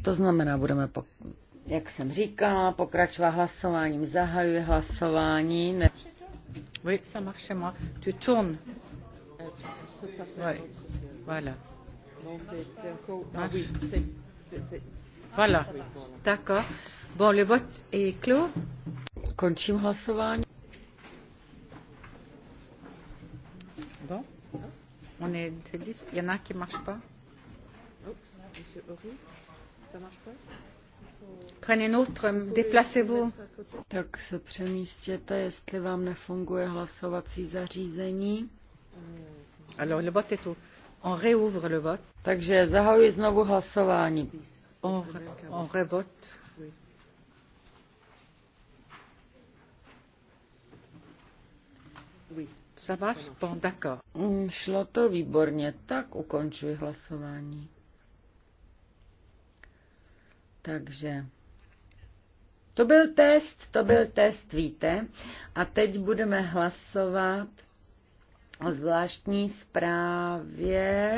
To znamená, budeme, po, jak jsem říkala, pokračovat hlasováním. Zahajuji hlasování. Ne... Oui, ça marche moi. Tu tournes. Oui. Voilà. Ah voilà. D'accord. Bon, le vote est clos. Končím hlasování. Bon. On est 10. Il y en a qui ne marchent pas. Pane notre, déplacez-vous. Tak se přemístěte, jestli vám nefunguje hlasovací zařízení. Alors, le vote est tout. On réouvre le vote. Takže zahajuji znovu hlasování. On, on revote. Oui. Ça marche? Bon, d'accord. Mm, šlo to výborně, tak ukončuji hlasování. Takže to byl test, to byl test, víte. A teď budeme hlasovat o zvláštní zprávě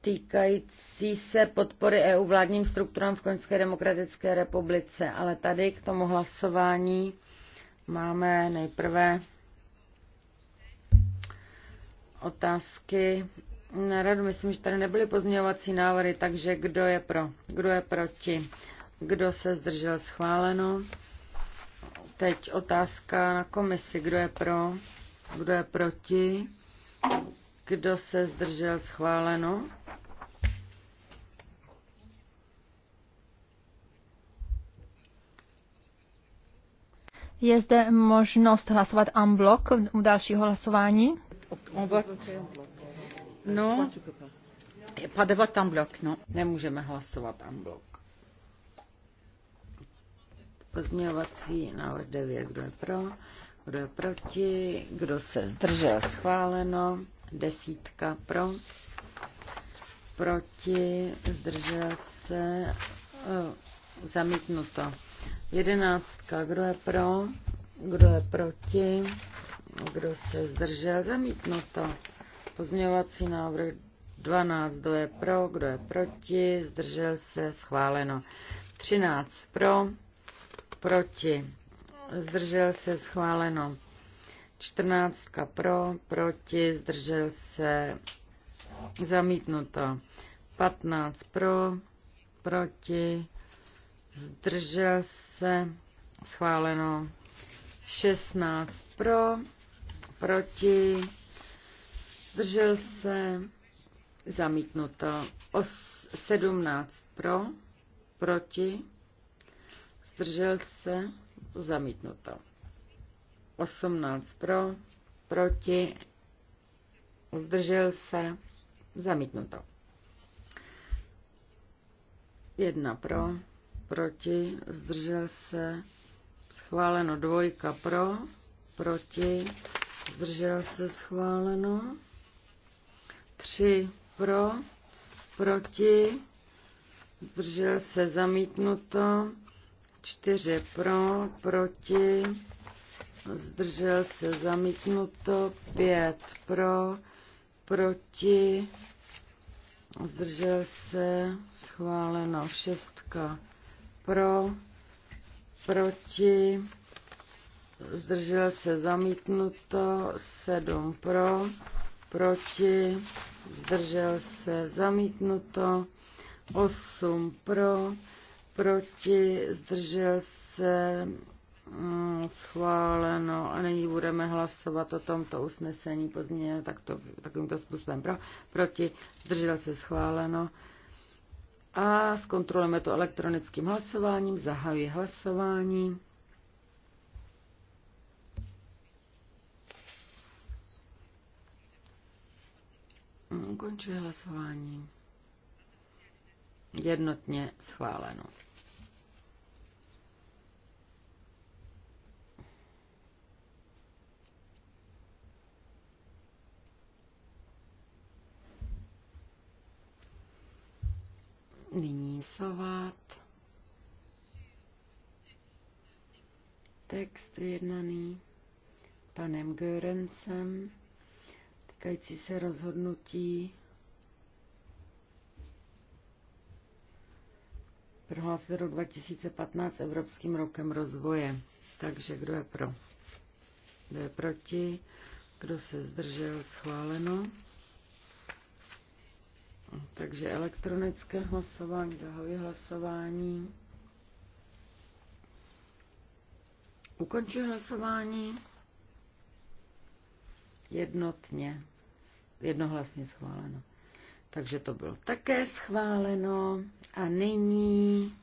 týkající se podpory EU vládním strukturám v Koňské demokratické republice. Ale tady k tomu hlasování máme nejprve otázky na radu. Myslím, že tady nebyly pozměňovací návrhy, takže kdo je pro, kdo je proti, kdo se zdržel schváleno. Teď otázka na komisi, kdo je pro, kdo je proti, kdo se zdržel schváleno. Je zde možnost hlasovat unblock u dalšího hlasování? No, Pas tam blok, en bloc, non. Nemůžeme hlasovat en blok. Pozměňovací návrh 9. Kdo je pro? Kdo je proti? Kdo se zdržel? Schváleno. Desítka pro. Proti? Zdržel se? Zamítnuto. Jedenáctka. Kdo je pro? Kdo je proti? Kdo se zdržel? Zamítnuto. Pozměňovací návrh 12, kdo je pro, kdo je proti, zdržel se, schváleno. 13 pro, proti, zdržel se, schváleno. 14 pro, proti, zdržel se, zamítnuto. 15 pro, proti, zdržel se, schváleno. 16 pro, proti, zdržel se, zamítnuto. o 17 pro, proti, zdržel se, zamítnuto. 18 pro, proti, zdržel se, zamítnuto. 1 pro, proti, zdržel se, schváleno. Dvojka pro, proti, zdržel se, schváleno. 3 pro, proti, zdržel se zamítnuto, 4 pro, proti, zdržel se zamítnuto, 5 pro, proti, zdržel se schváleno, 6 pro, proti, zdržel se zamítnuto, 7 pro, proti, zdržel se, zamítnuto, 8 pro, proti, zdržel se, mm, schváleno a nyní budeme hlasovat o tomto usnesení tak takto, takovýmto způsobem pro, proti, zdržel se schváleno a zkontrolujeme to elektronickým hlasováním, zahajuji hlasování. Ukončuji hlasování. Jednotně schváleno. Nyní sovat. Text vyjednaný panem Görensem týkající se rozhodnutí prohlásit rok 2015 Evropským rokem rozvoje. Takže kdo je pro? Kdo je proti? Kdo se zdržel? Schváleno. Takže elektronické hlasování, zahoji hlasování. Ukončuji hlasování jednotně. Jednohlasně schváleno. Takže to bylo také schváleno. A nyní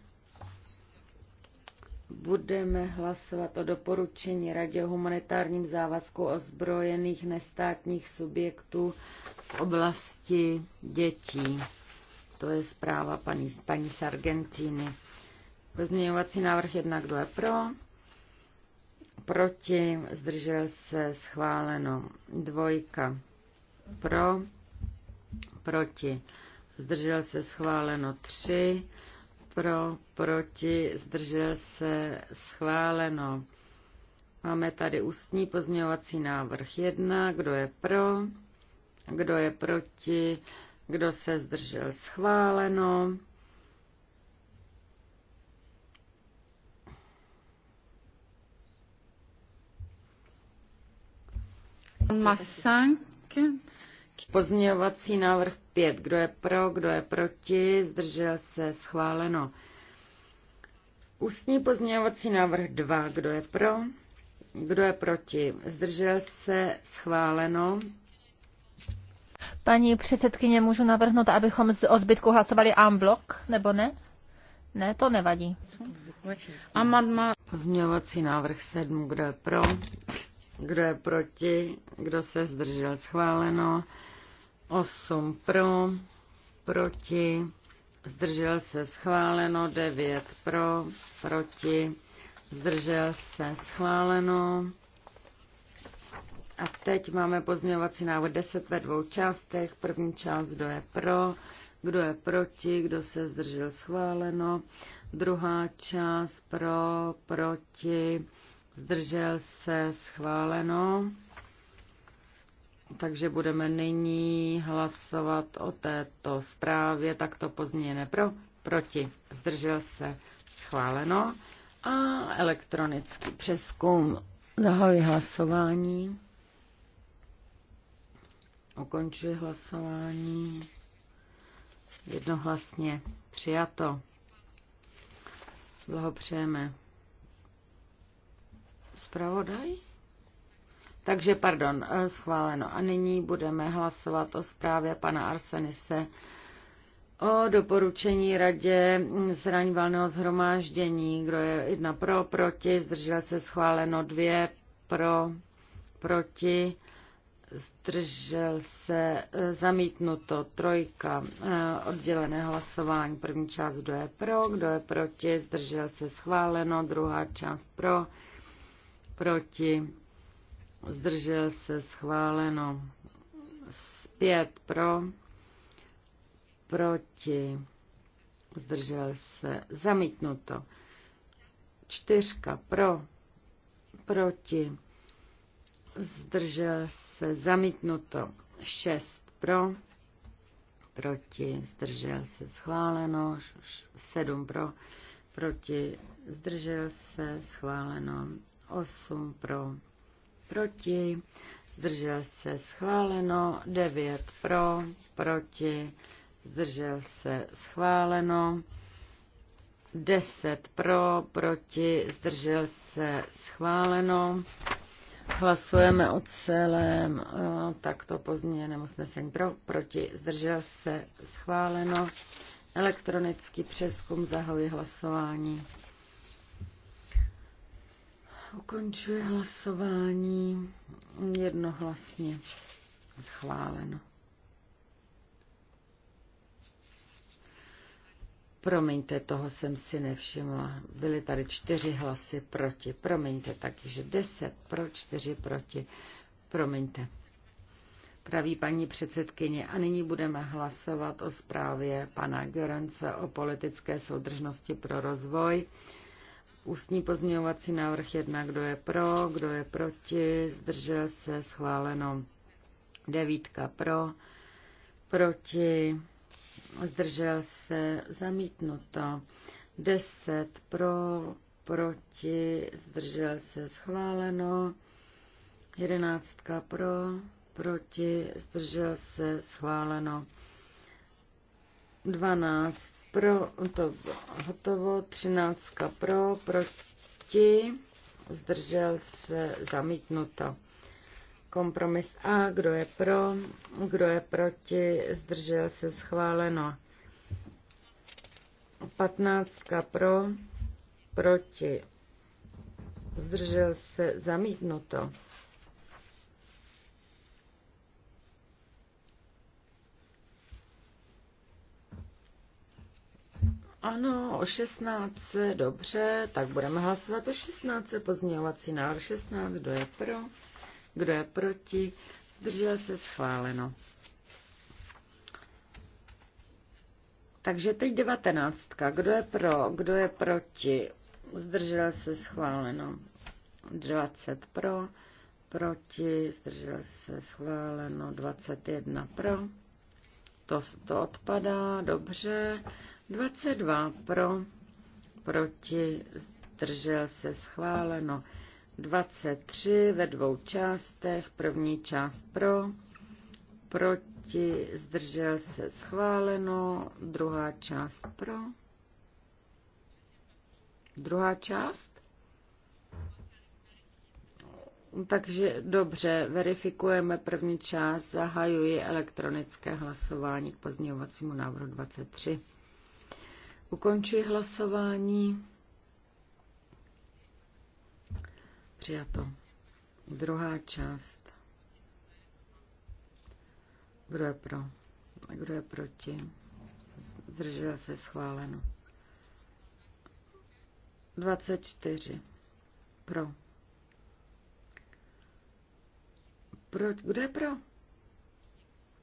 budeme hlasovat o doporučení Radě o humanitárním závazku ozbrojených nestátních subjektů v oblasti dětí. To je zpráva paní, paní Sargentiny. Pozměňovací návrh 1, kdo je pro? Proti, zdržel se, schváleno. Dvojka, pro, proti, zdržel se schváleno 3, pro, proti, zdržel se schváleno. Máme tady ústní pozměňovací návrh 1, kdo je pro, kdo je proti, kdo se zdržel schváleno. Massank Pozměňovací návrh 5. Kdo je pro, kdo je proti, zdržel se, schváleno. Ústní pozměňovací návrh 2. Kdo je pro, kdo je proti, zdržel se, schváleno. Paní předsedkyně, můžu navrhnout, abychom o zbytku hlasovali amblok, nebo ne? Ne, to nevadí. Amandma. Pozměňovací návrh 7. Kdo je pro, kdo je proti? Kdo se zdržel? Schváleno. 8 pro, proti, zdržel se schváleno, 9 pro, proti, zdržel se schváleno. A teď máme pozměňovací návrh 10 ve dvou částech. První část, kdo je pro, kdo je proti, kdo se zdržel schváleno. Druhá část pro, proti, zdržel se schváleno. Takže budeme nyní hlasovat o této zprávě takto pozměně pro, proti, zdržel se schváleno a elektronický přeskum. Zahajuji hlasování. Ukončuji hlasování. Jednohlasně přijato. Blahopřejeme zpravodaj? Takže, pardon, eh, schváleno. A nyní budeme hlasovat o zprávě pana Arsenise o doporučení radě zraň valného zhromáždění. Kdo je jedna pro, proti, zdržel se schváleno dvě, pro, proti, zdržel se eh, zamítnuto trojka eh, oddělené hlasování. První část, kdo je pro, kdo je proti, zdržel se schváleno, druhá část pro, proti, zdržel se schváleno. Zpět pro, proti, zdržel se zamítnuto. Čtyřka pro, proti, zdržel se zamítnuto. Šest pro, proti, zdržel se schváleno. Sedm pro, proti, zdržel se schváleno. 8 pro, proti, zdržel se schváleno, 9 pro, proti, zdržel se schváleno, 10 pro, proti, zdržel se schváleno. Hlasujeme o celém takto pozměněném usnesení pro, proti, zdržel se schváleno. Elektronický přeskum zahojí hlasování. Ukončuji hlasování jednohlasně schváleno. Promiňte, toho jsem si nevšimla. Byly tady čtyři hlasy proti. Promiňte, takže deset pro, čtyři proti. Promiňte. Praví paní předsedkyně a nyní budeme hlasovat o zprávě pana Görence o politické soudržnosti pro rozvoj. Ústní pozměňovací návrh 1, kdo je pro, kdo je proti, zdržel se, schváleno. 9 pro, proti, zdržel se, zamítnuto. 10 pro, proti, zdržel se, schváleno. 11 pro, proti, zdržel se, schváleno. 12 pro, to hotovo, 13 pro, proti, zdržel se, zamítnuto. Kompromis A, kdo je pro, kdo je proti, zdržel se, schváleno. 15 pro, proti, zdržel se, zamítnuto. Ano, o 16, dobře, tak budeme hlasovat o 16, pozměňovací návrh 16, kdo je pro, kdo je proti, zdržel se schváleno. Takže teď 19, Kdo je pro, kdo je proti? Zdržel se schváleno. 20 pro, proti, zdržel se schváleno. 21 pro. To, to odpadá, dobře. 22 pro, proti, zdržel se schváleno. 23 ve dvou částech, první část pro, proti, zdržel se schváleno, druhá část pro. Druhá část? Takže dobře, verifikujeme první část, zahajuji elektronické hlasování k pozměňovacímu návrhu 23. Ukončuji hlasování. Přijato. Druhá část. Kdo je pro? Kdo je proti? Zdržel se schváleno. 24. Pro. Pro, kdo je pro?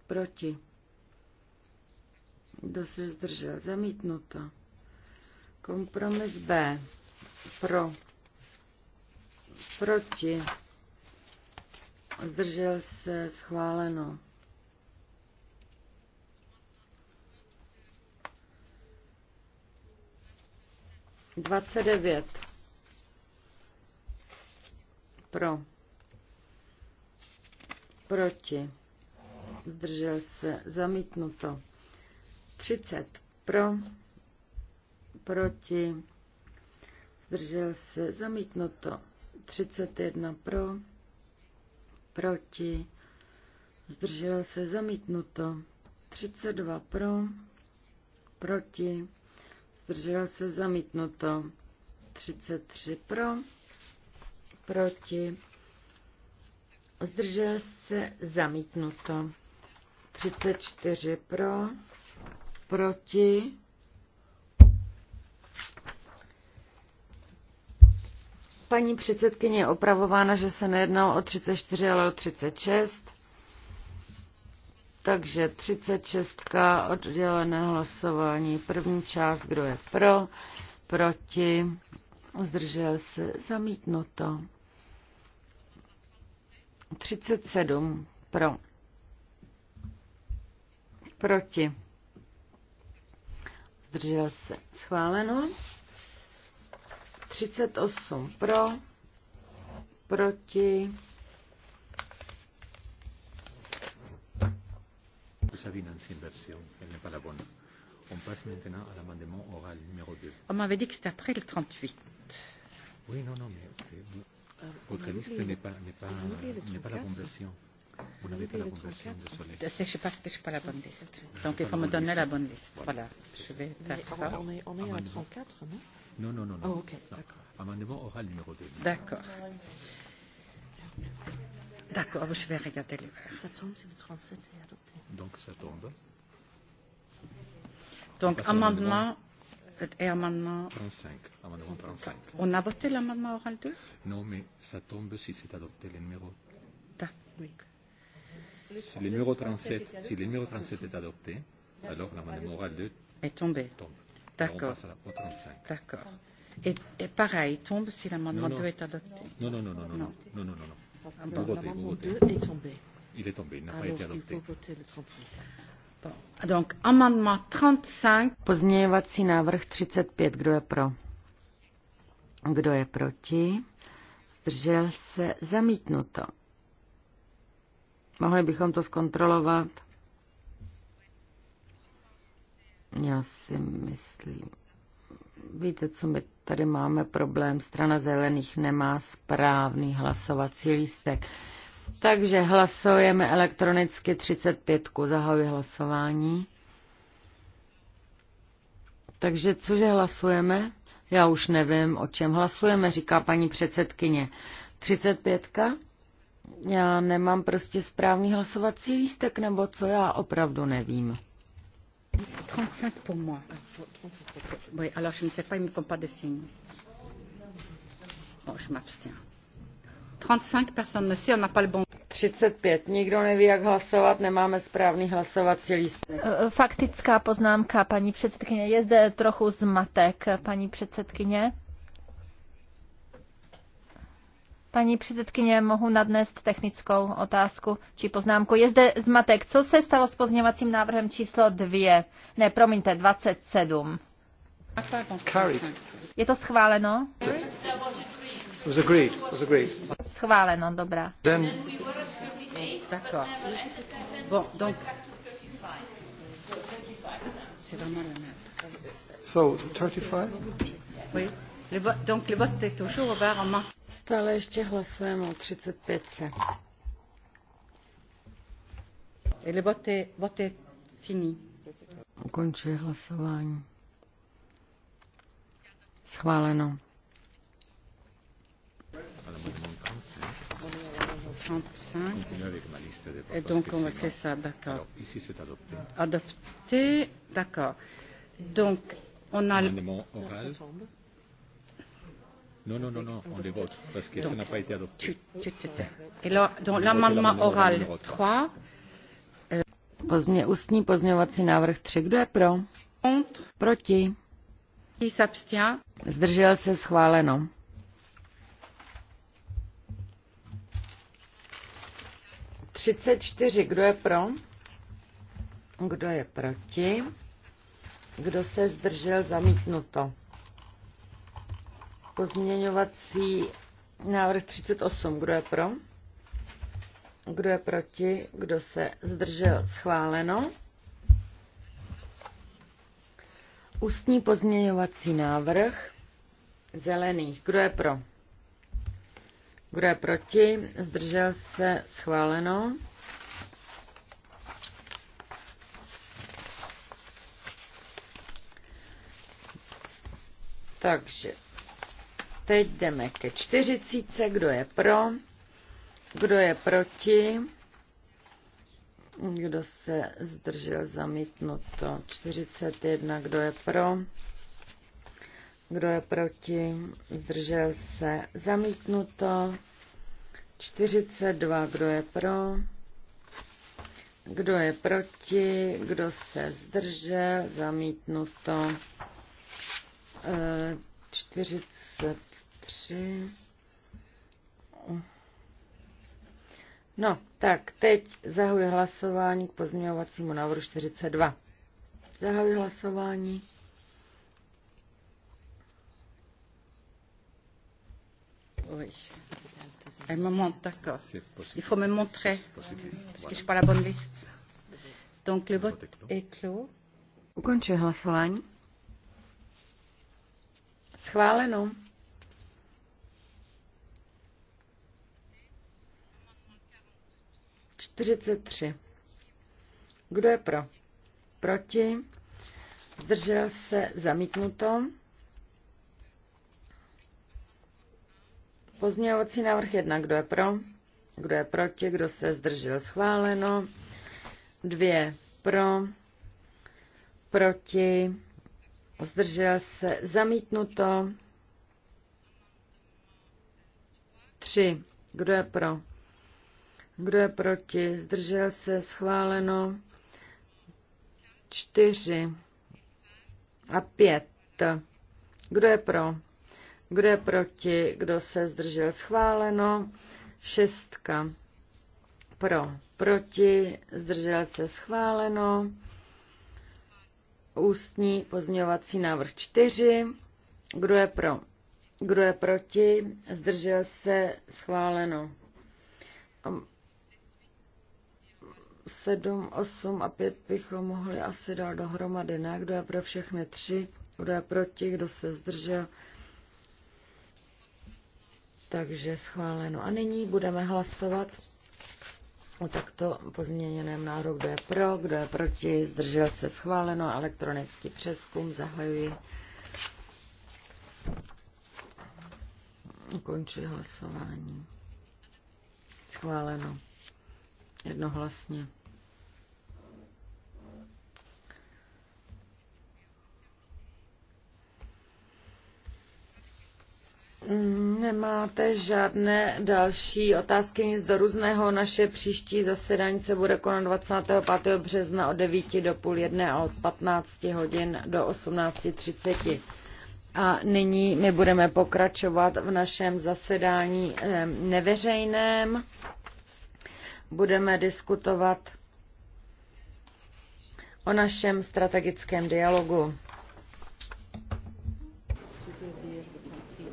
Proti. Kdo se zdržel? Zamítnuto. Kompromis B. Pro. Proti. Zdržel se schváleno. Dvacet devět. Pro. Proti. Zdržel se. Zamítnuto. 30 pro, proti, zdržel se, zamítnuto. 31 pro, proti, zdržel se, zamítnuto. 32 pro, proti, zdržel se, zamítnuto. 33 pro, proti, zdržel se, zamítnuto. 34 pro, proti, paní předsedkyně je opravována, že se nejednalo o 34, ale o 36. Takže 36. oddělené hlasování. První část, kdo je pro, proti, zdržel se, zamítnuto. 37 pro, proti zdržel se, schváleno. 38 pro, proti. On passe maintenant à l'amendement oral numéro 2. On m'avait dit que c'était après le 38. Oui, non, non, mais euh, euh, votre liste n'est pas, pas, pas la bonne version. Vous n'avez pas la bonne version, désolé. Je ne sais pas que je n'ai pas la bonne liste. Donc il faut me donner la bonne liste. Voilà, je vais faire ça. On est, on est à 34, non Non, non, non. non. Oh, ok, d'accord. Amendement oral numéro 2. D'accord. D'accord, je vais regarder le verre. Ça tombe si le 37 est adopté. Donc ça tombe. Donc amendement euh, et amendement 35. Amendement 35. On a voté l'amendement oral 2 Non, mais ça tombe si c'est adopté le numéro. D'accord. Si le numéro 37, si le numéro 37 est adopté, alors l'amendement oral 2 est tombé. tombe. D'accord. D'accord. Et, et pareil, tombe si l'amendement 2 est adopté. Non, non, non, non, non, non, non, non, non. non. Vous votez, vous votez. 2 est tombé. Il est tombé, il n'a pas ah, été adopté. Il faut voter le 35. Donc, amendement 35. Pozměňovací návrh 35. Kdo je pro? Kdo je proti? Zdržel se zamítnuto. Mohli bychom to zkontrolovat? Já si myslím. Víte, co my tady máme problém? Strana zelených nemá správný hlasovací lístek. Takže hlasujeme elektronicky 35. Zahajuji hlasování. Takže cože hlasujeme? Já už nevím, o čem hlasujeme, říká paní předsedkyně. 35. Já nemám prostě správný hlasovací lístek, nebo co já opravdu nevím. 35 pour moi. Oui, alors je ne sais pas, ils ne font pas de signes. Bon, je m'abstiens. 35, personne ne sait, on n'a pas le bon. 35. Nikdo neví, jak hlasovat, nemáme správný hlasovací lístek. Eh, eh, faktická poznámka, paní předsedkyně. Je zde trochu zmatek, paní předsedkyně. Paní předsedkyně, mohu nadnést technickou otázku či poznámku. Je zde zmatek. Co se stalo s pozněvacím návrhem číslo 2? Ne, promiňte, 27. Je to schváleno? Schváleno, dobrá. So, 35? Oui. Stále ještě hlasujeme o 35. Et le vote est, vote est fini. Ukončuji hlasování. Schváleno. Et donc, c'est ça, d'accord. Ici, c'est adopté. Adopté, d'accord. Donc, on a... Amendement oral. Non, non, non, non, on les vote parce que donc, ça n'a pas été adopté. Tu, tu, tu, tu. Et là, donc l'amendement oral 3. Euh, Pozdně, ústní pozměňovací návrh 3. Kdo je pro? Proti. Zdržel se schváleno. Třicet čtyři. Kdo je pro? Kdo je proti? Kdo se zdržel zamítnuto? Pozměňovací návrh 38. Kdo je pro? Kdo je proti? Kdo se zdržel? Schváleno. Ústní pozměňovací návrh zelených. Kdo je pro? Kdo je proti? Zdržel se? Schváleno. Takže Teď jdeme ke čtyřicíce, kdo je pro, kdo je proti, kdo se zdržel zamítnuto, 41, kdo je pro, kdo je proti, zdržel se zamítnuto, 42, kdo je pro, kdo je proti, kdo se zdržel, zamítnuto, 40 eh, Tři. No, tak teď zahajuji hlasování k pozměňovacímu návrhu 42. Zahajuji hlasování. Oui. Un moment, d'accord. Il faut me montrer, parce que je pas la bonne liste. Donc le vote est clos. Ukončuji hlasování. Schváleno. 43. Kdo je pro? Proti? Zdržel se zamítnuto. Pozměňovací návrh 1. Kdo je pro? Kdo je proti? Kdo se zdržel? Schváleno. 2. Pro. Proti. Zdržel se zamítnuto. 3. Kdo je pro? Kdo je proti? Zdržel se? Schváleno. Čtyři a pět. Kdo je pro? Kdo je proti? Kdo se zdržel? Schváleno. Šestka. Pro. Proti. Zdržel se? Schváleno. Ústní pozměňovací návrh čtyři. Kdo je pro? Kdo je proti? Zdržel se? Schváleno. 7, 8 a 5 bychom mohli asi dát dohromady, ne? Kdo je pro všechny tři, kdo je proti, kdo se zdržel. Takže schváleno. A nyní budeme hlasovat o takto pozměněném návrhu, kdo je pro, kdo je proti, zdržel se schváleno, elektronický přeskum, zahajuji. Končí hlasování. Schváleno. Jednohlasně. Nemáte žádné další otázky, nic do různého. Naše příští zasedání se bude konat 25. března od 9 do půl jedné a od 15 hodin do 18.30. A nyní my budeme pokračovat v našem zasedání eh, neveřejném budeme diskutovat o našem strategickém dialogu.